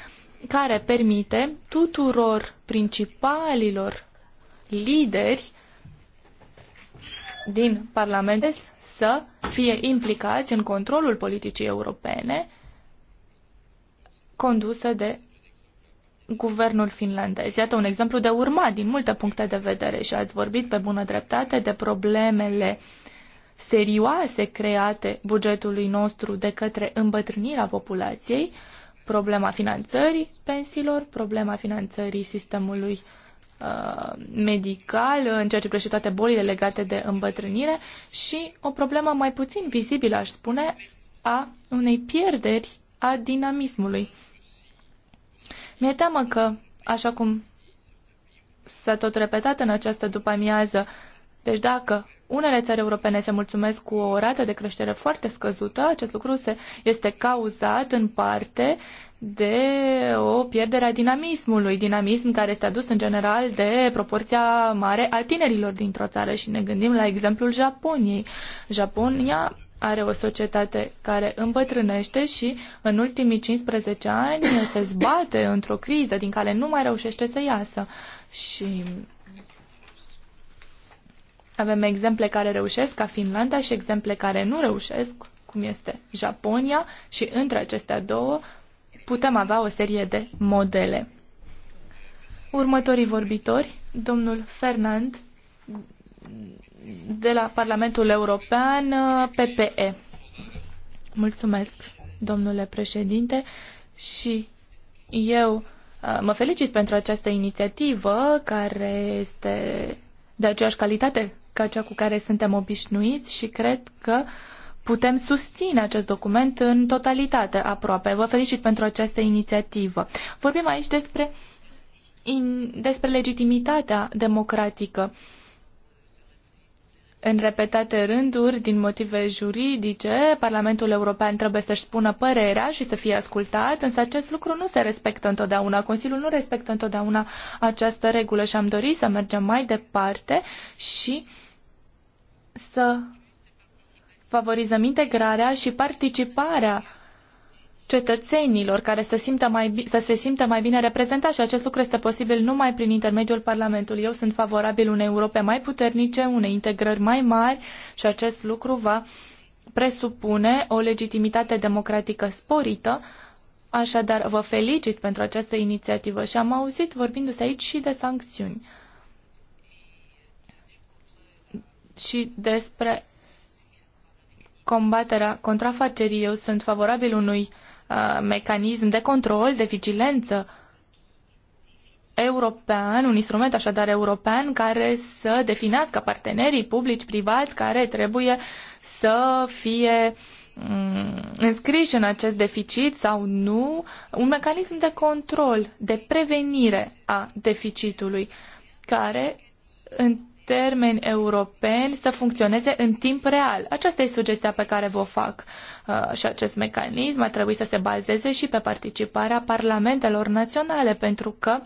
care permite tuturor principalilor lideri din Parlament să fie implicați în controlul politicii europene condusă de guvernul finlandez. Iată un exemplu de urmat din multe puncte de vedere și ați vorbit pe bună dreptate de problemele serioase create bugetului nostru de către îmbătrânirea populației, problema finanțării pensiilor, problema finanțării sistemului uh, medical în ceea ce privește toate bolile legate de îmbătrânire și o problemă mai puțin vizibilă, aș spune, a unei pierderi a dinamismului mi-e teamă că, așa cum s-a tot repetat în această după-amiază, deci dacă unele țări europene se mulțumesc cu o rată de creștere foarte scăzută, acest lucru se, este cauzat în parte de o pierdere a dinamismului, dinamism care este adus în general de proporția mare a tinerilor dintr-o țară și ne gândim la exemplul Japoniei. Japonia are o societate care îmbătrânește și în ultimii 15 ani se zbate într-o criză din care nu mai reușește să iasă. Și avem exemple care reușesc, ca Finlanda, și exemple care nu reușesc, cum este Japonia, și între acestea două putem avea o serie de modele. Următorii vorbitori, domnul Fernand de la Parlamentul European, uh, PPE. Mulțumesc, domnule președinte, și eu uh, mă felicit pentru această inițiativă care este de aceeași calitate ca cea cu care suntem obișnuiți și cred că putem susține acest document în totalitate aproape. Vă felicit pentru această inițiativă. Vorbim aici despre, in, despre legitimitatea democratică. Uh, în repetate rânduri, din motive juridice, Parlamentul European trebuie să-și spună părerea și să fie ascultat, însă acest lucru nu se respectă întotdeauna. Consiliul nu respectă întotdeauna această regulă și am dorit să mergem mai departe și să favorizăm integrarea și participarea cetățenilor care să, simtă mai, să se simtă mai bine reprezentați și acest lucru este posibil numai prin intermediul Parlamentului. Eu sunt favorabil unei Europe mai puternice, unei integrări mai mari și acest lucru va presupune o legitimitate democratică sporită. Așadar, vă felicit pentru această inițiativă și am auzit vorbindu-se aici și de sancțiuni și despre combaterea contrafacerii. Eu sunt favorabil unui Uh, mecanism de control, de vigilență european, un instrument așadar european care să definească partenerii publici, privați, care trebuie să fie mm, înscriși în acest deficit sau nu, un mecanism de control, de prevenire a deficitului, care în termeni europeni să funcționeze în timp real. Aceasta e sugestia pe care vă fac. Uh, și acest mecanism ar trebui să se bazeze și pe participarea parlamentelor naționale, pentru că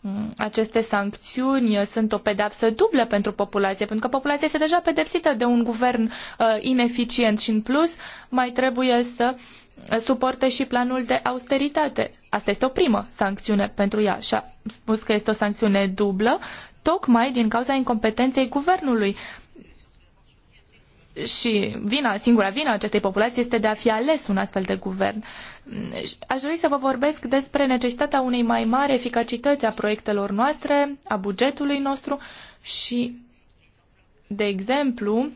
mm, aceste sancțiuni sunt o pedeapsă dublă pentru populație, pentru că populația este deja pedepsită de un guvern uh, ineficient și în plus mai trebuie să uh, suporte și planul de austeritate. Asta este o primă sancțiune pentru ea și a spus că este o sancțiune dublă, tocmai din cauza incompetenței guvernului și vina, singura vină a acestei populații este de a fi ales un astfel de guvern. Aș dori să vă vorbesc despre necesitatea unei mai mari eficacități a proiectelor noastre, a bugetului nostru și, de exemplu,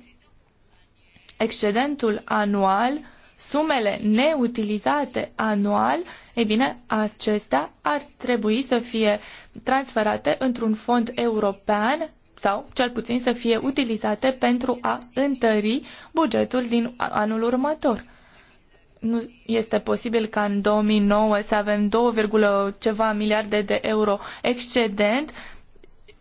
excedentul anual, sumele neutilizate anual, e bine, acestea ar trebui să fie transferate într-un fond european sau cel puțin să fie utilizate pentru a întări bugetul din anul următor. Nu este posibil ca în 2009 să avem 2, ceva miliarde de euro excedent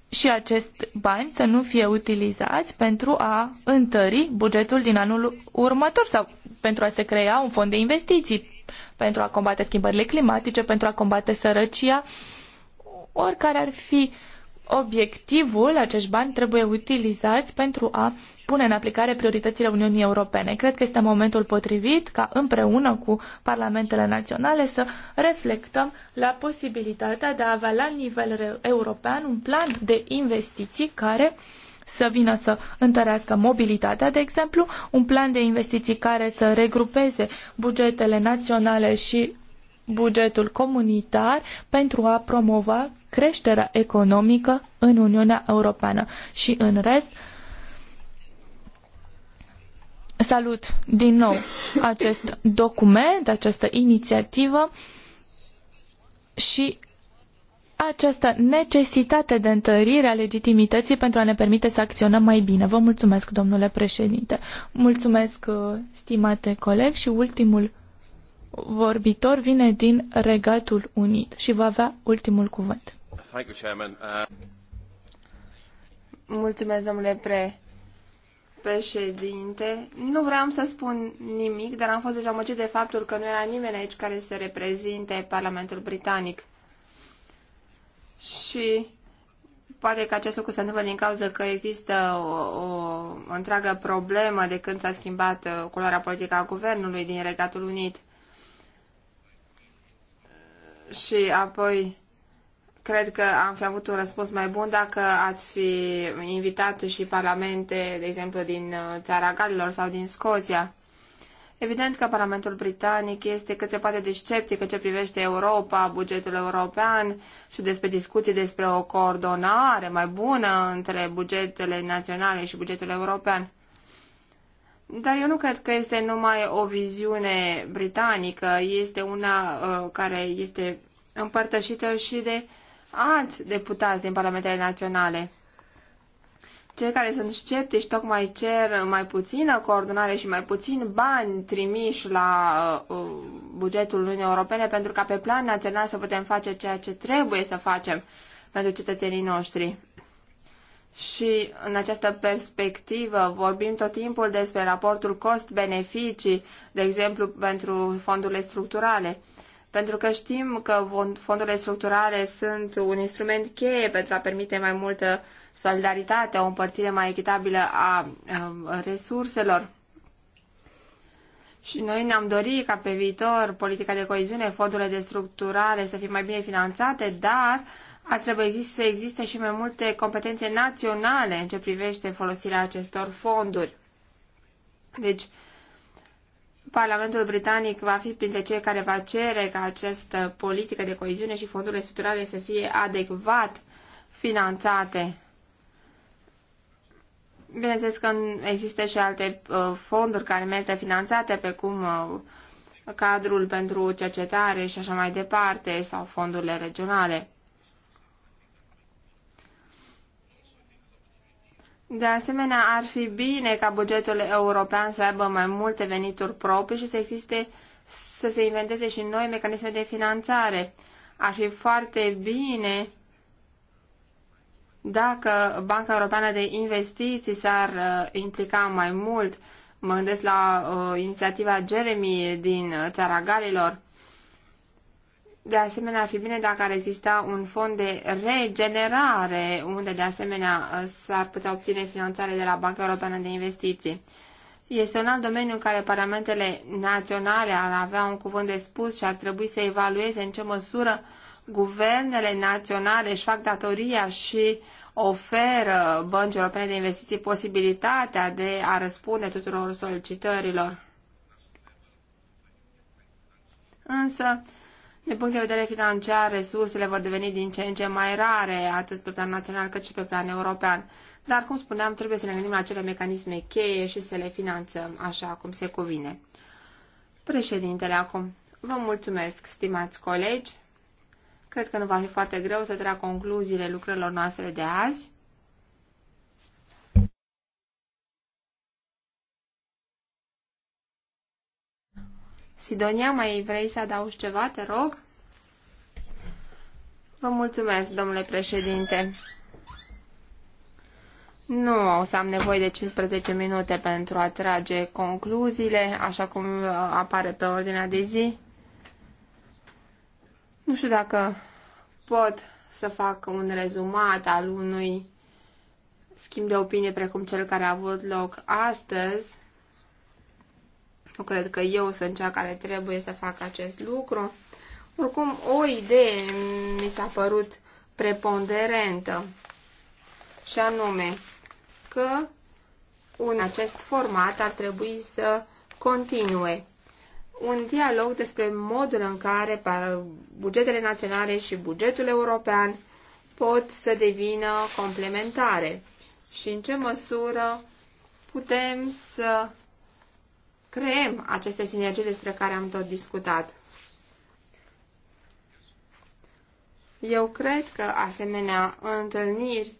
și acești bani să nu fie utilizați pentru a întări bugetul din anul următor sau pentru a se crea un fond de investiții, pentru a combate schimbările climatice, pentru a combate sărăcia, oricare ar fi uh, obiectivul, acești bani trebuie utilizați pentru a pune în aplicare prioritățile Uniunii Europene. Cred că este momentul potrivit ca împreună cu parlamentele naționale să reflectăm la posibilitatea de a avea la nivel european un plan de investiții care să vină să întărească mobilitatea, de exemplu, un plan de investiții care să regrupeze bugetele naționale și bugetul comunitar pentru a promova creșterea economică în Uniunea Europeană. Și în rest, salut din nou acest document, această inițiativă și această necesitate de întărire a legitimității pentru a ne permite să acționăm mai bine. Vă mulțumesc, domnule președinte. Mulțumesc, uh, stimate coleg, și ultimul vorbitor vine din Regatul Unit și va avea ultimul cuvânt. Uh, Mulțumesc, domnule pre președinte. Nu vreau să spun nimic, dar am fost dezamăgit de faptul că nu era nimeni aici care să reprezinte Parlamentul Britanic. Și poate că acest lucru se întâmplă din cauza că există o, o întreagă problemă de când s-a schimbat uh, culoarea politică a guvernului din Regatul Unit și apoi cred că am fi avut un răspuns mai bun dacă ați fi invitat și parlamente, de exemplu, din uh, țara Galilor sau din Scoția. Evident că Parlamentul Britanic este cât se poate de sceptic în ce privește Europa, bugetul european și despre discuții despre o coordonare mai bună între bugetele naționale și bugetul european. Dar eu nu cred că este numai o viziune britanică, este una uh, care este împărtășită și de alți deputați din Parlamentele Naționale. Cei care sunt sceptici tocmai cer mai puțină coordonare și mai puțin bani trimiși la uh, uh bugetul Uniunii Europene pentru ca pe plan național să putem face ceea ce trebuie să facem pentru cetățenii noștri și în această perspectivă vorbim tot timpul despre raportul cost-beneficii, de exemplu pentru fondurile structurale, pentru că știm că fondurile structurale sunt un instrument cheie pentru a permite mai multă solidaritate, o împărțire mai echitabilă a, a resurselor. Și noi ne-am dorit ca pe viitor politica de coeziune, fondurile de structurale să fie mai bine finanțate, dar ar trebui să existe și mai multe competențe naționale în ce privește folosirea acestor fonduri. Deci, Parlamentul Britanic va fi printre cei care va cere ca această politică de coeziune și fondurile structurale să fie adecvat finanțate. Bineînțeles că există și alte uh, fonduri care merită finanțate, pe cum uh, cadrul pentru cercetare și așa mai departe, sau fondurile regionale. De asemenea, ar fi bine ca bugetul european să aibă mai multe venituri proprii și să existe să se inventeze și noi mecanisme de finanțare. Ar fi foarte bine dacă Banca Europeană de Investiții s-ar uh, implica mai mult. Mă gândesc la uh, inițiativa Jeremy din uh, Țara Galilor. De asemenea, ar fi bine dacă ar exista un fond de regenerare, unde de asemenea s-ar putea obține finanțare de la Banca Europeană de Investiții. Este un alt domeniu în care parlamentele naționale ar avea un cuvânt de spus și ar trebui să evalueze în ce măsură guvernele naționale își fac datoria și oferă băncii europene de investiții posibilitatea de a răspunde tuturor solicitărilor. Însă, din punct de vedere financiar, resursele vor deveni din ce în ce mai rare, atât pe plan național cât și pe plan european. Dar, cum spuneam, trebuie să ne gândim la acele mecanisme cheie și să le finanțăm așa cum se cuvine. Președintele, acum, vă mulțumesc, stimați colegi. Cred că nu va fi foarte greu să trag concluziile lucrărilor noastre de azi. Sidonia, mai vrei să adaugi ceva, te rog? Vă mulțumesc, domnule președinte. Nu o să am nevoie de 15 minute pentru a trage concluziile, așa cum uh, apare pe ordinea de zi. Nu știu dacă pot să fac un rezumat al unui schimb de opinie precum cel care a avut loc astăzi, nu cred că eu sunt cea care trebuie să fac acest lucru. Oricum, o idee mi s-a părut preponderentă și anume că un acest format ar trebui să continue un dialog despre modul în care bugetele naționale și bugetul european pot să devină complementare și în ce măsură putem să creăm aceste sinergii despre care am tot discutat. Eu cred că asemenea întâlniri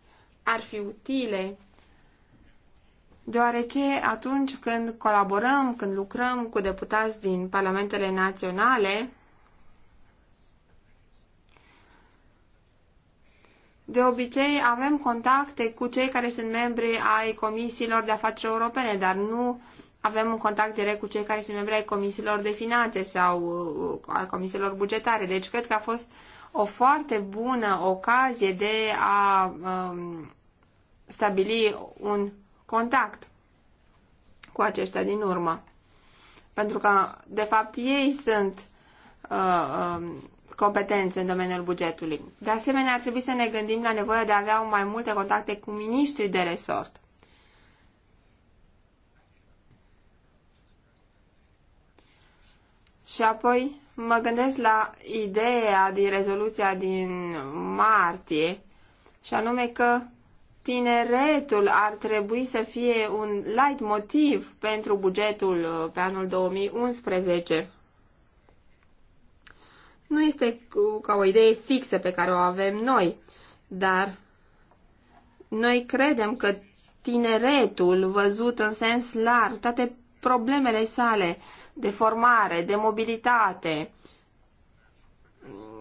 ar fi utile, deoarece atunci când colaborăm, când lucrăm cu deputați din parlamentele naționale, De obicei avem contacte cu cei care sunt membri ai comisiilor de afaceri europene, dar nu avem un contact direct cu cei care sunt membri ai comisiilor de finanțe sau uh, al comisiilor bugetare. Deci cred că a fost o foarte bună ocazie de a um, stabili un contact cu aceștia din urmă. Pentru că, de fapt, ei sunt uh, um, competențe în domeniul bugetului. De asemenea, ar trebui să ne gândim la nevoia de a avea mai multe contacte cu miniștrii de resort. Și apoi mă gândesc la ideea din rezoluția din martie, și anume că tineretul ar trebui să fie un light motiv pentru bugetul uh, pe anul 2011. Nu este ca o idee fixă pe care o avem noi, dar noi credem că tineretul văzut în sens larg, toate problemele sale, de formare, de mobilitate,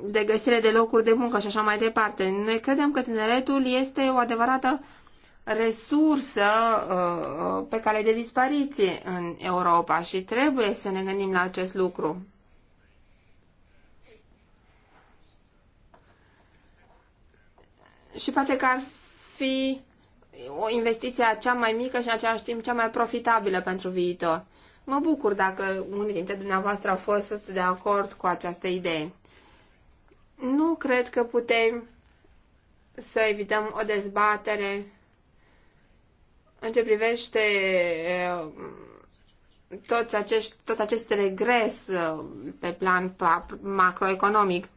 de găsire de locuri de muncă și așa mai departe. Noi credem că tineretul este o adevărată resursă uh, uh, pe cale de dispariție în Europa și trebuie să ne gândim la acest lucru. Și poate că ar fi o investiție cea mai mică și în același timp cea mai profitabilă pentru viitor. Mă bucur dacă unii dintre dumneavoastră au fost de acord cu această idee. Nu cred că putem să evităm o dezbatere în ce privește uh, toți acești, tot acest regres uh, pe plan macroeconomic.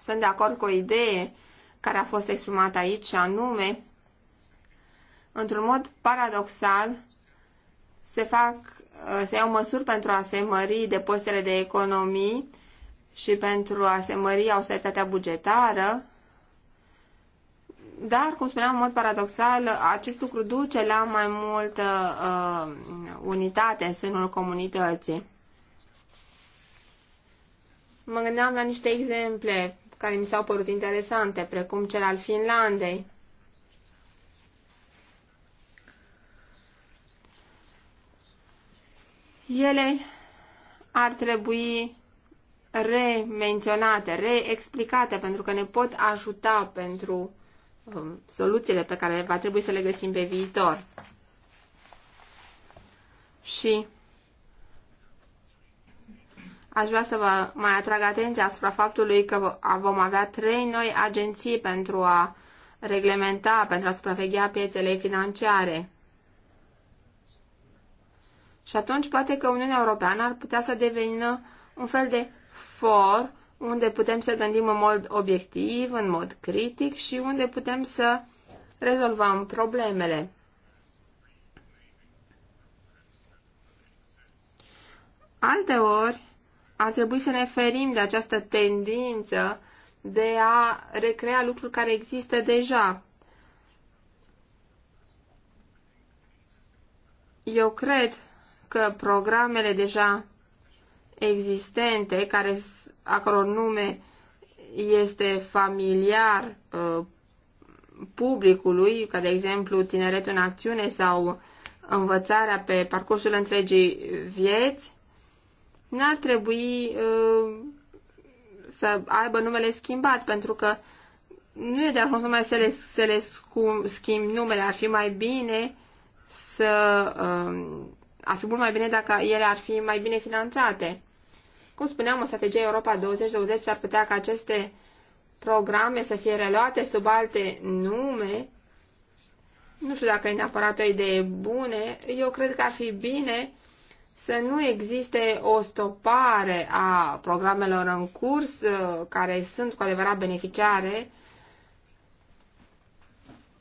Sunt de acord cu o idee care a fost exprimată aici, anume, într-un mod paradoxal, se fac Uh, se iau măsuri pentru a se mări depozitele de economii și pentru a se mări austeritatea bugetară, dar, cum spuneam, în mod paradoxal, acest lucru duce la mai multă uh, unitate în sânul comunității. Mă gândeam la niște exemple care mi s-au părut interesante, precum cel al Finlandei. ele ar trebui remenționate, reexplicate, pentru că ne pot ajuta pentru um, soluțiile pe care va trebui să le găsim pe viitor. Și aș vrea să vă mai atrag atenția asupra faptului că vom avea trei noi agenții pentru a reglementa, pentru a supraveghea piețele financiare. Și atunci poate că Uniunea Europeană ar putea să devină un fel de for unde putem să gândim în mod obiectiv, în mod critic și unde putem să rezolvăm problemele. Alteori, ar trebui să ne ferim de această tendință de a recrea lucruri care există deja. Eu cred că programele deja existente, care, a căror nume este familiar uh, publicului, ca de exemplu Tineretul în Acțiune sau învățarea pe parcursul întregii vieți, n-ar trebui uh, să aibă numele schimbat, pentru că nu e de ajuns numai să le, să le schimb numele, ar fi mai bine să uh, ar fi mult mai bine dacă ele ar fi mai bine finanțate. Cum spuneam, o strategia Europa 2020 ar putea ca aceste programe să fie reluate sub alte nume. Nu știu dacă e neapărat o idee bună. Eu cred că ar fi bine să nu existe o stopare a programelor în curs uh, care sunt cu adevărat beneficiare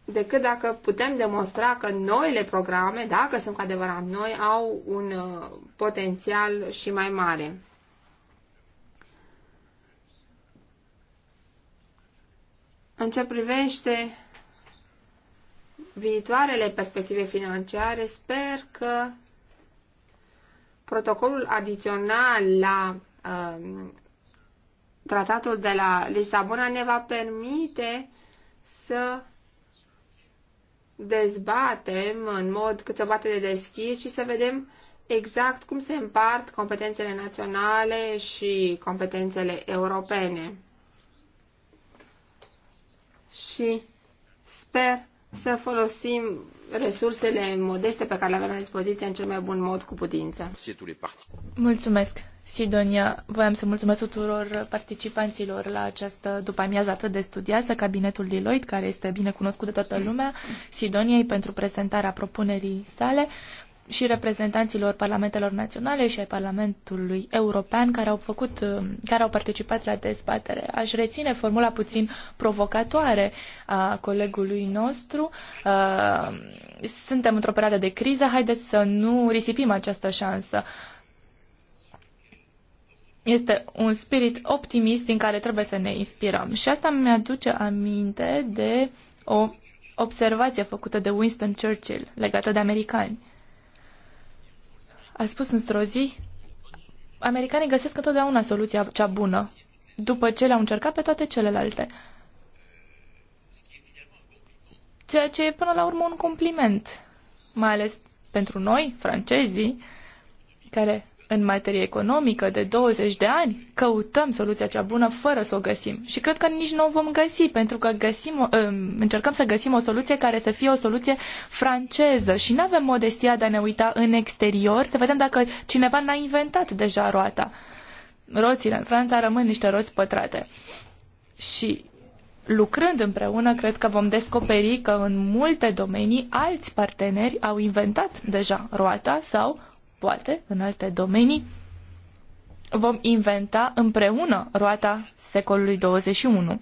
decât dacă putem demonstra că noile programe, dacă sunt cu adevărat noi, au un uh, potențial și mai mare. În ce privește viitoarele perspective financiare, sper că protocolul adițional la uh, tratatul de la Lisabona ne va permite să dezbatem în mod cât se poate de deschis și să vedem exact cum se împart competențele naționale și competențele europene. Și sper să folosim resursele modeste pe care le avem la dispoziție în cel mai bun mod cu putință. Mulțumesc! Sidonia, voiam să mulțumesc tuturor participanților la această după amiază atât de studioasă, cabinetul Deloitte, care este bine cunoscut de toată lumea, Sidoniei pentru prezentarea propunerii sale și reprezentanților parlamentelor naționale și ai Parlamentului European care au, făcut, care au participat la dezbatere. Aș reține formula puțin provocatoare a colegului nostru. Uh, suntem într-o perioadă de criză, haideți să nu risipim această șansă este un spirit optimist din care trebuie să ne inspirăm. Și asta mi-aduce aminte de o observație făcută de Winston Churchill legată de americani. A spus într-o zi, americanii găsesc întotdeauna soluția cea bună, după ce le-au încercat pe toate celelalte. Ceea ce e până la urmă un compliment, mai ales pentru noi, francezii, care în materie economică de 20 de ani, căutăm soluția cea bună fără să o găsim. Și cred că nici nu o vom găsi, pentru că găsim, um, încercăm să găsim o soluție care să fie o soluție franceză și nu avem modestia de a ne uita în exterior să vedem dacă cineva n-a inventat deja roata. Roțile în Franța rămân niște roți pătrate. Și lucrând împreună, cred că vom descoperi că în multe domenii alți parteneri au inventat deja roata sau poate în alte domenii, vom inventa împreună roata secolului 21.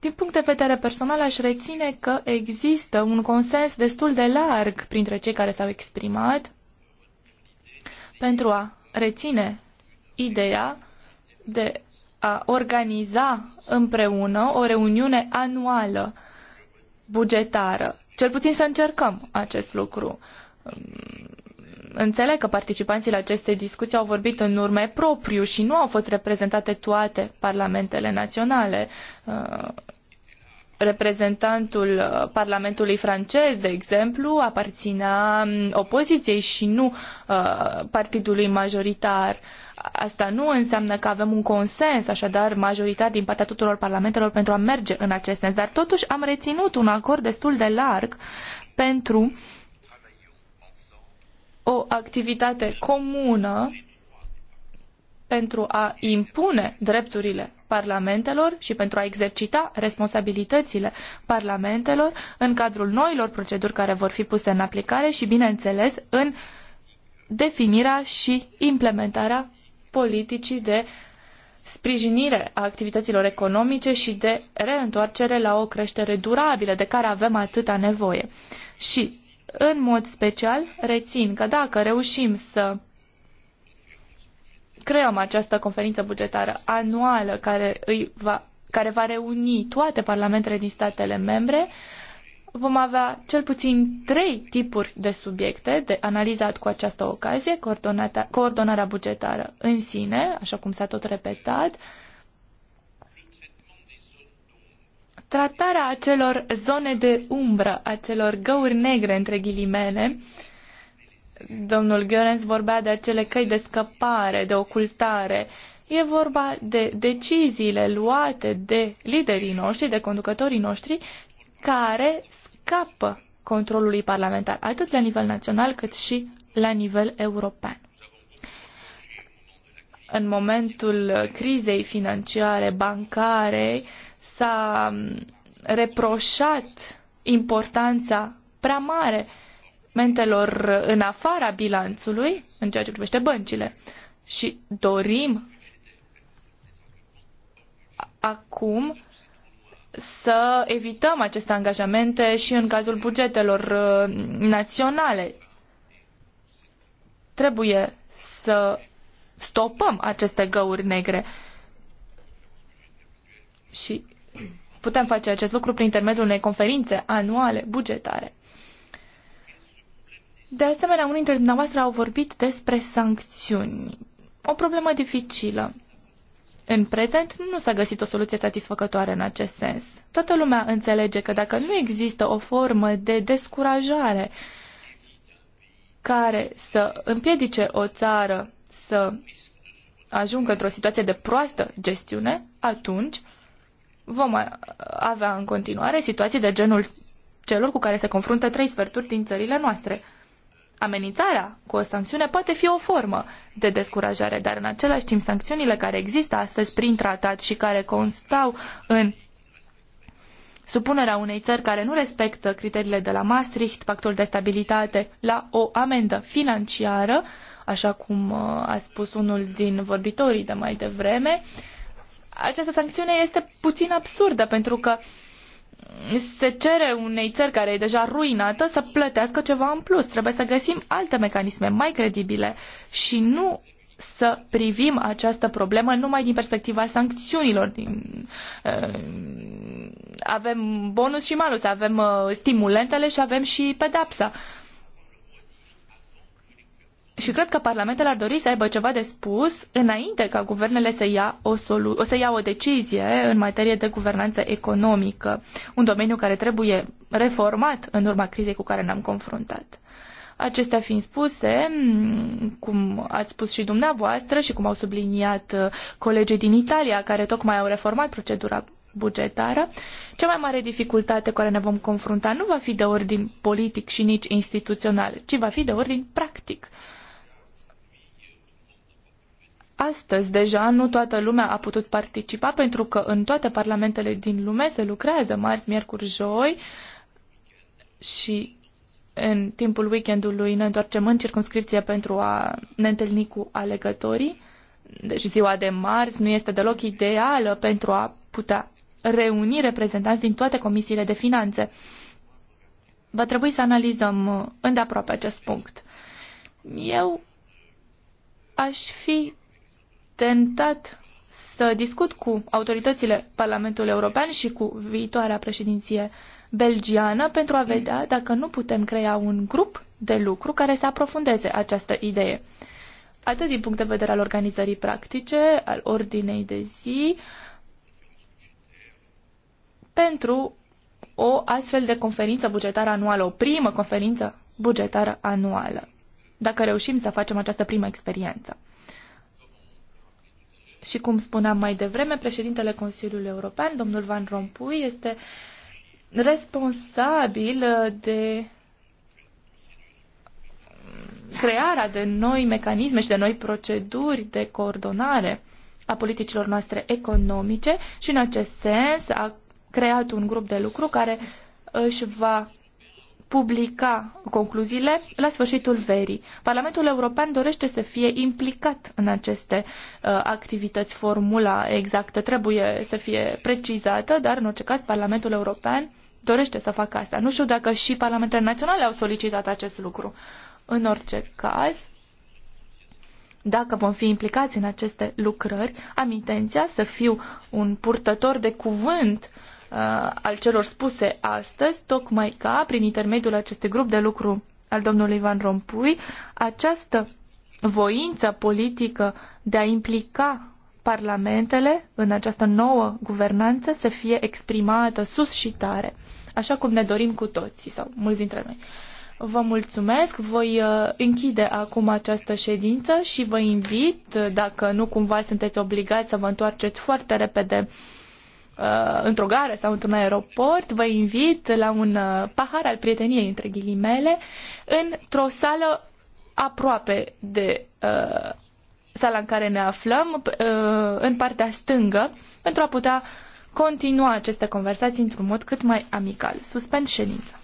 Din punct de vedere personal, aș reține că există un consens destul de larg printre cei care s-au exprimat pentru a reține ideea de a organiza împreună o reuniune anuală bugetară. Cel puțin să încercăm acest lucru înțeleg că participanții la aceste discuții au vorbit în nume propriu și nu au fost reprezentate toate parlamentele naționale. Uh, reprezentantul uh, Parlamentului francez, de exemplu, aparținea um, opoziției și nu uh, partidului majoritar. Asta nu înseamnă că avem un consens, așadar, majoritar din partea tuturor parlamentelor pentru a merge în acest sens, dar totuși am reținut un acord destul de larg pentru uh, o activitate comună pentru a impune drepturile parlamentelor și pentru a exercita responsabilitățile parlamentelor în cadrul noilor proceduri care vor fi puse în aplicare și, bineînțeles, în definirea și implementarea politicii de sprijinire a activităților economice și de reîntoarcere la o creștere durabilă de care avem atâta nevoie. Și în mod special, rețin că dacă reușim să creăm această conferință bugetară anuală care, îi va, care va reuni toate parlamentele din statele membre, vom avea cel puțin trei tipuri de subiecte de analizat cu această ocazie, coordonarea bugetară în sine, așa cum s-a tot repetat, uh, tratarea acelor zone de umbră, acelor găuri negre, între ghilimele. Domnul Gheorens vorbea de acele căi de scăpare, de ocultare. E vorba de deciziile luate de liderii noștri, de conducătorii noștri, care scapă controlului parlamentar, atât la nivel național cât și la nivel european. În momentul crizei financiare, bancare, s-a mm, reproșat importanța prea mare mentelor în afara bilanțului, în ceea ce privește băncile. Și dorim acum să evităm aceste angajamente și în cazul bugetelor uh, naționale. Trebuie să stopăm aceste găuri negre și putem face acest lucru prin intermediul unei conferințe anuale bugetare. De asemenea, unii dintre dumneavoastră au vorbit despre sancțiuni. O problemă dificilă. În prezent nu s-a găsit o soluție satisfăcătoare în acest sens. Toată lumea înțelege că dacă nu există o formă de descurajare care să împiedice o țară să ajungă într-o situație de proastă gestiune, atunci vom avea în continuare situații de genul celor cu care se confruntă trei sferturi din țările noastre. Amenințarea cu o sancțiune poate fi o formă de descurajare, dar în același timp sancțiunile care există astăzi prin tratat și care constau în supunerea unei țări care nu respectă criteriile de la Maastricht, pactul de stabilitate, la o amendă financiară, așa cum uh, a spus unul din vorbitorii de mai devreme, uh, această sancțiune este puțin absurdă pentru că se cere unei țări care e deja ruinată să plătească ceva în plus. Trebuie să găsim alte mecanisme mai credibile și nu să privim această problemă numai din perspectiva sancțiunilor. Uh, avem bonus și malus, avem uh, stimulentele și avem și pedapsa și cred că parlamentele ar dori să aibă ceva de spus înainte ca guvernele să ia o, solu- să ia o decizie în materie de guvernanță economică, un domeniu care trebuie reformat în urma crizei cu care ne-am confruntat. Acestea fiind spuse, cum ați spus și dumneavoastră și cum au subliniat uh, colegii din Italia care tocmai au reformat procedura bugetară, cea mai mare dificultate cu care ne vom confrunta nu va fi de ordin politic și nici instituțional, ci va fi de ordin practic astăzi deja nu toată lumea a putut participa pentru că în toate parlamentele din lume se lucrează marți, miercuri, joi și în timpul weekendului ne întoarcem în circunscripție pentru a ne întâlni cu alegătorii. Deci ziua de marți nu este deloc ideală pentru a putea reuni reprezentanți din toate comisiile de finanțe. Va trebui să analizăm uh, îndeaproape acest punct. Eu aș fi tentat să discut cu autoritățile Parlamentului European și cu viitoarea președinție belgiană pentru a vedea dacă nu putem crea un grup de lucru care să aprofundeze această idee. Atât din punct de vedere al organizării practice, al ordinei de zi, pentru o astfel de conferință bugetară anuală, o primă conferință bugetară anuală, dacă reușim să facem această primă experiență. Și cum spuneam mai devreme, președintele Consiliului European, domnul Van Rompuy, este responsabil uh, de crearea de noi mecanisme și de noi proceduri de coordonare a politicilor noastre economice și în acest sens a creat un grup de lucru care își va publica concluziile la sfârșitul verii. Parlamentul European dorește să fie implicat în aceste uh, activități. Formula exactă trebuie să fie precizată, dar în orice caz Parlamentul European dorește să facă asta. Nu știu dacă și parlamentele naționale au solicitat acest lucru. În orice caz, dacă vom fi implicați în aceste lucrări, am intenția să fiu un purtător de cuvânt Uh, al celor spuse astăzi, tocmai ca, prin intermediul acestui grup de lucru al domnului Ivan Rompui această voință politică de a implica parlamentele în această nouă guvernanță să fie exprimată sus și tare, așa cum ne dorim cu toții sau mulți dintre noi. Vă mulțumesc, voi uh, închide acum această ședință și vă invit, uh, dacă nu cumva sunteți obligați să vă întoarceți foarte repede uh, uh, într-o gară sau într-un aeroport, vă invit la un uh, pahar al prieteniei, între ghilimele, într-o sală aproape de uh, sala în care ne aflăm, uh, în partea stângă, pentru a putea continua aceste conversații într-un mod cât mai amical. Suspend ședința.